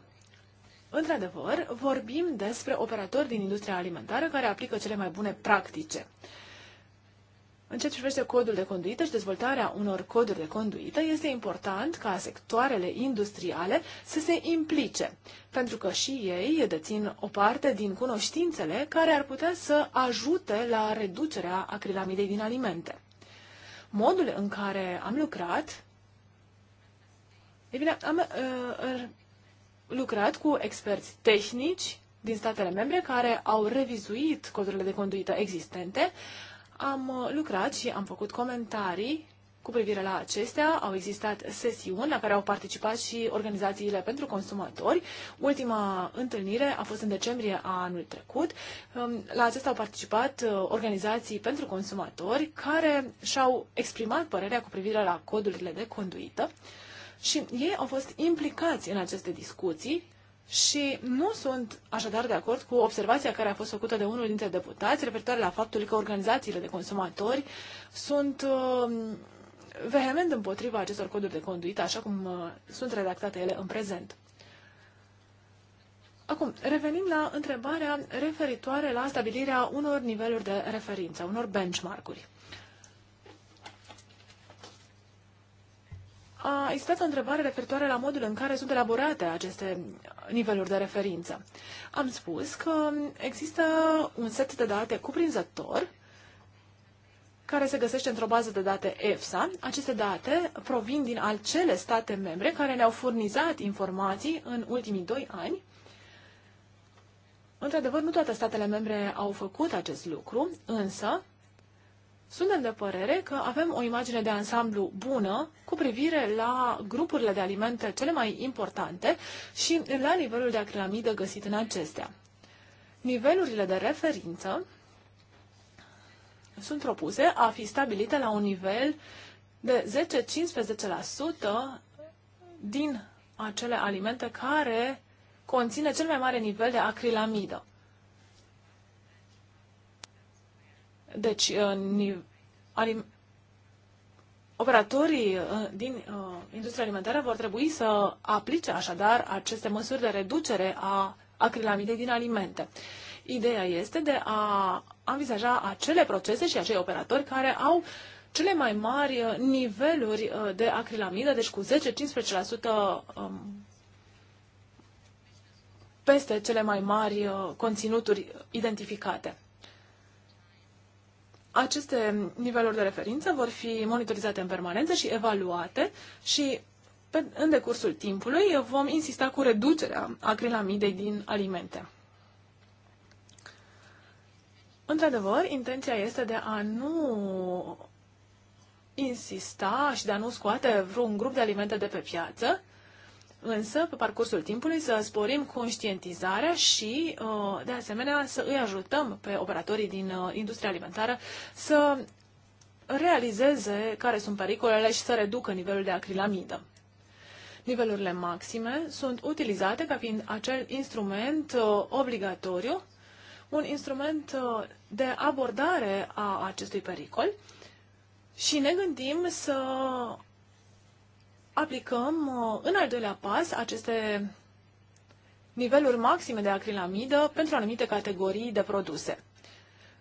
într-adevăr, vorbim despre operatori din industria alimentară care aplică cele mai bune practice. În ce privește codul de conduită și dezvoltarea unor coduri de conduită, este important ca sectoarele industriale să se implice, pentru că și ei dețin o parte din cunoștințele care ar putea să ajute la reducerea acrilamidei din alimente. Modul în care am lucrat, e bine, am uh, lucrat cu experți tehnici din statele membre care au revizuit codurile de conduită existente. Am uh, lucrat și am făcut comentarii cu privire la acestea. Au existat sesiuni la care au participat și organizațiile pentru consumatori. Ultima întâlnire a fost în decembrie a anul trecut. Um, la acesta au participat uh, organizații pentru consumatori care și-au exprimat părerea cu privire la codurile de conduită și ei au fost implicați în aceste discuții și nu sunt așadar de acord cu observația care a fost făcută de unul dintre deputați referitoare la faptul că organizațiile de consumatori sunt uh, vehement împotriva acestor coduri de conduită, așa cum uh, sunt redactate ele în prezent. Acum, revenim la întrebarea referitoare la stabilirea unor niveluri de referință, unor benchmark-uri. a existat o întrebare referitoare la modul în care sunt elaborate aceste niveluri de referință. Am spus că există un set de date cuprinzător care se găsește într-o bază de date EFSA. Aceste date provin din acele state membre care ne-au furnizat informații în ultimii doi ani. Într-adevăr, nu toate statele membre au făcut acest lucru, însă suntem de părere că avem o imagine de ansamblu bună cu privire la grupurile de alimente cele mai importante și la nivelul de acrilamidă găsit în acestea. Nivelurile de referință sunt propuse a fi stabilite la un nivel de 10-15% din acele alimente care conține cel mai mare nivel de acrilamidă. Deci, uh, operatorii uh, din uh, industria alimentară vor trebui să aplice așadar aceste măsuri de reducere a acrilamidei din alimente. Ideea este de a avizaja acele procese și acei operatori care au cele mai mari niveluri de acrilamidă, deci cu 10-15% um, peste cele mai mari conținuturi identificate. Aceste niveluri de referință vor fi monitorizate în permanență și evaluate și pe, în decursul timpului vom insista cu reducerea acrilamidei din alimente. Într-adevăr, intenția este de a nu insista și de a nu scoate vreun grup de alimente de pe piață, însă, pe parcursul timpului, să sporim conștientizarea și, uh, de asemenea, să îi ajutăm pe operatorii din uh, industria alimentară să realizeze care sunt pericolele și să reducă nivelul de acrilamidă. Nivelurile maxime sunt utilizate ca fiind acel instrument uh, obligatoriu, un instrument de abordare a acestui pericol și ne gândim să aplicăm uh, în al doilea pas aceste niveluri maxime de acrilamidă pentru anumite categorii de produse.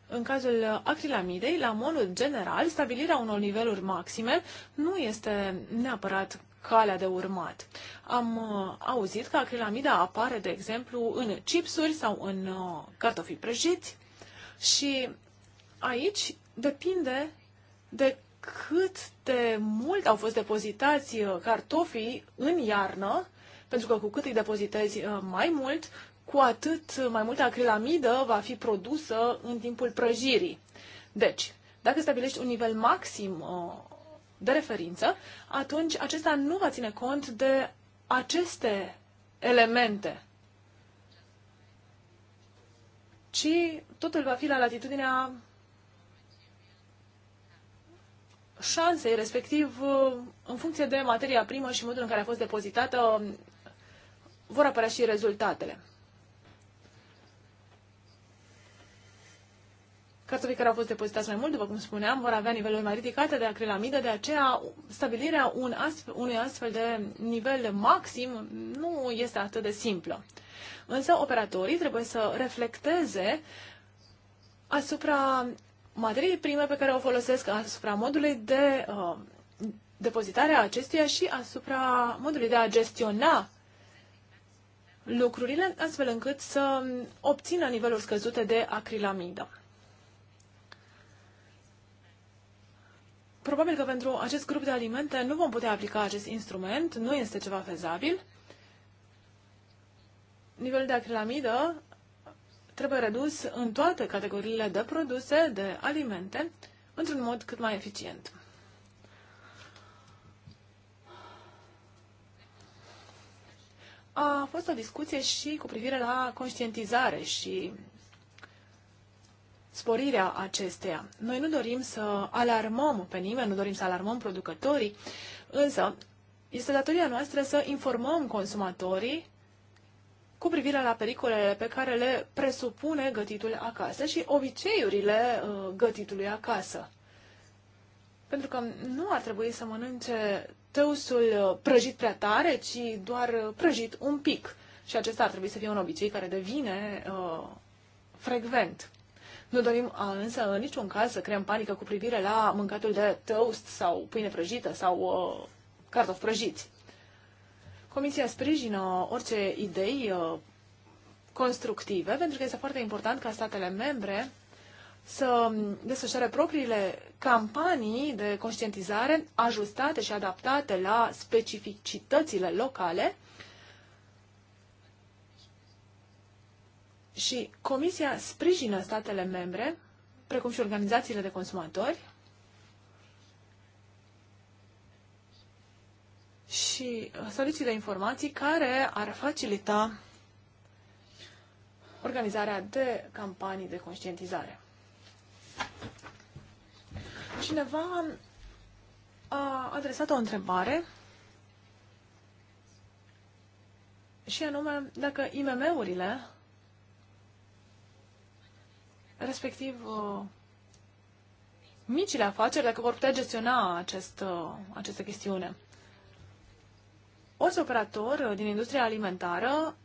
În cazul acrilamidei, la modul general, stabilirea unor niveluri maxime nu este neapărat calea de urmat. Am uh, auzit că acrilamida apare, de exemplu, în chipsuri sau în uh, cartofi prăjiți și aici depinde de cât de mult au fost depozitați uh, cartofii în iarnă, pentru că cu cât îi depozitezi uh, mai mult, cu atât uh, mai multă acrilamidă va fi produsă în timpul prăjirii. Deci, dacă stabilești un nivel maxim de referință, atunci acesta nu va ține cont de aceste elemente, ci totul va fi la latitudinea șansei, respectiv uh, în funcție de materia primă și modul în care a fost depozitată, vor apărea și rezultatele. Cartofii care au fost depozitați mai mult, după cum spuneam, vor avea niveluri mai ridicate de acrilamidă, de aceea stabilirea un astfel, unui astfel de nivel maxim nu este atât de simplă. Însă operatorii trebuie să reflecteze asupra materiile prime pe care o folosesc, asupra modului de uh, depozitare a acestuia și asupra modului de a gestiona lucrurile, astfel încât să obțină niveluri scăzute de acrilamidă. Probabil că pentru acest grup de alimente nu vom putea aplica acest instrument, nu este ceva fezabil. Nivelul de acrilamidă trebuie redus în toate categoriile de produse, de alimente, într-un mod cât mai eficient. A fost o discuție și cu privire la conștientizare și sporirea acesteia. Noi nu dorim să alarmăm pe nimeni, nu dorim să alarmăm producătorii, însă este datoria noastră să informăm consumatorii cu privire la pericolele pe care le presupune gătitul acasă și obiceiurile uh, gătitului acasă. Pentru că nu ar trebui să mănânce tăusul uh, prăjit prea tare, ci doar uh, prăjit un pic. Și acesta ar trebui să fie un obicei care devine uh, frecvent. Nu dorim însă în niciun caz să creăm panică cu privire la mâncatul de toast sau pâine prăjită sau uh, cartofi prăjiți. Comisia sprijină orice idei uh, constructive, pentru că este foarte important ca statele membre să desfășoare propriile campanii de conștientizare ajustate și adaptate la specificitățile locale. Și Comisia sprijină statele membre, precum și organizațiile de consumatori, și de informații care ar facilita organizarea de campanii de conștientizare. Cineva a adresat o întrebare și anume dacă IMM-urile, respectiv uh, micile afaceri, dacă vor putea gestiona acest, uh, această chestiune orice operator uh, din industria alimentară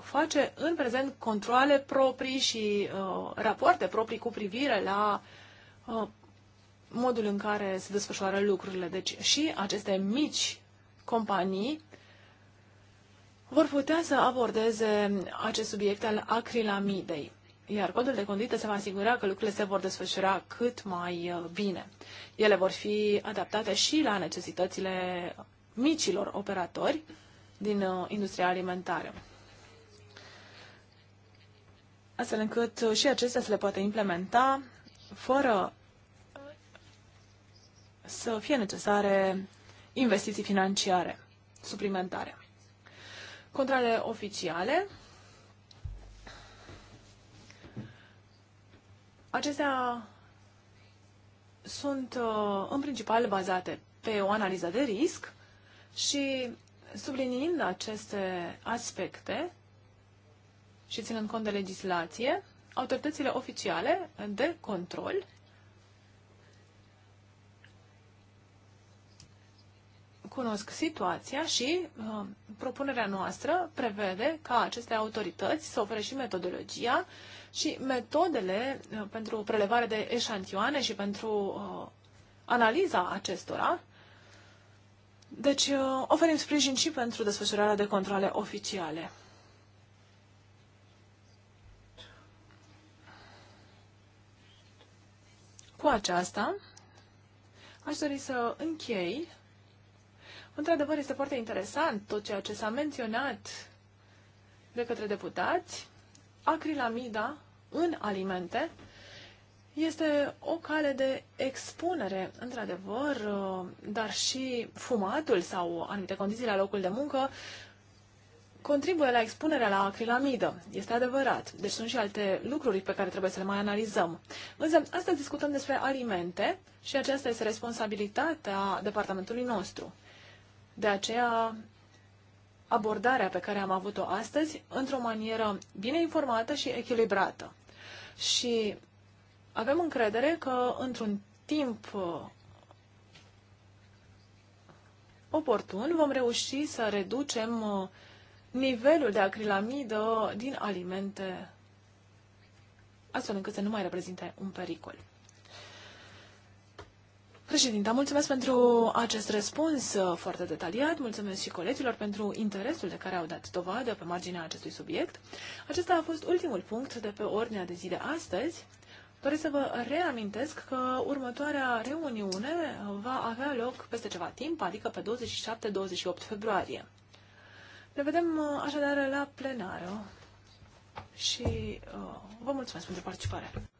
face în prezent controle proprii și uh, rapoarte proprii cu privire la uh, modul în care se desfășoară lucrurile. Deci și aceste mici companii vor putea să abordeze acest subiect al acrilamidei. Iar codul de conduită se va asigura că lucrurile se vor desfășura cât mai uh, bine. Ele vor fi adaptate și la necesitățile micilor operatori din uh, industria alimentară astfel încât uh, și acestea se le poate implementa fără să fie necesare investiții financiare suplimentare. Contrale oficiale Acestea sunt uh, în principal bazate pe o analiză de risc și subliniind aceste aspecte și ținând cont de legislație, autoritățile oficiale de control cunosc situația și uh, propunerea noastră prevede ca aceste autorități să ofere și metodologia și metodele uh, pentru prelevare de eșantioane și pentru uh, analiza acestora. Deci uh, oferim sprijin și pentru desfășurarea de controle oficiale. Cu aceasta, aș dori să închei Într-adevăr, este foarte interesant tot ceea ce s-a menționat de către deputați. Acrilamida în alimente este o cale de expunere, într-adevăr, uh, dar și fumatul sau anumite condiții la locul de muncă contribuie la expunerea la acrilamidă. Este adevărat. Deci sunt și alte lucruri pe care trebuie să le mai analizăm. Însă, astăzi discutăm despre alimente și aceasta este responsabilitatea departamentului nostru. De aceea, abordarea pe care am avut-o astăzi, într-o manieră bine informată și echilibrată. Și avem încredere că, într-un timp uh, oportun, vom reuși să reducem uh, nivelul de acrilamidă din alimente, astfel încât să nu mai reprezinte un pericol. Președinte, mulțumesc pentru acest răspuns uh, foarte detaliat, mulțumesc și colegilor pentru interesul de care au dat dovadă pe marginea acestui subiect. Acesta a fost ultimul punct de pe ordinea de zi de astăzi. Doresc să vă reamintesc că următoarea reuniune uh, va avea loc peste ceva timp, adică pe 27-28 februarie. Ne vedem uh, așadar la plenară și uh, vă mulțumesc pentru participare.